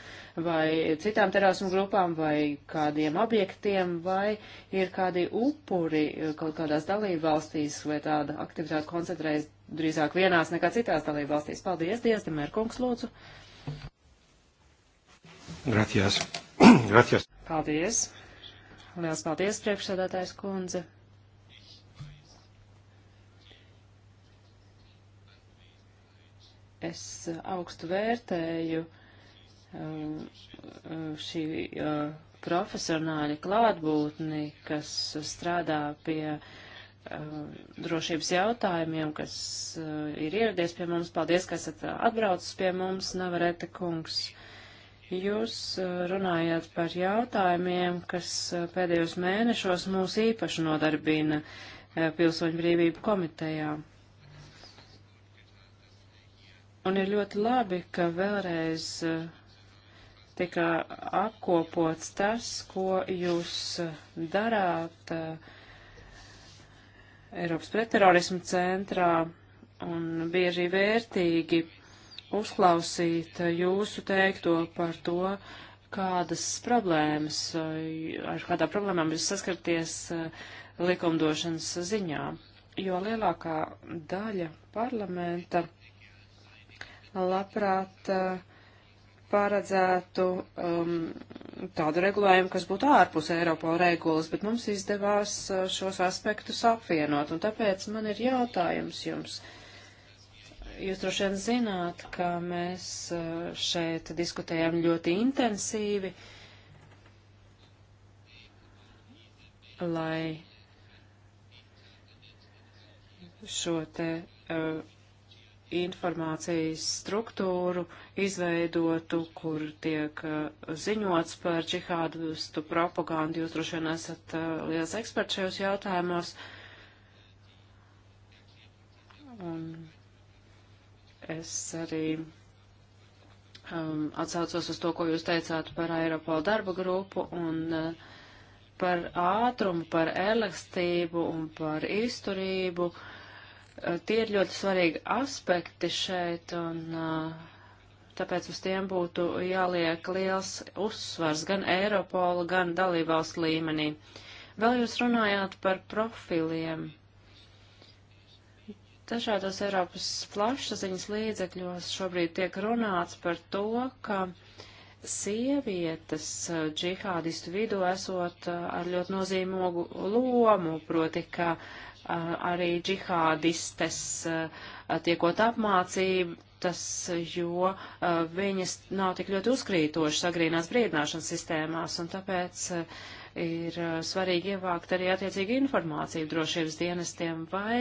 vai citām terorismu grupām, vai kādiem objektiem, vai ir kādi upuri uh, kaut kādās dalībvalstīs, vai tāda aktivitāte koncentrējas drīzāk vienās nekā citās dalībvalstīs. Paldies, Dievs, Demēr kungs, lūdzu. Gracias. Gracias. Paldies. Liels paldies, priekšsēdētājs kundze. Es uh, augstu vērtēju uh, uh, šī profesionāļa klātbūtni, kas strādā pie drošības jautājumiem, kas ir ieradies pie mums. Paldies, ka esat atbraucis pie mums, Navarete kungs. Jūs eh, runājāt par jautājumiem, kas eh, pēdējos mēnešos mūs īpaši nodarbina eh, Pilsoņu brīvību komitejā. Un ir ļoti labi, ka vēlreiz tika apkopots tas, ko jūs darāt Eiropas pretterorismu centrā un bija arī vērtīgi uzklausīt jūsu teikto par to, kādas problēmas, eh, ar kādām problēmām jūs saskarties eh, likumdošanas ziņā, jo lielākā daļa parlamenta labprāt eh, paredzētu um, tādu regulējumu, kas būtu ārpus Eiropā regulas, bet mums izdevās šos aspektus apvienot, un tāpēc man ir jautājums jums. Uh, Jūs droši vien zināt, ka mēs eh, šeit diskutējam ļoti intensīvi, lai šo te uh, informācijas struktūru izveidotu, kur tiek uh, ziņots par džihādistu propagandu. Jūs droši vien esat uh, liels eksperts šajos jautājumos. Un Es arī um, atsaucos uz to, ko jūs teicāt par Eiropolu darba grupu un uh, par ātrumu, par elastību un par izturību. Uh, tie ir ļoti svarīgi aspekti šeit, un uh, tāpēc uz tiem būtu jāliek liels uzsvars gan Eiropola, gan dalībvalsts līmenī. Vēl jūs runājāt par profiliem Dažādos Eiropas plašsaziņas līdzekļos šobrīd tiek runāts par to, ka sievietes uh, džihādistu vidū esot uh, ar ļoti nozīmogu lomu, proti, ka uh, arī džihādistes tiekot apmācību, tas, jo uh, viņas nav tik ļoti uzkrītošas agrīnās brīdināšanas sistēmās, un tāpēc uh, ir eh, svarīgi ievākt arī attiecīgi informāciju drošības dienestiem, vai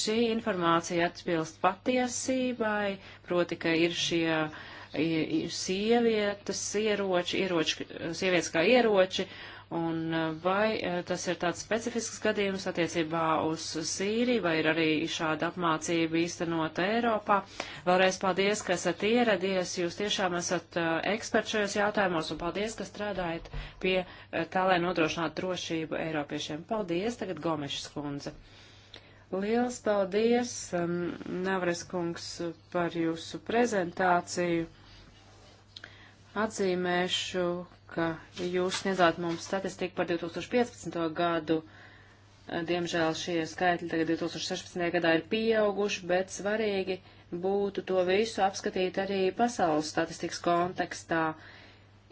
šī informācija atbilst patiesībai, proti, ka ir šie ir sievietes ieroči, ieroči, sievietes kā ieroči, Un eh, vai eh, tas ir tāds specifisks gadījums attiecībā uz Sīriju, vai ir arī šāda apmācība īstenot Eiropā? Vēlreiz paldies, ka esat ieradies, jūs tiešām esat eh, eksperts šajos jautājumos, un paldies, ka strādājat pie tā, lai nodrošinātu drošību Eiropiešiem. Paldies, tagad Gomešas kundze. Liels paldies, um, Navres kungs, par jūsu prezentāciju. Atzīmēšu, ka jūs sniedzāt mums statistiku par 2015. gadu. Diemžēl šie skaitļi tagad 2016. gadā ir pieauguši, bet svarīgi būtu to visu apskatīt arī pasaules statistikas kontekstā.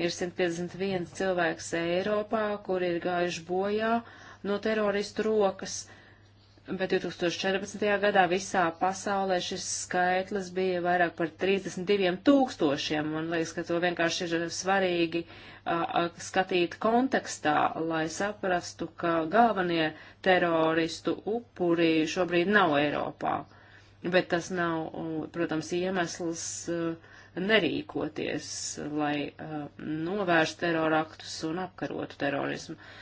Ir 151 cilvēks Eiropā, kur ir gājuši bojā no teroristu rokas bet 2014. gadā visā pasaulē šis skaitlis bija vairāk par 32 tūkstošiem. Man liekas, ka to vienkārši ir svarīgi uh, skatīt kontekstā, lai saprastu, ka galvenie teroristu upuri šobrīd nav Eiropā. Bet tas nav, protams, iemesls uh, nerīkoties, lai uh, novērstu teroraktus un apkarotu terorismu. Uh,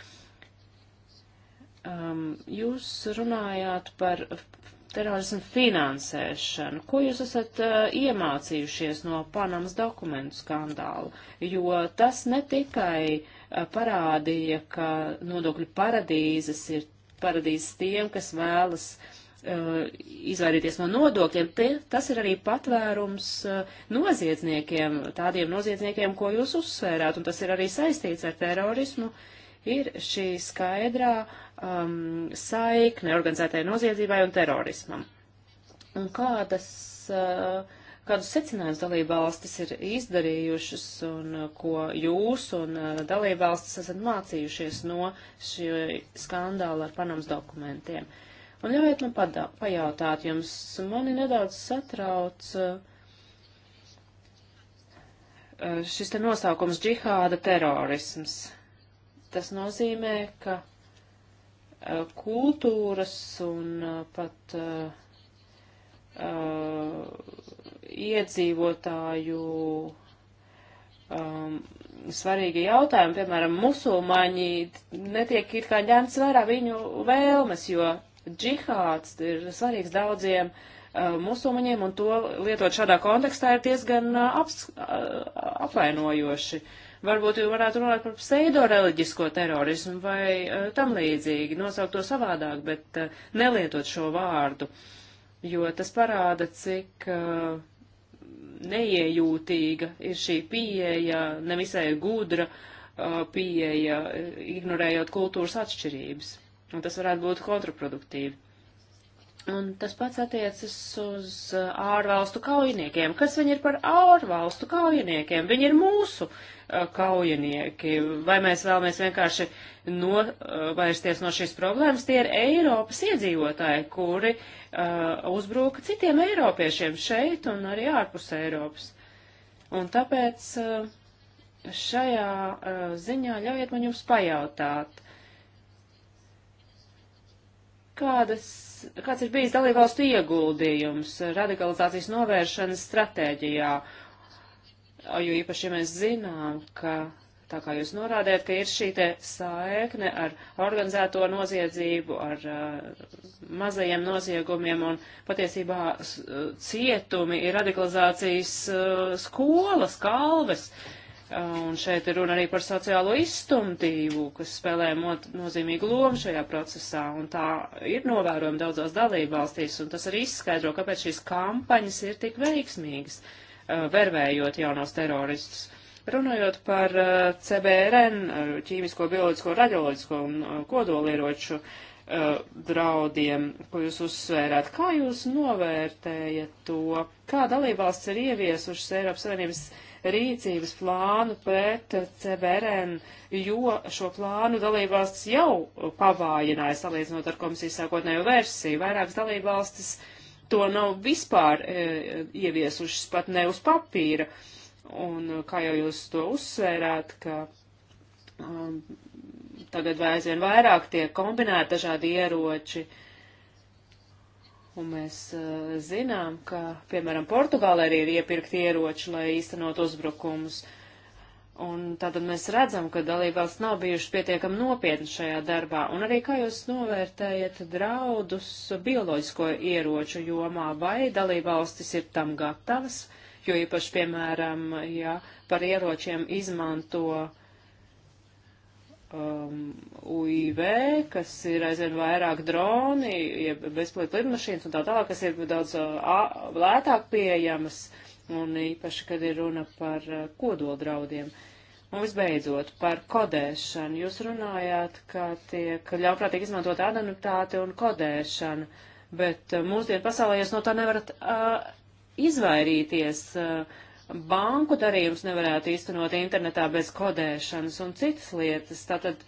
Um, jūs runājāt par terorismu finansēšanu. Ko jūs esat uh, iemācījušies no Panamas dokumentu skandāla? Jo tas ne tikai uh, parādīja, ka nodokļu paradīzes ir paradīzes tiem, kas vēlas uh, izvairīties no nodokļiem. Te, tas ir arī patvērums uh, noziedzniekiem, tādiem noziedzniekiem, ko jūs uzsvērāt, un tas ir arī saistīts ar terorismu. Ir šī skaidrā uh, um, saikne organizētajai noziedzībai un terorismam. Un kādas, uh, kādus secinājumus dalībvalstis ir izdarījušas un uh, ko jūs un uh, dalībvalstis esat mācījušies no šī skandāla ar Panamas dokumentiem? Un ļaujiet man padā, pajautāt jums, mani nedaudz satrauc. Uh, uh, šis te nosaukums džihāda terorisms. Tas nozīmē, ka kultūras un uh, pat uh, iedzīvotāju um, svarīgi jautājumi, piemēram, musulmaņi netiek it kā ņemts vērā viņu vēlmes, jo džihāds ir svarīgs daudziem uh, musulmaņiem, un to lietot šādā kontekstā ir diezgan uh, aps, uh, apvainojoši. Uh, Varbūt jau varētu runāt par pseido-reliģisko terorismu vai uh, tam līdzīgi, nosaukt to savādāk, bet uh, nelietot šo vārdu, jo tas parāda, cik uh, neiejūtīga ir šī pieeja, nevisai gudra uh, pieeja, ignorējot kultūras atšķirības. Un tas varētu būt kontraproduktīvi. Un tas pats attiecas uz uh, ārvalstu kaujiniekiem. Kas viņi ir par ārvalstu kaujiniekiem? Viņi ir mūsu uh, kaujinieki. Vai mēs vēlamies vienkārši novērsties uh, no šīs problēmas? Tie ir Eiropas iedzīvotāji, kuri uh, uzbruka citiem eiropiešiem šeit un arī ārpus Eiropas. Un tāpēc uh, šajā uh, ziņā ļaujiet man jums pajautāt, kādas kāds ir bijis dalībvalstu ieguldījums radikalizācijas novēršanas stratēģijā? Jo īpaši, ja mēs zinām, ka tā kā jūs norādējat, ka ir šī te saikne ar organizēto noziedzību, ar uh, mazajiem noziegumiem un patiesībā uh, cietumi ir radikalizācijas uh, skolas, kalves. Uh, Un šeit ir runa arī par sociālo izstumtību, kas spēlē nozīmīgu lomu šajā procesā, un tā ir novērojama daudzās dalībvalstīs, un tas arī izskaidro, kāpēc šīs kampaņas ir tik veiksmīgas, uh, vervējot jaunos teroristus. Runājot par uh, CBRN, uh, ķīmisko, bioloģisko, raģoloģisko un kodolieroču draudiem, ko jūs uzsvērāt, kā jūs novērtējat to, kā dalībvalsts ir ieviesušas Eiropas Savienības rīcības plānu pret CBRN, jo šo plānu dalībvalstis jau pavājināja salīdzinot ar komisijas sākotnējo versiju. Vairākas dalībvalstis to nav vispār e, ieviesušas pat ne uz papīra. Un kā jau jūs to uzsvērāt, ka um, tagad vai aizvien vairāk tiek kombinēti dažādi ieroči, uh, Un mēs uh, zinām, ka, piemēram, Portugāla arī ir iepirkti ieroči, lai īstenot uzbrukumus. Un tātad mēs redzam, ka dalībvalsts nav bijušas pietiekami nopietni šajā darbā. Un arī kā jūs novērtējat draudus bioloģisko ieroču jomā, vai dalībvalstis ir tam gatavas, jo īpaši, piemēram, ja par ieročiem izmanto uh, um, UIV, kas ir aizvien vairāk droni, jeb bezpilota lidmašīnas un tā tālāk, kas ir daudz uh, lētāk pieejamas, un īpaši, kad ir runa par uh, kodoldraudiem. Un visbeidzot, par kodēšanu. Jūs runājāt, ka tiek ļaunprātīgi izmantot anonimitāti un kodēšanu, bet uh, mūsdienu pasaulē jūs no tā nevarat uh, izvairīties. Uh, banku darījumus nevarētu īstenot internetā bez kodēšanas un citas lietas. Tātad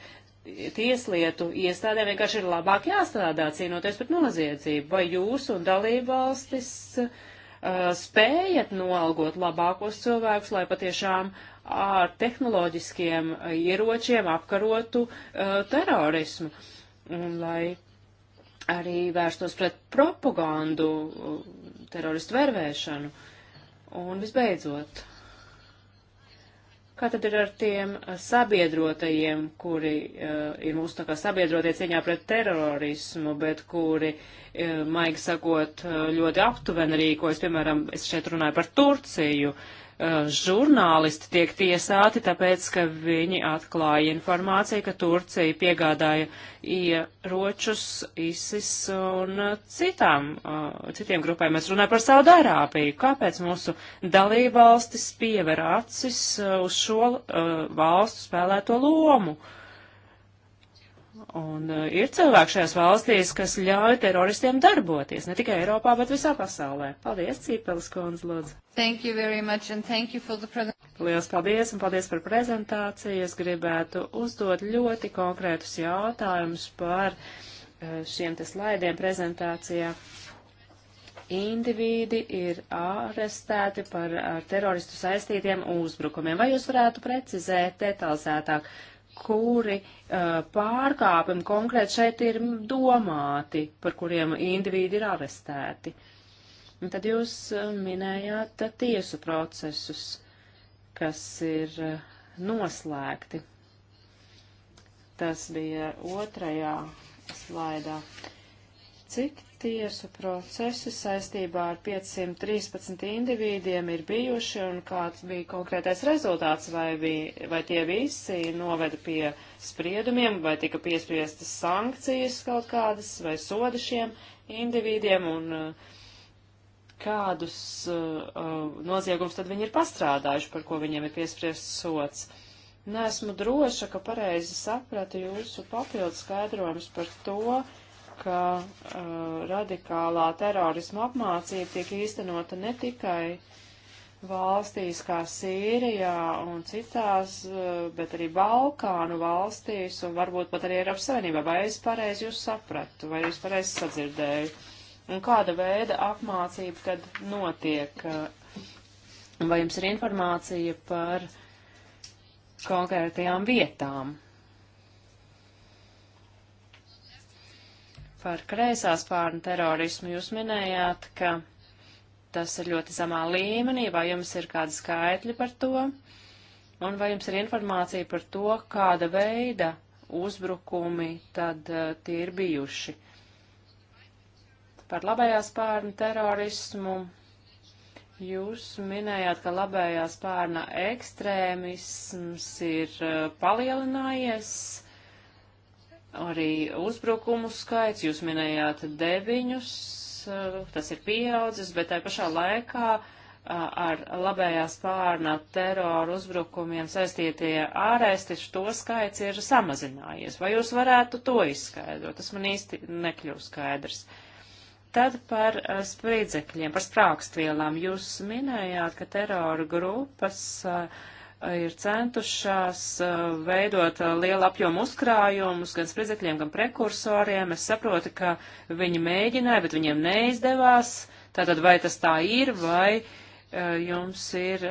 tieslietu iestādē vienkārši ir labāk jāstrādā cīnoties pret noziedzību. Vai jūs un dalībvalstis uh, spējat noalgot labākos cilvēkus, lai patiešām ar tehnoloģiskiem ieročiem apkarotu uh, terorismu? Un, lai arī vērstos pret propagandu, uh, teroristu vervēšanu. Uh, Un visbeidzot, kā tad ir ar tiem sabiedrotajiem, kuri uh, ir mūsu tā kā sabiedrotie cieņā pret terorismu, bet kuri, uh, maigi sakot, eh, ļoti aptuveni rīkojas, piemēram, es šeit runāju par Turciju, uh, Eh, žurnālisti tiek tiesāti, tāpēc, ka viņi atklāja informāciju, ka Turcija piegādāja ieročus ISIS un eh, citām, eh, citiem grupēm. Mēs runājam par Saudārābiju. Kāpēc mūsu dalībvalstis piever acis uz šo valstu spēlēto lomu? Uh, Un e, ir cilvēki šajās valstīs, kas ļauj teroristiem darboties, ne tikai Eiropā, bet visā pasaulē. Paldies, Cīpelis kundze, lūdzu. Thank you very much and thank you for the presentation. Lielas paldies un paldies par prezentāciju. Es gribētu uzdot ļoti konkrētus jautājumus par e, šiem te slaidiem prezentācijā indivīdi ir arestēti par e, teroristu saistītiem uzbrukumiem. Vai jūs varētu precizēt detalizētāk, kuri uh, pārkāpumi konkrēti šeit ir domāti, par kuriem indivīdi ir arestēti. Un tad jūs eh, minējāt eh, tiesu procesus, kas ir noslēgti. Tas bija otrajā slaidā. Uh, Cik tiesu procesi saistībā ar 513 individiem ir bijuši un kāds bija konkrētais rezultāts, vai, bija, vai tie visi noveda pie spriedumiem, vai tika piespriestas sankcijas kaut kādas, vai soda šiem individiem, un uh, kādus uh, uh noziegums tad viņi ir pastrādājuši, par ko viņiem ir piespriests sots. Nesmu droša, ka pareizi sapratu jūsu papildu skaidrojums par to, uh, ka uh, radikālā terorisma apmācība tiek īstenota ne tikai valstīs kā Sīrijā un citās, uh, bet arī Balkānu valstīs un varbūt pat arī Eiropas Savienībā. Vai es pareizi jūs sapratu, vai jūs pareizi sadzirdēju? Un kāda veida apmācība tad notiek? Vai jums ir informācija par konkrētajām vietām? Par kreisās pārnu terorismu jūs minējāt, ka tas ir ļoti zemā līmenī, vai jums ir kādi skaitļi par to, un vai jums ir informācija par to, kāda veida uzbrukumi tad uh, tie ir bijuši. Par labējās pārnu terorismu Jūs minējāt, ka labējā spārna ekstrēmisms ir eh, palielinājies Arī uzbrukumu skaits, jūs minējāt deviņus, eh, tas ir pieaudzis, bet tai pašā laikā eh, ar labējās pārnā teroru uzbrukumiem saistītie ārēsti, to skaits ir samazinājies. Vai jūs varētu to izskaidrot? Tas man īsti nekļūst skaidrs. Tad par eh, sprīdzekļiem, par sprākstvielām. Jūs minējāt, ka terora grupas uh, ir centušās eh, veidot eh, lielu apjomu uzkrājumus gan spridzekļiem, gan prekursoriem. Es saprotu, ka viņi mēģināja, bet viņiem neizdevās. Tātad vai tas tā ir, vai eh, jums ir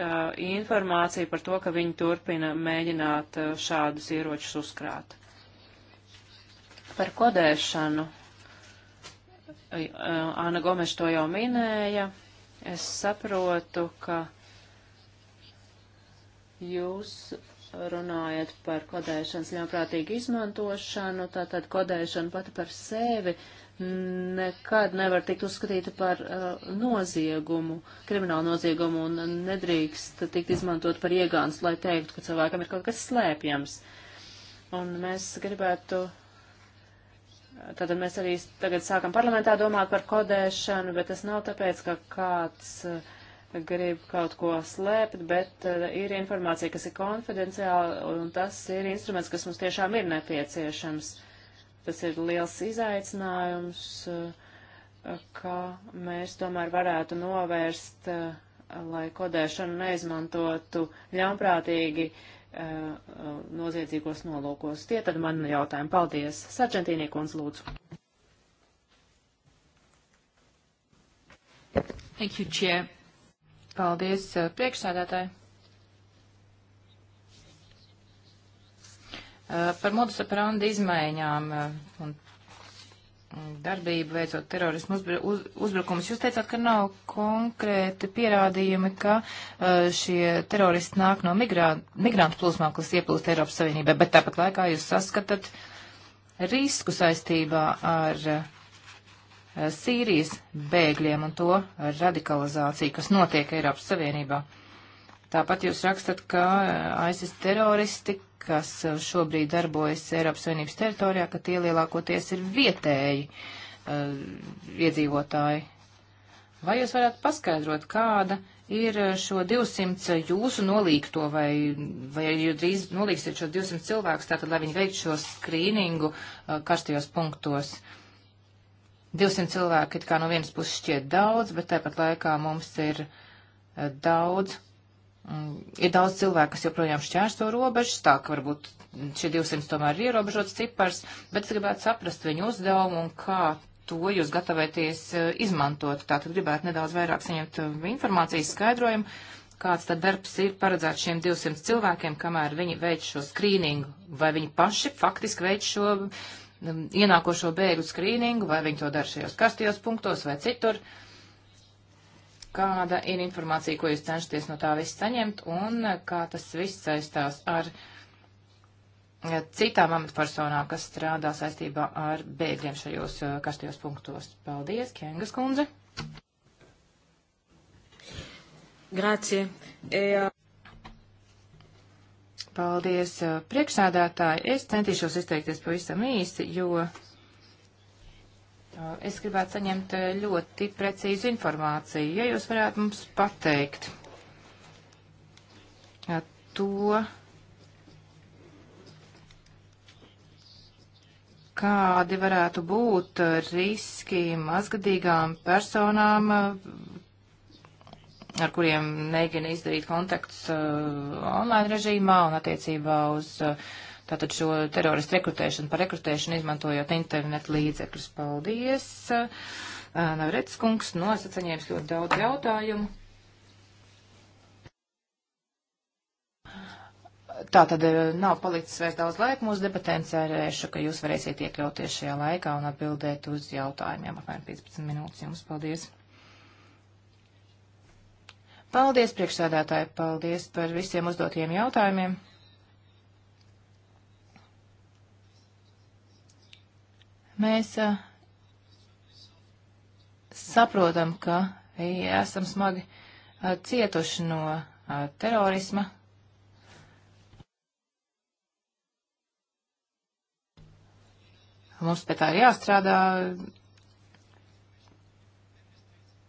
informācija par to, ka viņi turpina mēģināt šādus ieročus uzkrāt? Par kodēšanu. Ana Gomeša to jau minēja. Es saprotu, ka Jūs runājat par kodēšanas ļaunprātīgu izmantošanu, tātad kodēšana pati par sevi nekad nevar tikt uzskatīta par uh, noziegumu, kriminālu noziegumu un nedrīkst tikt izmantot par iegāns, lai teiktu, ka cilvēkam ir kaut kas slēpjams. Un mēs gribētu, tātad mēs arī tagad sākam parlamentā domāt par kodēšanu, bet tas nav tāpēc, ka kāds uh, grib kaut ko slēpt, bet uh, ir informācija, kas ir konfidenciāla, un tas ir instruments, kas mums tiešām ir nepieciešams. Tas ir liels izaicinājums, uh, eh, kā mēs tomēr varētu novērst, uh, lai kodēšanu neizmantotu ļaunprātīgi noziedzīgos nolūkos. Tie tad man jautājumi. Paldies. Sarčentīniekons, lūdzu. Thank you, Chair. Paldies, priekšsādātāji. Par modus operandi izmaiņām un darbību veicot terorismu uzbrukumus. Jūs teicāt, ka nav konkrēti pierādījumi, ka šie teroristi nāk no migrantu plūsmām, kas ieplūst Eiropas Savienībai, bet tāpat laikā jūs saskatat risku saistībā ar Eh, Sīrijas bēgļiem un to radikalizāciju, kas notiek Eiropas Savienībā. Tāpat jūs rakstat, ka eh, ISIS teroristi, kas eh, šobrīd darbojas Eiropas Savienības teritorijā, ka tie lielākoties ir vietēji uh, iedzīvotāji. Vai jūs varētu paskaidrot, kāda ir šo 200 jūsu nolīgto vai, vai jūs drīz nolīgsiet šo 200 cilvēkus, tātad, lai viņi veiktu šo skrīningu uh, karstajos punktos? Uh, 200 cilvēki it kā no vienas puses šķiet daudz, bet tāpat laikā mums ir eh, daudz, mm, ir daudz cilvēku, kas joprojām šķērso robežas, tā ka varbūt šie 200 tomēr ir ierobežots cipars, bet es gribētu saprast viņu uzdevumu un kā to jūs gatavoties eh, izmantot. Tātad gribētu nedaudz vairāk saņemt eh, informācijas skaidrojumu, kāds tad darbs ir paredzēts šiem 200 cilvēkiem, kamēr viņi veic šo skrīningu, vai viņi paši faktiski veic šo Um, ienākošo bēgu skrīningu, vai viņi to dara šajos kastajos punktos vai citur. Kāda ir informācija, ko jūs cenšaties no tā viss saņemt, un kā tas viss saistās ar citām amatpersonām, kas strādā saistībā ar bēgļiem šajos uh, kastajos punktos. Paldies, Kengas kundze! Grācie. E, Paldies, priekšsādātāji. Es centīšos izteikties pavisam īsi, jo es gribētu saņemt ļoti precīzu informāciju. Ja jūs varētu mums pateikt to, kādi varētu būt riski mazgadīgām personām ar kuriem mēģina izdarīt kontakts uh, online režīmā un attiecībā uz uh, tātad šo teroristu rekrutēšanu par rekrutēšanu izmantojot internetu līdzekļus. Paldies! Uh, Navrets kungs nosaceņēmis ļoti daudz jautājumu. Tā tad uh, nav palicis vairs daudz laika mūsu debatēm. Cerēšu, ka jūs varēsiet iekļauties šajā laikā un atbildēt uz jautājumiem. Apmēram 15 minūtes jums. Paldies! Paldies, priekšsēdētāji, paldies par visiem uzdotiem jautājumiem. Mēs a, saprotam, ka ja esam smagi a, cietuši no a, terorisma. Mums pie tā ir jāstrādā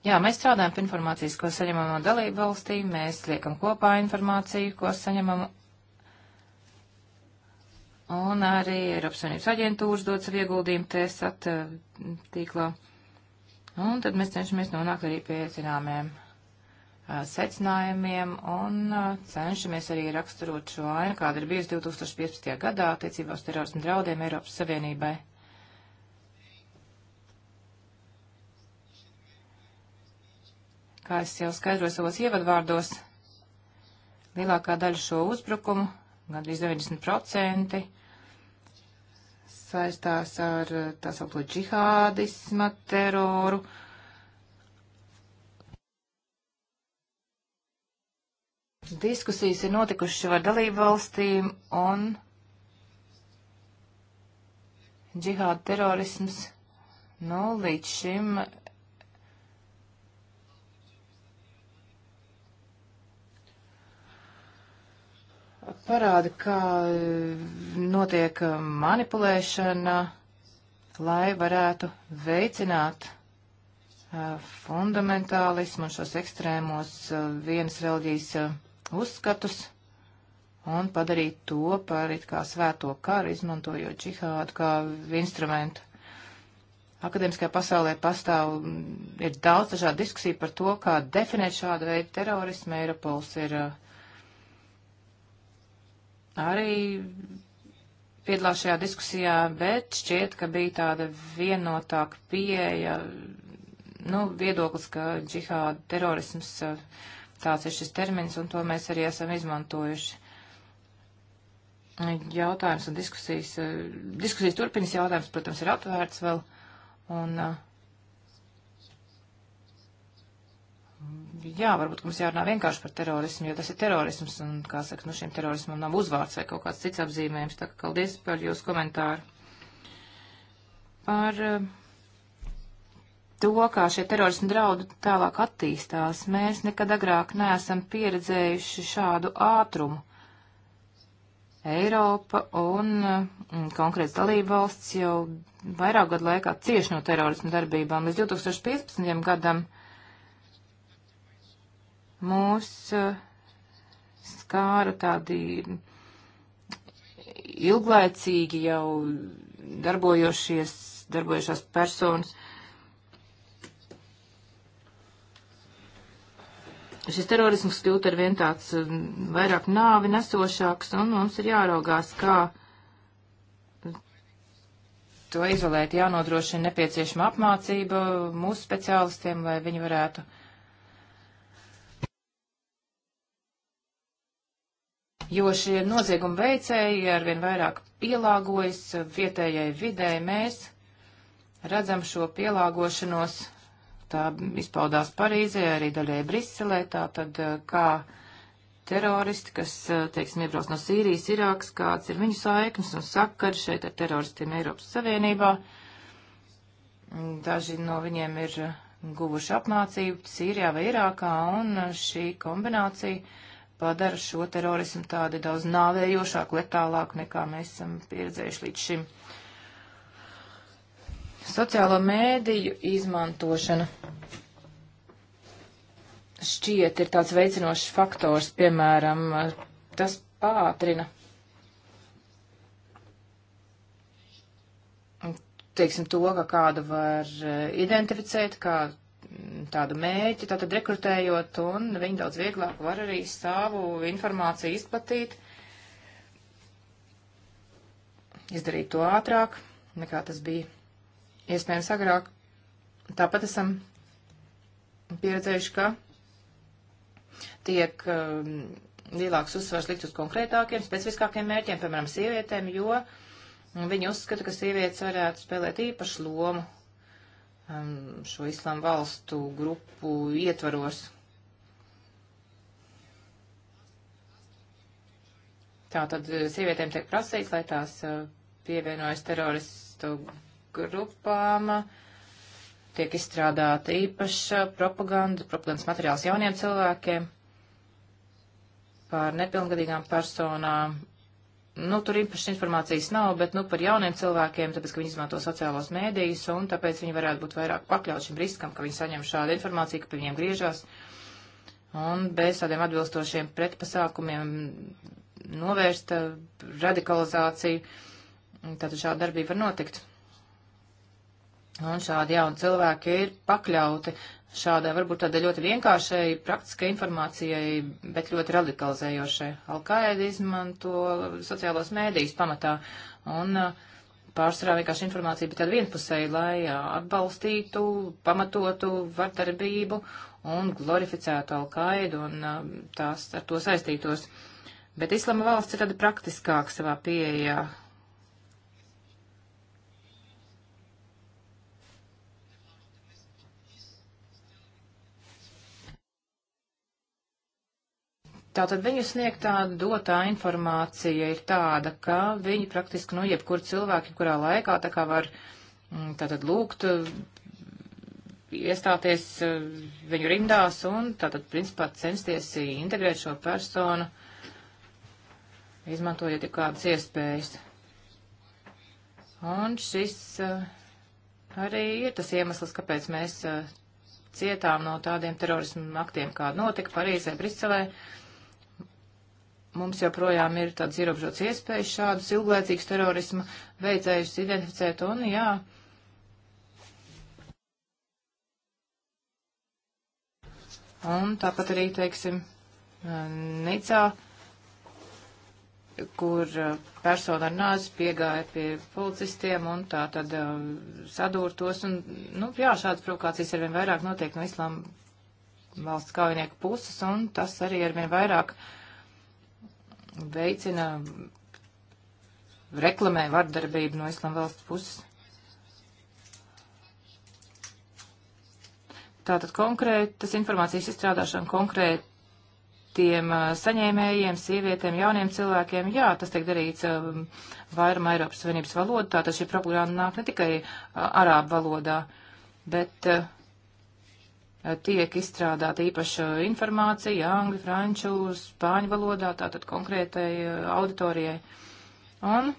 Jā, mēs strādājam pie informācijas, ko saņemam no dalību valstīm, mēs liekam kopā informāciju, ko saņemam. Un arī Eiropas Savienības aģentūras dod savu ieguldījumu TSAT eh, tīklā. Un tad mēs cenšamies nonākt arī pie zināmiem eh, secinājumiem un eh, cenšamies arī raksturot šo ainu, kāda ir bijusi 2015. gadā attiecībā uz terorismu draudiem Eiropas Savienībai. Kā es jau skaidroju savos ievadvārdos, lielākā daļa šo uzbrukumu, gandrīz 90%, saistās ar eh, tā saucamo džihādisma teroru. Diskusijas ir notikušas ar dalību valstīm un džihāda terorisms, nu, līdz šim parāda, kā e, notiek e, manipulēšana, lai varētu veicināt e, fundamentālismu un šos ekstrēmos vienas reliģijas uzskatus un padarīt to par it kā svēto karu, izmantojot džihādu kā instrumentu. Akademiskajā pasaulē pastāv, ir daudz dažādu diskusiju par to, kā definēt šādu veidu terorismu. Eiropols ir uh, arī piedalās šajā diskusijā, bet šķiet, ka bija tāda vienotāka pieeja, nu, viedoklis, ka džihāda terorisms tāds ir šis termins, un to mēs arī esam izmantojuši. Jautājums un diskusijas, diskusijas turpinas jautājums, protams, ir atvērts vēl, un uh, jā, varbūt mums jārunā vienkārši par terorismu, jo tas ir terorisms, un, kā saka, nu šim terorismam nav uzvārds vai kaut kāds cits apzīmējums. Tā kā paldies par jūsu komentāru. Par eh, to, kā šie terorismu draudi tālāk attīstās, mēs nekad agrāk neesam pieredzējuši šādu ātrumu. Eiropa un, un eh, konkrēts dalība valsts jau vairāk gadu laikā cieši no terorismu darbībām. Līdz 2015. gadam mūs eh, skāra tādi ilglaicīgi jau darbojošies, darbojošās personas. Šis terorisms kļūt ar vien tāds eh, vairāk nāvi nesošāks, un mums ir jāraugās, kā to izolēt, jānodrošina nepieciešama apmācība mūsu speciālistiem, lai viņi varētu uh, jo šie nozieguma veicēji arvien vairāk pielāgojas vietējai vidē. Mēs redzam šo pielāgošanos, tā izpaudās Parīzē, arī daļai Briselē, tā tad eh, kā teroristi, kas, eh, teiksim, iebrauc no Sīrijas, Irākas, kāds ir viņu saiknes un sakari šeit ar teroristiem Eiropas Savienībā. Daži no viņiem ir eh, guvuši apmācību Sīrijā vai Irākā, un šī kombinācija padara šo terorismu tādu daudz nāvējošāku, letālāku, nekā mēs esam pieredzējuši līdz šim. Sociālo mēdīju izmantošana šķiet ir tāds veicinošs faktors, piemēram, tas pātrina teiksim, to, ka kādu var eh, identificēt, kā tādu mēķi, tātad rekrutējot, un viņi daudz vieglāk var arī savu informāciju izplatīt, izdarīt to ātrāk, nekā tas bija iespējams agrāk. Tāpat esam pieredzējuši, ka tiek um, lielāks uzsvars likt uz konkrētākiem, specifiskākiem mērķiem, piemēram, sievietēm, jo viņi uzskata, ka sievietes varētu spēlēt īpašu lomu Um, šo islāma valstu grupu ietvaros. Tātad uh, sievietēm tiek prasīts, lai tās uh, pievienojas teroristu grupām, tiek izstrādāta īpaša propaganda, propagandas materiāls jauniem cilvēkiem par nepilngadīgām personām, nu, tur īpaši informācijas nav, bet, nu, par jauniem cilvēkiem, tāpēc, ka viņi izmanto sociālos mēdījus, un tāpēc viņi varētu būt vairāk pakļaut šim riskam, ka viņi saņem šādu informāciju, ka pie viņiem griežās, un bez tādiem atbilstošiem pretpasākumiem novērst uh, radikalizāciju, tātad šāda darbība var notikt. Un šādi jauni cilvēki ir pakļauti šādai varbūt tādai ļoti vienkāršai, praktiskai informācijai, bet ļoti radikalizējošai. Alkaida izmanto sociālos mēdījus pamatā un uh, pārsvarā vienkārši informācija bija tāda vienpusēja, lai uh, atbalstītu, pamatotu vardarbību un glorificētu Alkaidu un uh, tās ar to saistītos. Bet Islama valsts ir tāda praktiskāka savā pieejā Tātad viņu sniegtā dotā informācija ir tāda, ka viņi praktiski, nu, jebkur cilvēki, kurā laikā tā kā var mm, tātad lūgt iestāties eh, viņu rindās un tātad, principā, censties integrēt šo personu, izmantojot jau kādas iespējas. Un šis eh, arī ir tas iemesls, kāpēc mēs eh, cietām no tādiem terorismu aktiem, kāda notika Parīzē, Briselē. Uh, mums joprojām ir tāds ierobežots iespējas šādus ilglaicīgus terorisma veicējus identificēt, un jā. Un tāpat arī, teiksim, Nicā, kur uh, persona ar nāzi piegāja pie policistiem un tā tad uh, sadūrtos, un, nu, jā, šādas provokācijas arvien vairāk notiek no islāma valsts kaujinieku puses, un tas arī arvien vairāk uh, veicina, reklamē vardarbību no Islama valsts puses. Tātad konkrētas informācijas izstrādāšana konkrētiem saņēmējiem, sievietēm, jauniem cilvēkiem, jā, tas tiek darīts vairumā Eiropas Savienības valodu, tātad šī propaganda nāk ne tikai arābu valodā, bet uh, Eh, tiek izstrādāta īpaša informācija angļu, franču, spāņu valodā, tātad konkrētai eh, auditorijai. Un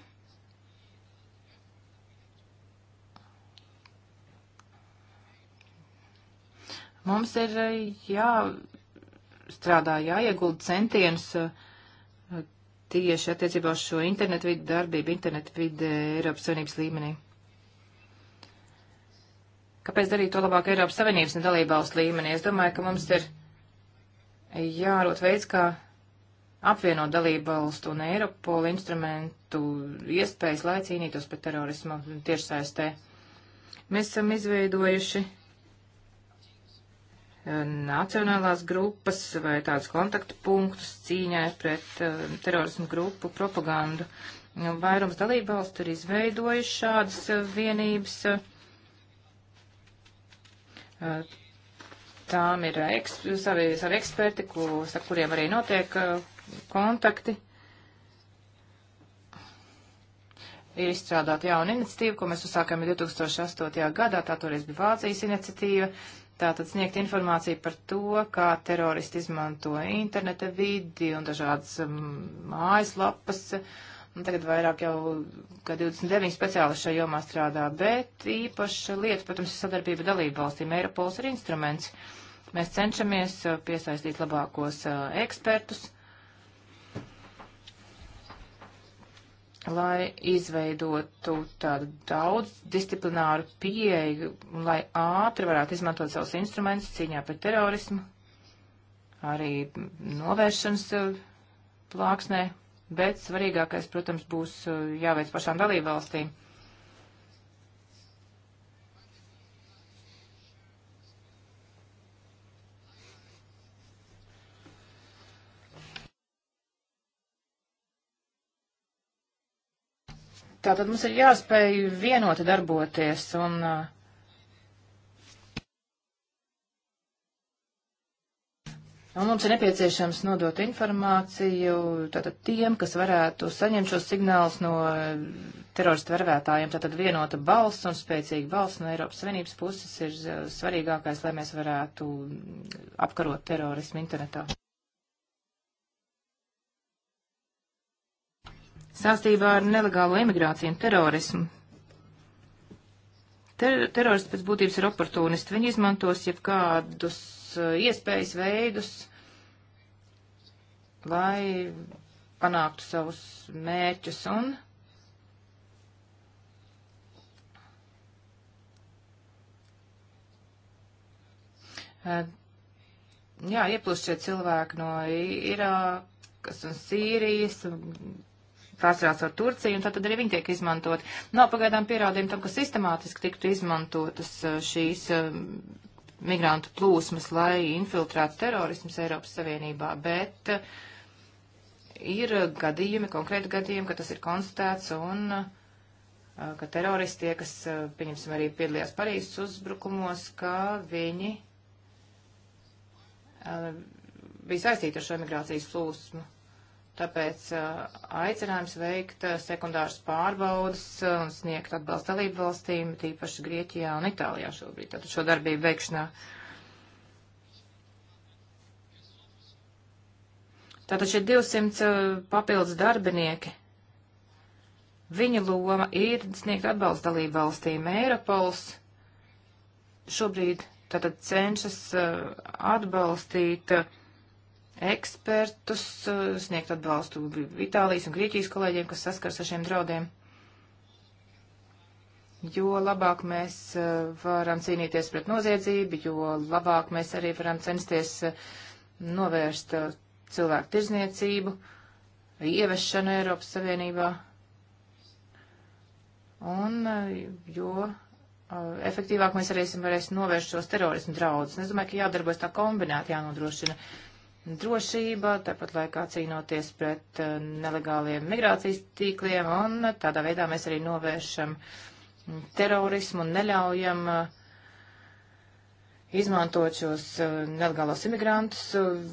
mums ir eh, jāstrādā, jāiegulda centienus tieši attiecībā uz šo internetu vidu darbību, internetu vidu Eiropas Savienības līmenī. Kāpēc darīt to labāk Eiropas Savienības un dalībvalstu līmenī? Es domāju, ka mums ir jārot veids, kā apvienot dalībvalstu un Eiropolu instrumentu iespējas, lai cīnītos pret terorismu tiešsaistē. Mēs esam izveidojuši eh, nacionālās grupas vai tādus kontaktu punktus cīņai pret uh, terorismu grupu propagandu. Vairums dalībvalstu ir izveidojuši šādas eh, vienības. Uh, Tām ir eks, savi, savi eksperti, ko, ar kuriem arī notiek uh, kontakti. Ir izstrādāta jauna iniciatīva, ko mēs uzsākām 2008. gadā, tā toreiz bija Vācijas iniciatīva, tātad sniegt informāciju par to, kā teroristi izmanto interneta vidi un dažādas um, mājaslapas. Um, Un tagad vairāk jau kā 29 speciālisti šajā jomā strādā, bet īpaši lieta, protams, ir sadarbība dalību valstīm. Eiropols ir instruments. Mēs cenšamies uh, piesaistīt labākos uh, ekspertus, lai izveidotu tādu daudz disciplināru pieeju, lai ātri varētu izmantot savus instrumentus cīņā pret terorismu, arī novēršanas uh, plāksnē, bet svarīgākais, protams, būs eh, jāveic pašām dalībvalstīm. Tātad mums ir jāspēj vienoti darboties un uh, Un mums ir nepieciešams nodot informāciju tātad tiem, kas varētu saņemt šos signālus no eh, teroristu vervētājiem. Tātad vienota balss un spēcīga balss no Eiropas Savienības puses ir eh, svarīgākais, lai mēs varētu mm, apkarot terorismu internetā. Sāstībā ar nelegālo imigrāciju un terorismu. Ter teroristi pēc būtības ir oportunisti. Viņi izmantos jebkādus Eh, iespējas, veidus, lai panāktu savus mērķus un eh, Jā, ieplūst šie cilvēki no Irākas un Sīrijas, prasrās ar Turciju, un tad arī viņi tiek izmantot. Nav pagaidām pierādījumi tam, ka sistemātiski tiktu izmantotas eh, šīs migrantu plūsmas, lai infiltrētu terorismus Eiropas Savienībā, bet eh, ir gadījumi, konkrēti gadījumi, ka tas ir konstatēts un eh, ka teroristi, tie, kas, eh, pieņemsim, arī piedalījās Parīzes uzbrukumos, ka viņi bija saistīti ar šo migrācijas plūsmu. Tāpēc uh, aicinājums veikt uh, sekundāras pārbaudas uh, un sniegt atbalstu dalību valstīm, tīpaši Grieķijā un Itālijā šobrīd, tātad šo darbību veikšanā. Tātad šie 200 papildus darbinieki, viņa loma ir sniegt atbalstu dalību valstīm. Eiropols šobrīd tātad cenšas atbalstīt uh, ekspertus, eh, sniegt atbalstu Itālijas un Grieķijas kolēģiem, kas saskars ar šiem draudiem. Jo labāk mēs eh, varam cīnīties pret noziedzību, jo labāk mēs arī varam censties eh, novērst cilvēku tirzniecību, ievešanu Eiropas Savienībā. Un jo efektīvāk mēs arī varēsim novērst šos terorismu draudus. Es domāju, ka jādarbojas tā kombinēti, jānodrošina uh, drošība, tāpat laikā cīnoties pret eh, nelegāliem migrācijas tīkliem, un tādā veidā mēs arī novēršam terorismu un neļaujam eh, izmantot šos eh, nelegālos imigrantus.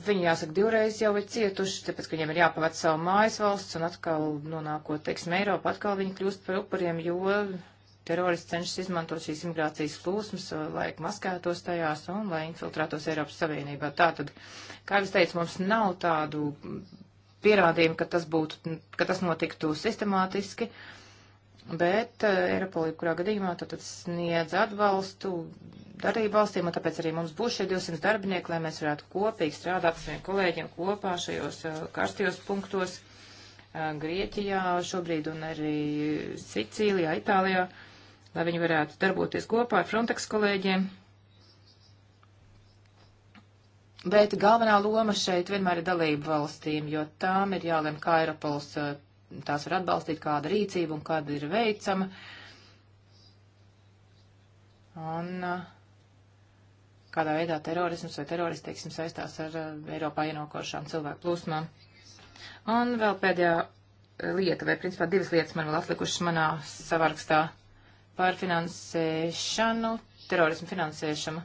Viņi, jāsaka, divreiz jau ir cietuši, tāpēc, ka viņiem ir jāpavada savu mājas valsts, un atkal nonākot, teiksim, Eiropu, atkal viņi kļūst par upuriem, jo teroristi cenšas izmantot šīs imigrācijas plūsmas, eh, lai maskētos tajās un lai infiltrētos Eiropas Savienībā. Tātad, kā jau es teicu, mums nav tādu pierādījumu, ka tas, būtu, ka tas notiktu sistemātiski, bet eh, Eiropa jebkurā gadījumā tad sniedz atbalstu darību valstīm, un tāpēc arī mums būs šie 200 darbinieki, lai mēs varētu kopīgi strādāt ar saviem kolēģiem kopā šajos eh, karstajos punktos. Grieķijā šobrīd un arī Sicīlijā, Itālijā. Uh, lai viņi varētu darboties kopā ar Frontex kolēģiem. Bet galvenā loma šeit vienmēr ir dalību valstīm, jo tām ir jālem, kā Eiropols eh, tās var atbalstīt, kāda rīcība un kāda ir veicama. Un eh, kādā veidā terorisms vai teroristi, teiksim, saistās ar eh, Eiropā ienākošām cilvēku plūsmām. Un vēl pēdējā lieta, vai principā divas lietas man vēl atlikušas manā savarkstā par finansēšanu, terorismu finansēšanu.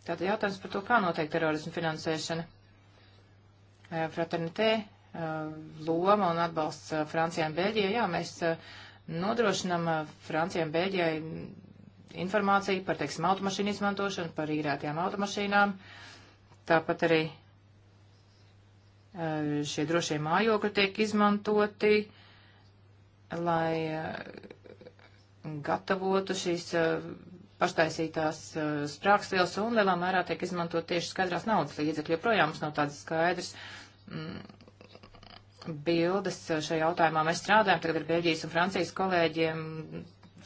Tātad jautājums par to, kā notiek terorismu finansēšana. Eh, fraternitē eh, loma un atbalsts eh, Francijai un Beļģijai. Jā, mēs nodrošinām Francijai un Beļģijai informāciju par, teiksim, automašīnu izmantošanu, par īrētajām automašīnām. Tāpat arī šie drošie mājokļi tiek izmantoti, lai gatavotu šīs paštaisītās sprākstvielas un lielā mērā tiek izmantot tieši skaidrās naudas līdzekļi. Joprojām mums nav tādas skaidras mm, bildes šajā jautājumā. Mēs strādājam tagad ar Beļģijas un Francijas kolēģiem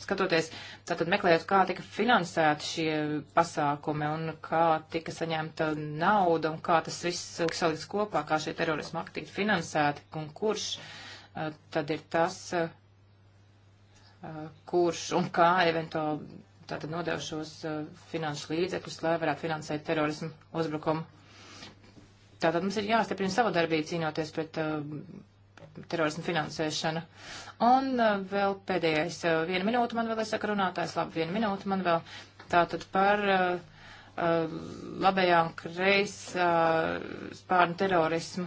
skatoties, tātad meklējot, kā tika finansēti šie pasākumi un kā tika saņemta nauda un kā tas viss tika salikts kopā, kā šie terorismu akti tika finansēti un kurš tad ir tas, kurš un kā eventuāli tātad nodev šos finanšu līdzekļus, lai varētu finansēt terorismu uzbrukumu. Tātad mums ir jāstiprina sava darbība cīnoties pret uh, terorismu finansēšanu. Un uh, vēl pēdējais, uh, viena minūte man vēl ir saka runātājs, labi, viena minūte man vēl. Tātad par uh, uh labējām kreis uh, spārnu terorismu.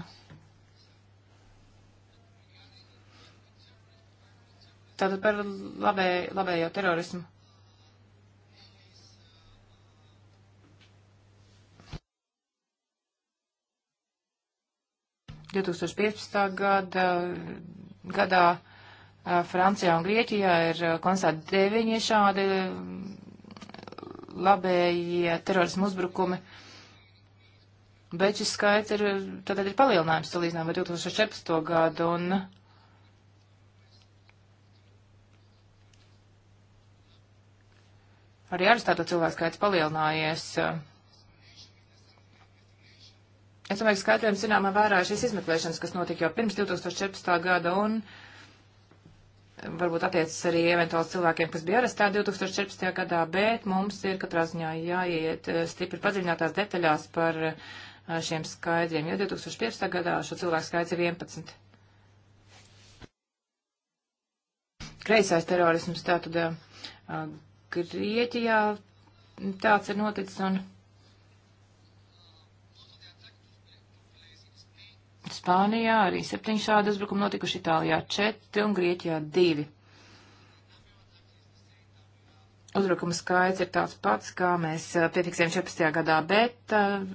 Tātad par labē, labējo terorismu. 2015. gada, gadā Francijā un Grieķijā ir konstatēti deviņi šādi labējie terorismu uzbrukumi, bet šis skaits ir, tad ir palielinājums salīdzinājumā ar 2014. gadu. Un, Arī arestēto cilvēku skaits palielinājies. Uh, Es domāju, ka skaidrojums zināmā vērā šīs izmeklēšanas, kas notika jau pirms 2014. gada un eh, varbūt attiecas arī eventuāli cilvēkiem, kas bija arestēti 2014. gadā, bet mums ir katrā ziņā jāiet eh, stipri padziļinātās detaļās par eh, šiem skaidriem, jo 2015. gadā šo cilvēku skaidrs ir 11. Kreisais terorisms tātad Grieķijā tāds ir noticis un. Spānijā arī septiņi šādi uzbrukumi notikuši, Itālijā četri un Grieķijā divi. Uzbrukuma skaits ir tāds pats, kā mēs eh, piefiksējam 14. gadā, bet eh,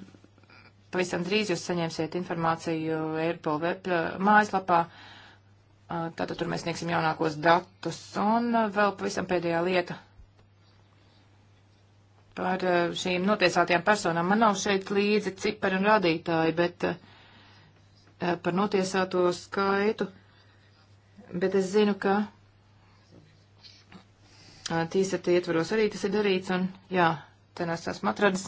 pavisam drīz jūs saņemsiet informāciju Eiropol web eh, mājaslapā. Tātad tur mēs sniegsim jaunākos datus. Un vēl pavisam pēdējā lieta par šīm notiesātajām personām. Man nav šeit līdzi cipari un radītāji, bet uh, Eh, par notiesāto skaitu, bet es zinu, ka eh, tīsati ietvaros arī tas ir darīts, un jā, te nes esmu atradis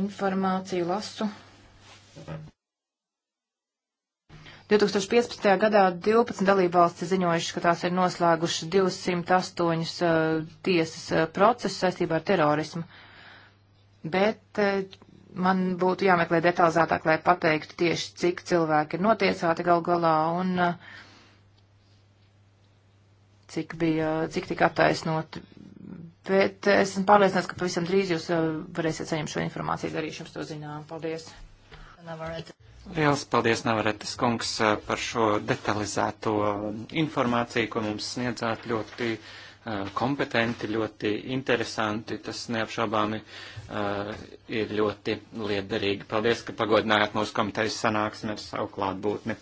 informāciju lasu. 2015. gadā 12 dalībvalsts ir ziņojušas, ka tās ir noslēgušas 208 uh, eh, tiesas uh, procesus saistībā ar terorismu. Bet uh, man būtu jāmeklē detalizētāk, lai pateiktu tieši, cik cilvēki ir notiesāti gal galā un uh, cik bija, cik tika attaisnoti. Bet esmu pārliecināts, ka pavisam drīz jūs uh, varēsiet saņemt šo informāciju, darīšu jums to zinām. Paldies! Liels paldies, Navaretes kungs, uh, par šo detalizēto informāciju, ko mums sniedzāt ļoti Eh, kompetenti, ļoti interesanti. Tas neapšaubāmi uh, ir ļoti liederīgi. Paldies, ka pagodinājāt mūsu komitejas sanāksmi ar savu klātbūtni.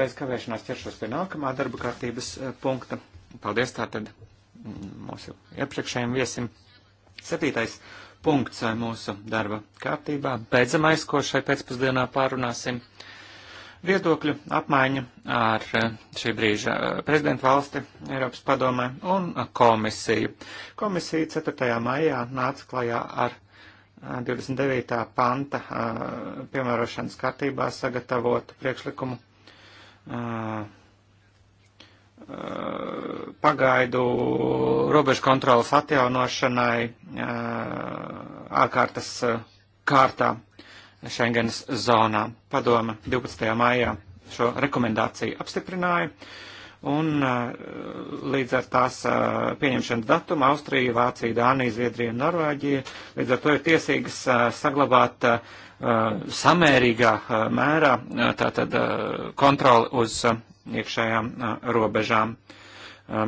Bez kavēšanās ķeršos pie nākamā darba kārtības eh, punkta. Paldies tātad mm, mūsu iepriekšējiem viesim. Septītais punkts mūsu darba kārtībā. Beidzamais, ko šai pēcpusdienā pārunāsim viedokļu apmaiņa ar eh, šī brīža eh, prezidentu valsti Eiropas padomē un eh, komisiju. Komisija 4. maijā nāca klajā ar 29. panta piemērošanas kārtībā sagatavotu priekšlikumu pagaidu robežu kontrolas atjaunošanai ārkārtas kārtā. Schengens zonā. Padoma 12. maijā šo rekomendāciju apstiprināja, un uh, līdz ar tās uh, pieņemšanas datumu Austrija, Vācija, Dānija, Zviedrija un Norvēģija līdz ar to ir tiesīgas uh, saglabāt samērīgā mērā tātad kontroli uz iekšējām robežām.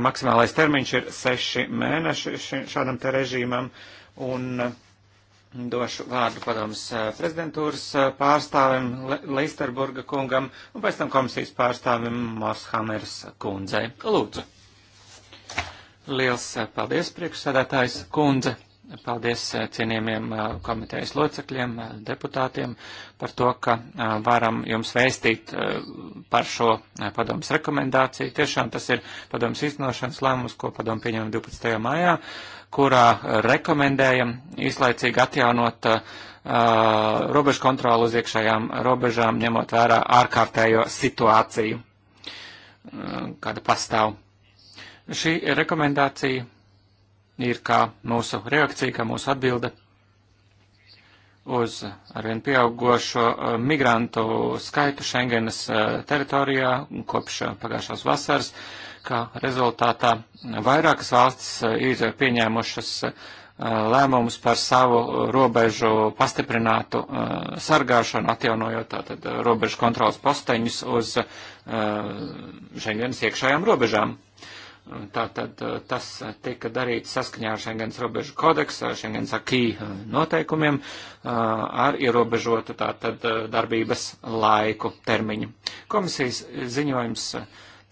Maksimālais termiņš ir seši mēneši šādam te režīmam, un uh, došu vārdu padomus prezidentūras pārstāvim Le Leisterburga kungam un pēc tam komisijas pārstāvim Moshamers kundzei. Lūdzu. Liels paldies, priekšsēdētājs kundze. Paldies eh, cienījumiem eh, komitejas locekļiem, eh, deputātiem par to, ka varam jums vēstīt par šo padomas rekomendāciju. Tiešām tas ir padomas iznošanas lēmums, ko padomu pieņemam 12. maijā, kurā rekomendējam īslaicīgi atjaunot robežu kontroli uz iekšējām robežām, ņemot vērā ārkārtējo situāciju, kāda pastāv. Šī rekomendācija ir kā mūsu reakcija, kā mūsu atbilde uz arvien pieaugošo eh, migrantu skaitu Schengenas eh, teritorijā kopš eh, pagājušās vasaras, kā rezultātā vairākas valstis ir pieņēmušas lēmumus par savu robežu pastiprinātu sargāšanu, atjaunojot tātad robežu kontrolas posteņus uz Schengenas iekšējām robežām. Tātad eh, tas eh, tika darīts saskaņā ar Schengens robežu kodeksu, ar Schengens akī eh, noteikumiem, ar ierobežotu tātad darbības laiku termiņu. Komisijas ziņojums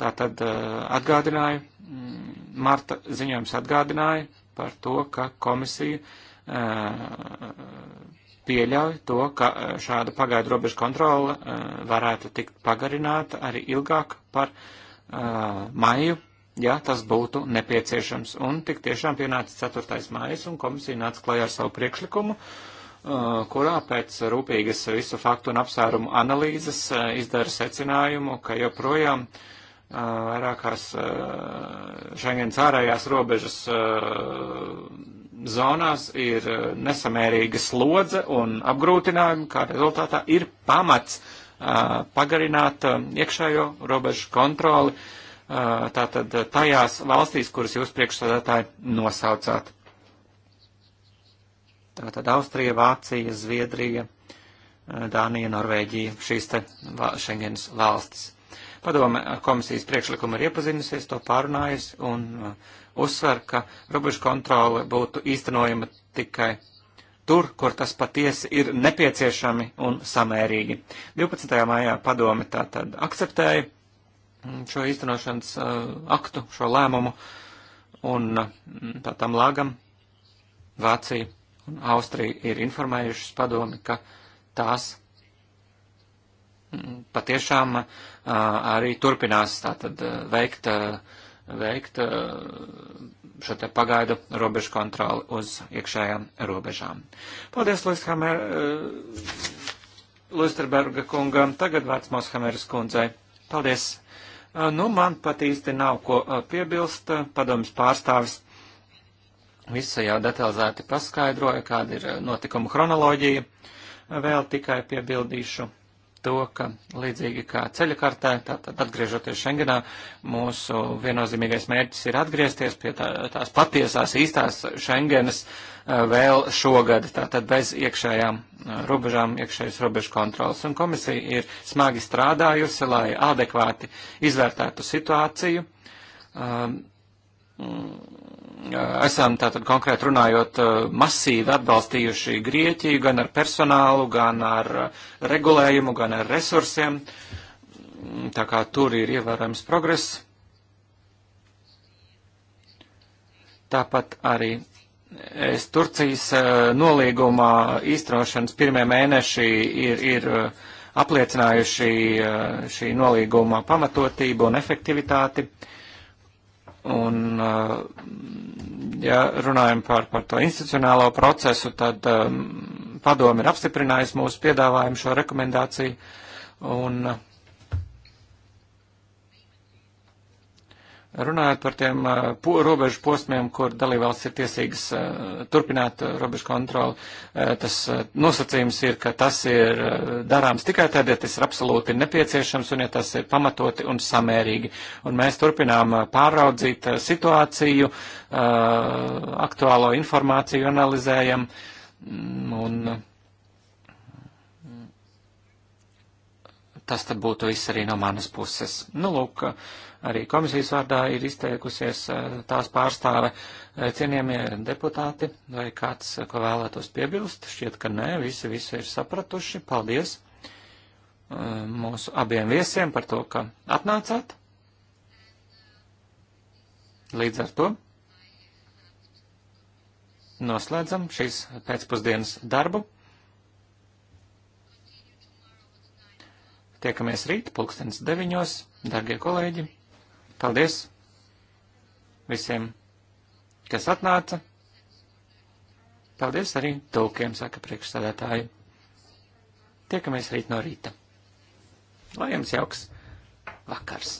tātad atgādināja, mm, Marta ziņojums atgādināja par to, ka komisija pieļauj to, ka šāda pagaidu robežu kontrola varētu tikt pagarināta arī ilgāk par maiju ja tas būtu nepieciešams. Un tik tiešām pienāca 4. mājas, un komisija nāca klajā ar savu priekšlikumu, uh, kurā pēc rūpīgas visu faktu un apsvērumu analīzes uh, izdara secinājumu, ka joprojām uh, vairākās Schengens ārējās robežas zonās ir nesamērīga slodze un apgrūtinājumi, kā rezultātā ir pamats pagarināt iekšējo robežu kontroli. Uh, tātad tajās valstīs, kuras jūs priekšsādātāji nosaucāt. Tātad Austrija, Vācija, Zviedrija, Dānija, Norvēģija, šīs te Schengens valstis. Padome komisijas priekšlikumu ir iepazinusies, to pārunājusi un uzsver, ka robežu kontrole būtu īstenojama tikai tur, kur tas patiesi ir nepieciešami un samērīgi. 12. maijā padome tātad akceptēja Mm, šo īstenošanas uh, aktu, šo lēmumu, un mm, tā tam lāgam Vācija un Austrija ir informējušas padomi, ka tās mm, patiešām uh, arī turpinās tātad uh, veikt, veikt šo te pagaidu robežu kontroli uz iekšējām robežām. Paldies, Lūis Hamer, Lusterberga kungam, tagad vārds Moshameras kundzei. Paldies! Nu, man pat īsti nav ko piebilst. Padomas pārstāvis visu jau detalizēti paskaidroja, kāda ir notikuma chronoloģija. Vēl tikai piebildīšu, to, ka līdzīgi kā ceļa kartē, tātad atgriežoties Schengenā, mūsu viennozīmīgais mērķis ir atgriezties pie tā, tās patiesās īstās Schengenas eh, vēl šogad, tātad bez iekšējām eh, robežām, iekšējas robežu kontrolas. Un komisija ir smagi strādājusi, lai adekvāti izvērtētu situāciju. Um, Mm, esam tātad konkrēti runājot eh, masīvi atbalstījuši Grieķiju gan ar personālu, gan ar eh, regulējumu, gan ar resursiem. Mm, tā kā tur ir ievērojams progress. Tāpat arī es Turcijas eh, nolīgumā īstenošanas pirmie mēneši ir, ir apliecinājuši šī nolīguma pamatotību un efektivitāti. Uh, Un, eh, ja runājam par, par to institucionālo procesu, tad um, padomi ir apstiprinājis mūsu piedāvājumu šo rekomendāciju. Un, uh, Runājot par tiem uh, po, robežu posmiem, kur dalībvalsts ir tiesīgas uh, turpināt uh, robežu kontroli, tas nosacījums ir, ka tas ir darāms tikai tad, ja tas ir absolūti nepieciešams un ja tas ir pamatoti un samērīgi. Un mēs turpinām pāraudzīt situāciju, aktuālo informāciju analizējam mm, un. Mm, tas tad būtu viss arī no manas puses. Nu, lūk, uh, arī komisijas vārdā ir izteikusies eh, tās pārstāve. Eh, cienījamie deputāti, vai kāds, eh, ko vēlētos piebilst? Šķiet, ka nē, visi, visi ir sapratuši. Paldies mūsu abiem viesiem par to, ka atnācāt. Līdz ar to noslēdzam šīs pēcpusdienas darbu. Tiekamies rīt, pulkstens deviņos, darbie kolēģi! Paldies visiem, kas atnāca. Paldies arī tulkiem, saka priekšsādātāji. Tiekamies rīt no rīta. Lai jums jauks vakars!